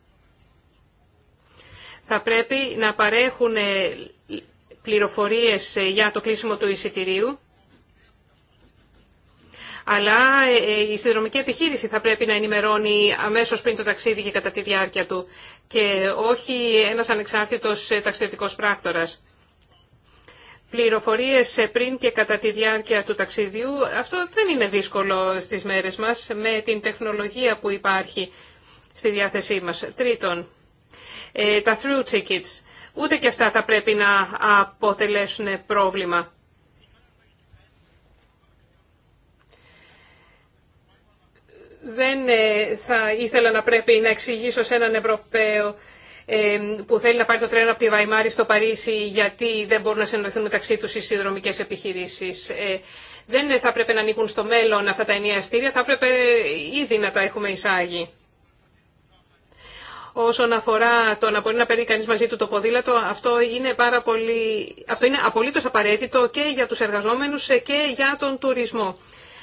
Θα πρέπει να παρέχουν πληροφορίες για το κλείσιμο του εισιτηρίου αλλά ε, ε, η συνδρομική επιχείρηση θα πρέπει να ενημερώνει αμέσως πριν το ταξίδι και κατά τη διάρκεια του και όχι ένας ανεξάρτητος ε, ταξιδιωτικός πράκτορας. Πληροφορίες πριν και κατά τη διάρκεια του ταξιδιού, αυτό δεν είναι δύσκολο στις μέρες μας με την τεχνολογία που υπάρχει στη διάθεσή μας. Τρίτον, τα through tickets. Ούτε και αυτά θα πρέπει να αποτελέσουν πρόβλημα. Δεν ε, θα ήθελα να πρέπει να εξηγήσω σε έναν Ευρωπαίο ε, που θέλει να πάρει το τρένο από τη Βαϊμάρη στο Παρίσι γιατί δεν μπορούν να συνοηθούν μεταξύ τους οι συνδρομικές επιχειρήσεις. Ε, δεν θα πρέπει να ανήκουν στο μέλλον αυτά τα ενιαία στήρια, θα έπρεπε ήδη να τα έχουμε εισάγει. Όσον αφορά το να μπορεί να παίρνει κανείς μαζί του το ποδήλατο, αυτό είναι, πάρα πολύ... αυτό είναι απολύτως απαραίτητο και για τους εργαζόμενους και για τον τουρισμό.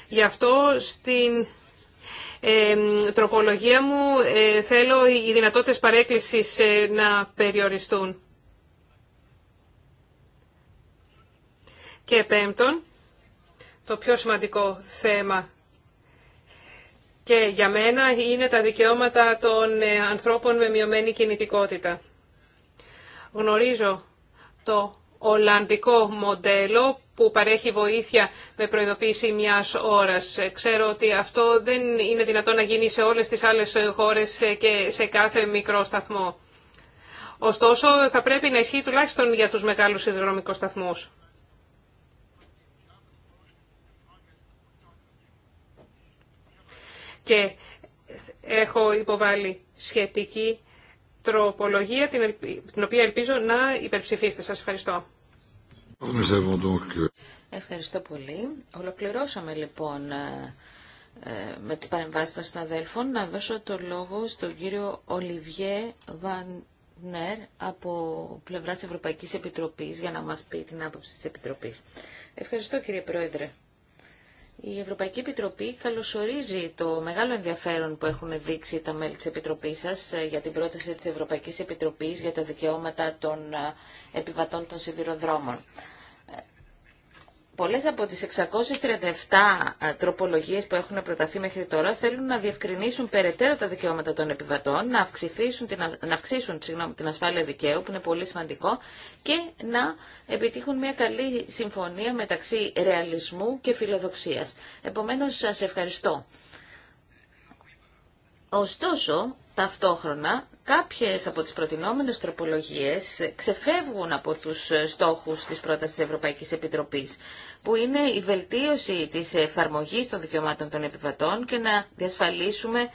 Γι' αυτό στην τροπολογία μου ε, θέλω οι δυνατότητες παρέκκλησης ε, να περιοριστούν. Και πέμπτον, το πιο σημαντικό θέμα και για μένα είναι τα δικαιώματα των ε, ανθρώπων με μειωμένη κινητικότητα. Γνωρίζω το Ολλανδικό μοντέλο που παρέχει βοήθεια με προειδοποίηση μιας ώρας. Ξέρω ότι αυτό δεν είναι δυνατόν να γίνει σε όλες τις άλλες χώρες και σε κάθε μικρό σταθμό. Ωστόσο, θα πρέπει να ισχύει τουλάχιστον για τους μεγάλους συνδρομικούς σταθμούς. Και έχω υποβάλει σχετική την οποία ελπίζω να υπερψηφίσετε. Σας ευχαριστώ. Ευχαριστώ πολύ. Ολοκληρώσαμε λοιπόν ε, ε, με τις παρεμβάσεις των συναδέλφων να δώσω το λόγο στον κύριο Ολιβιέ Νέρ από πλευράς Ευρωπαϊκής Επιτροπής για να μας πει την άποψη της Επιτροπής. Ευχαριστώ κύριε Πρόεδρε. Η Ευρωπαϊκή Επιτροπή καλωσορίζει το μεγάλο ενδιαφέρον που έχουν δείξει τα μέλη της Επιτροπής σας ε, για την πρόταση της Ευρωπαϊκής Επιτροπής για τα δικαιώματα των ε, επιβατών των σιδηροδρόμων. Πολλές από τις 637 τροπολογίες που έχουν προταθεί μέχρι τώρα θέλουν να διευκρινίσουν περαιτέρω τα δικαιώματα των επιβατών, να, αυξήσουν την, να αυξήσουν συγγνώμη, την ασφάλεια δικαίου που είναι πολύ σημαντικό και να επιτύχουν μια καλή συμφωνία μεταξύ ρεαλισμού και φιλοδοξίας. Επομένως σας ευχαριστώ. Ωστόσο, Ταυτόχρονα, κάποιες από τις προτινόμενες τροπολογίες ξεφεύγουν από τους στόχους της πρότασης Ευρωπαϊκής Επιτροπής, που είναι η βελτίωση της εφαρμογής των δικαιωμάτων των επιβατών και να διασφαλίσουμε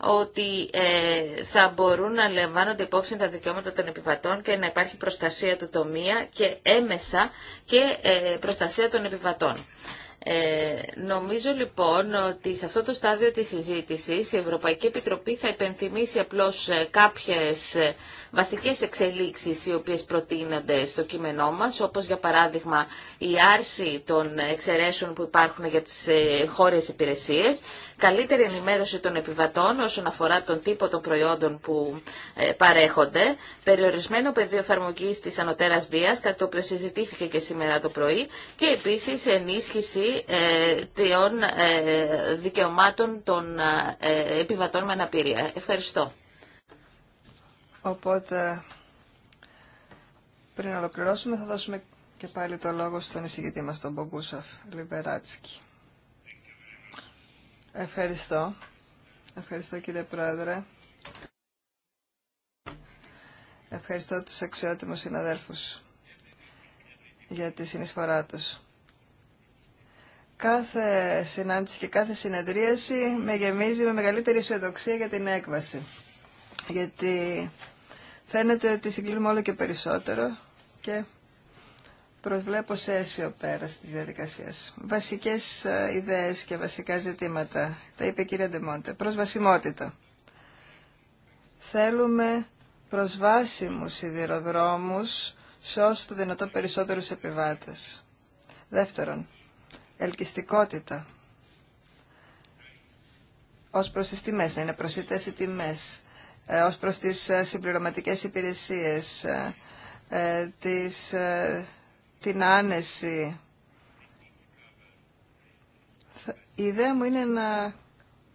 ότι ε, θα μπορούν να λαμβάνονται υπόψη τα δικαιώματα των επιβατών και να υπάρχει προστασία του τομία και έμεσα και ε, προστασία των επιβατών. Ε, νομίζω λοιπόν ότι σε αυτό το στάδιο της συζήτησης η Ευρωπαϊκή Επιτροπή θα υπενθυμίσει απλώς ε, κάποιες ε, βασικές εξελίξεις οι οποίες προτείνονται στο κείμενό μας, όπως για παράδειγμα η άρση των εξαιρέσεων που υπάρχουν για τις ε, χώρες υπηρεσίες, καλύτερη ενημέρωση των επιβατών όσον αφορά τον τύπο των προϊόντων που ε, παρέχονται, περιορισμένο πεδίο εφαρμογή της ανωτέρας βίας, κάτι το οποίο συζητήθηκε και σήμερα το πρωί, και επίσης ενίσχυση ε, των δικαιωμάτων των επιβατών με αναπηρία. Ευχαριστώ. Οπότε, πριν ολοκληρώσουμε, θα δώσουμε και πάλι το λόγο στον εισηγητή μας, τον Μπογκούσαφ Λιμπεράτσκι. Ευχαριστώ. Ευχαριστώ κύριε Πρόεδρε. Ευχαριστώ τους αξιότιμους συναδέλφους για τη συνεισφορά τους. Κάθε συνάντηση και κάθε συνεδρίαση με γεμίζει με μεγαλύτερη ισοδοξία για την έκβαση. Γιατί Φαίνεται ότι συγκλίνουμε όλο και περισσότερο και προσβλέπω σε αίσιο πέρα τη διαδικασία. Βασικέ ε, ιδέε και βασικά ζητήματα. Τα είπε η κυρία Ντεμόντε. Προσβασιμότητα. Θέλουμε προσβάσιμους σιδηροδρόμους σε όσο το δυνατό περισσότερους επιβάτες. Δεύτερον, ελκυστικότητα. Ως προς τις τιμές, να είναι προσιτές οι τιμές. Ε, ως προς τις ε, συμπληρωματικές υπηρεσίες, ε, της την άνεση. Η ιδέα μου είναι να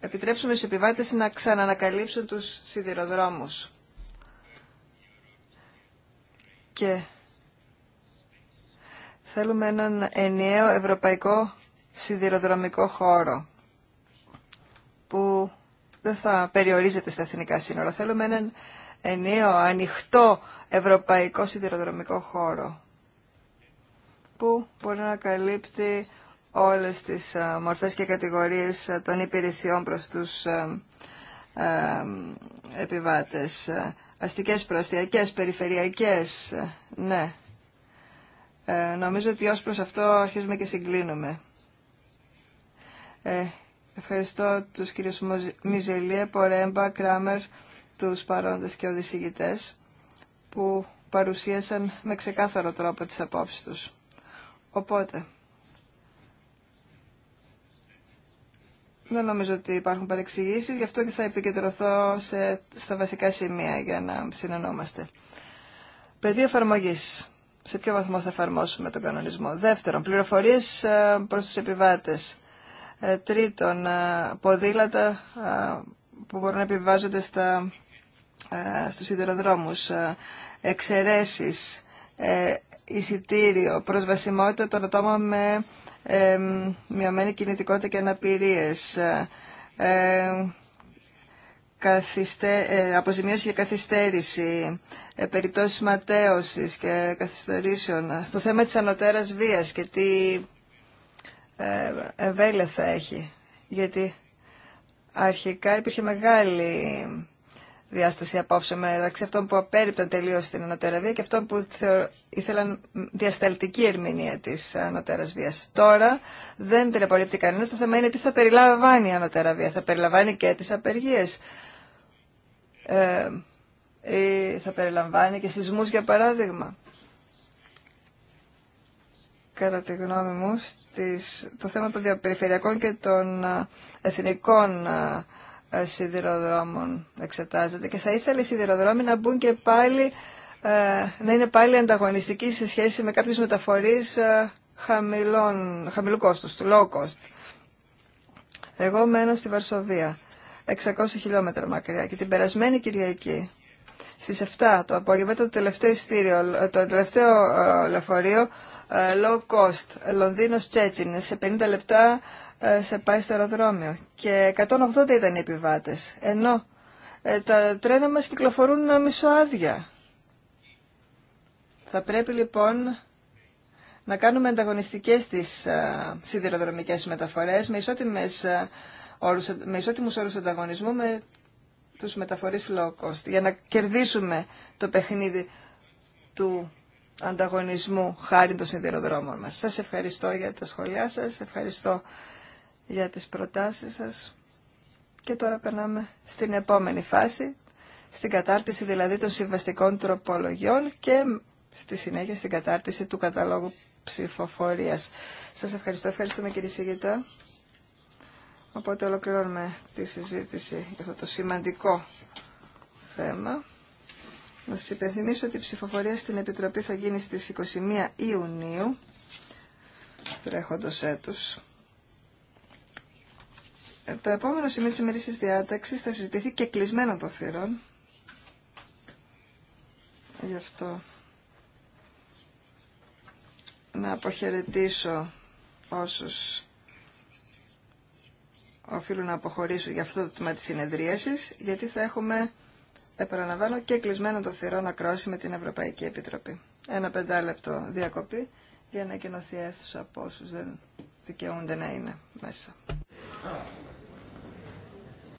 επιτρέψουμε στους επιβάτες να ξανανακαλύψουν τους σιδηροδρόμους. Και θέλουμε έναν ενιαίο ευρωπαϊκό σιδηροδρομικό χώρο που δεν θα περιορίζεται στα εθνικά σύνορα. Θέλουμε έναν ενίο ανοιχτό ευρωπαϊκό σιδηροδρομικό χώρο που μπορεί να καλύπτει όλες τις ε, μορφές και κατηγορίες ε, των υπηρεσιών προς τους ε, επιβάτες. Αστικές, προαστιακές, περιφερειακές, ναι. Ε, νομίζω ότι ως προς αυτό αρχίζουμε και συγκλίνουμε. Ε, Ευχαριστώ τους κύριους Μιζελίε, Πορέμπα, Κράμερ, τους παρόντες και οδησηγητές που παρουσίασαν με ξεκάθαρο τρόπο τις απόψεις τους. Οπότε, δεν νομίζω ότι υπάρχουν παρεξηγήσεις, γι' αυτό και θα επικεντρωθώ σε, στα βασικά σημεία για να συνεννόμαστε. Πεδίο εφαρμογή. Σε ποιο βαθμό θα εφαρμόσουμε τον κανονισμό. Δεύτερον, πληροφορίες ε, προς τους επιβάτες ε, τρίτον, ε, ποδήλατα ε, που μπορούν να επιβάζονται στα, στους σιδηροδρόμους, εξαιρέσεις, εισιτήριο, προσβασιμότητα των ατόμων με ε, μειωμένη κινητικότητα και αναπηρίες, ε, αποζημίωση και καθυστέρηση, ε, περιπτώσεις και καθυστερήσεων, το θέμα της ανωτέρας βίας και τι εμβέλεια θα έχει. Γιατί αρχικά υπήρχε μεγάλη διάσταση απόψε μεταξύ αυτών που απέρριπταν τελείω την ανωτέρα βία και αυτών που ήθελαν διασταλτική ερμηνεία τη ανωτέρα βία. Τώρα δεν την απορρίπτει κανένα. Το θέμα είναι τι θα περιλαμβάνει η ανωτέρα βία. Θα περιλαμβάνει και τι απεργίε. Ε, θα περιλαμβάνει και σεισμούς για παράδειγμα κατά τη γνώμη μου, στις, το θέμα των διαπεριφερειακών και των εθνικών σιδηροδρόμων εξετάζεται και θα ήθελε οι σιδηροδρόμοι να μπουν και πάλι ε, να είναι πάλι ανταγωνιστικοί σε σχέση με κάποιους μεταφορείς ε, χαμηλών, χαμηλού κόστους, του low cost. Εγώ μένω στη Βαρσοβία, 600 χιλιόμετρα μακριά και την περασμένη Κυριακή στις 7 το απόγευμα το τελευταίο, ε, το τελευταίο λεωφορείο ε, low cost, Λονδίνος Τσέτσιν, σε 50 λεπτά ε, σε πάει στο αεροδρόμιο και 180 ήταν οι επιβάτες, ενώ ε, τα τρένα μας κυκλοφορούν μισοάδια. Θα πρέπει λοιπόν να κάνουμε ανταγωνιστικές τις σιδηροδρομικές μεταφορές με, ισότιμες, όρους, με ισότιμους όρους ανταγωνισμού με τους μεταφορείς low cost για να κερδίσουμε το παιχνίδι του ανταγωνισμού χάρη των σιδηροδρόμων μας. Σας ευχαριστώ για τα σχόλιά σας, ευχαριστώ για τις προτάσεις σας και τώρα περνάμε στην επόμενη φάση, στην κατάρτιση δηλαδή των συμβαστικών τροπολογιών και στη συνέχεια στην κατάρτιση του καταλόγου ψηφοφορίας. Σας ευχαριστώ, ευχαριστούμε κύριε Σιγητά. Οπότε ολοκληρώνουμε τη συζήτηση για αυτό το σημαντικό θέμα. Να σας υπενθυμίσω ότι η ψηφοφορία στην Επιτροπή θα γίνει στις 21 Ιουνίου τρέχοντος έτους. Ε, το επόμενο σημείο της ημερήσης διάταξης θα συζητηθεί και κλεισμένο το θύρον. Γι' αυτό να αποχαιρετήσω όσους οφείλουν να αποχωρήσουν για αυτό το τμήμα της συνεδρίασης, γιατί θα έχουμε επαναλαμβάνω, και κλεισμένο το θηρό να κρώσει με την Ευρωπαϊκή Επιτροπή. Ένα πεντάλεπτο διακοπή για να κοινωθεί αίθουσα από όσου δεν δικαιούνται να είναι μέσα.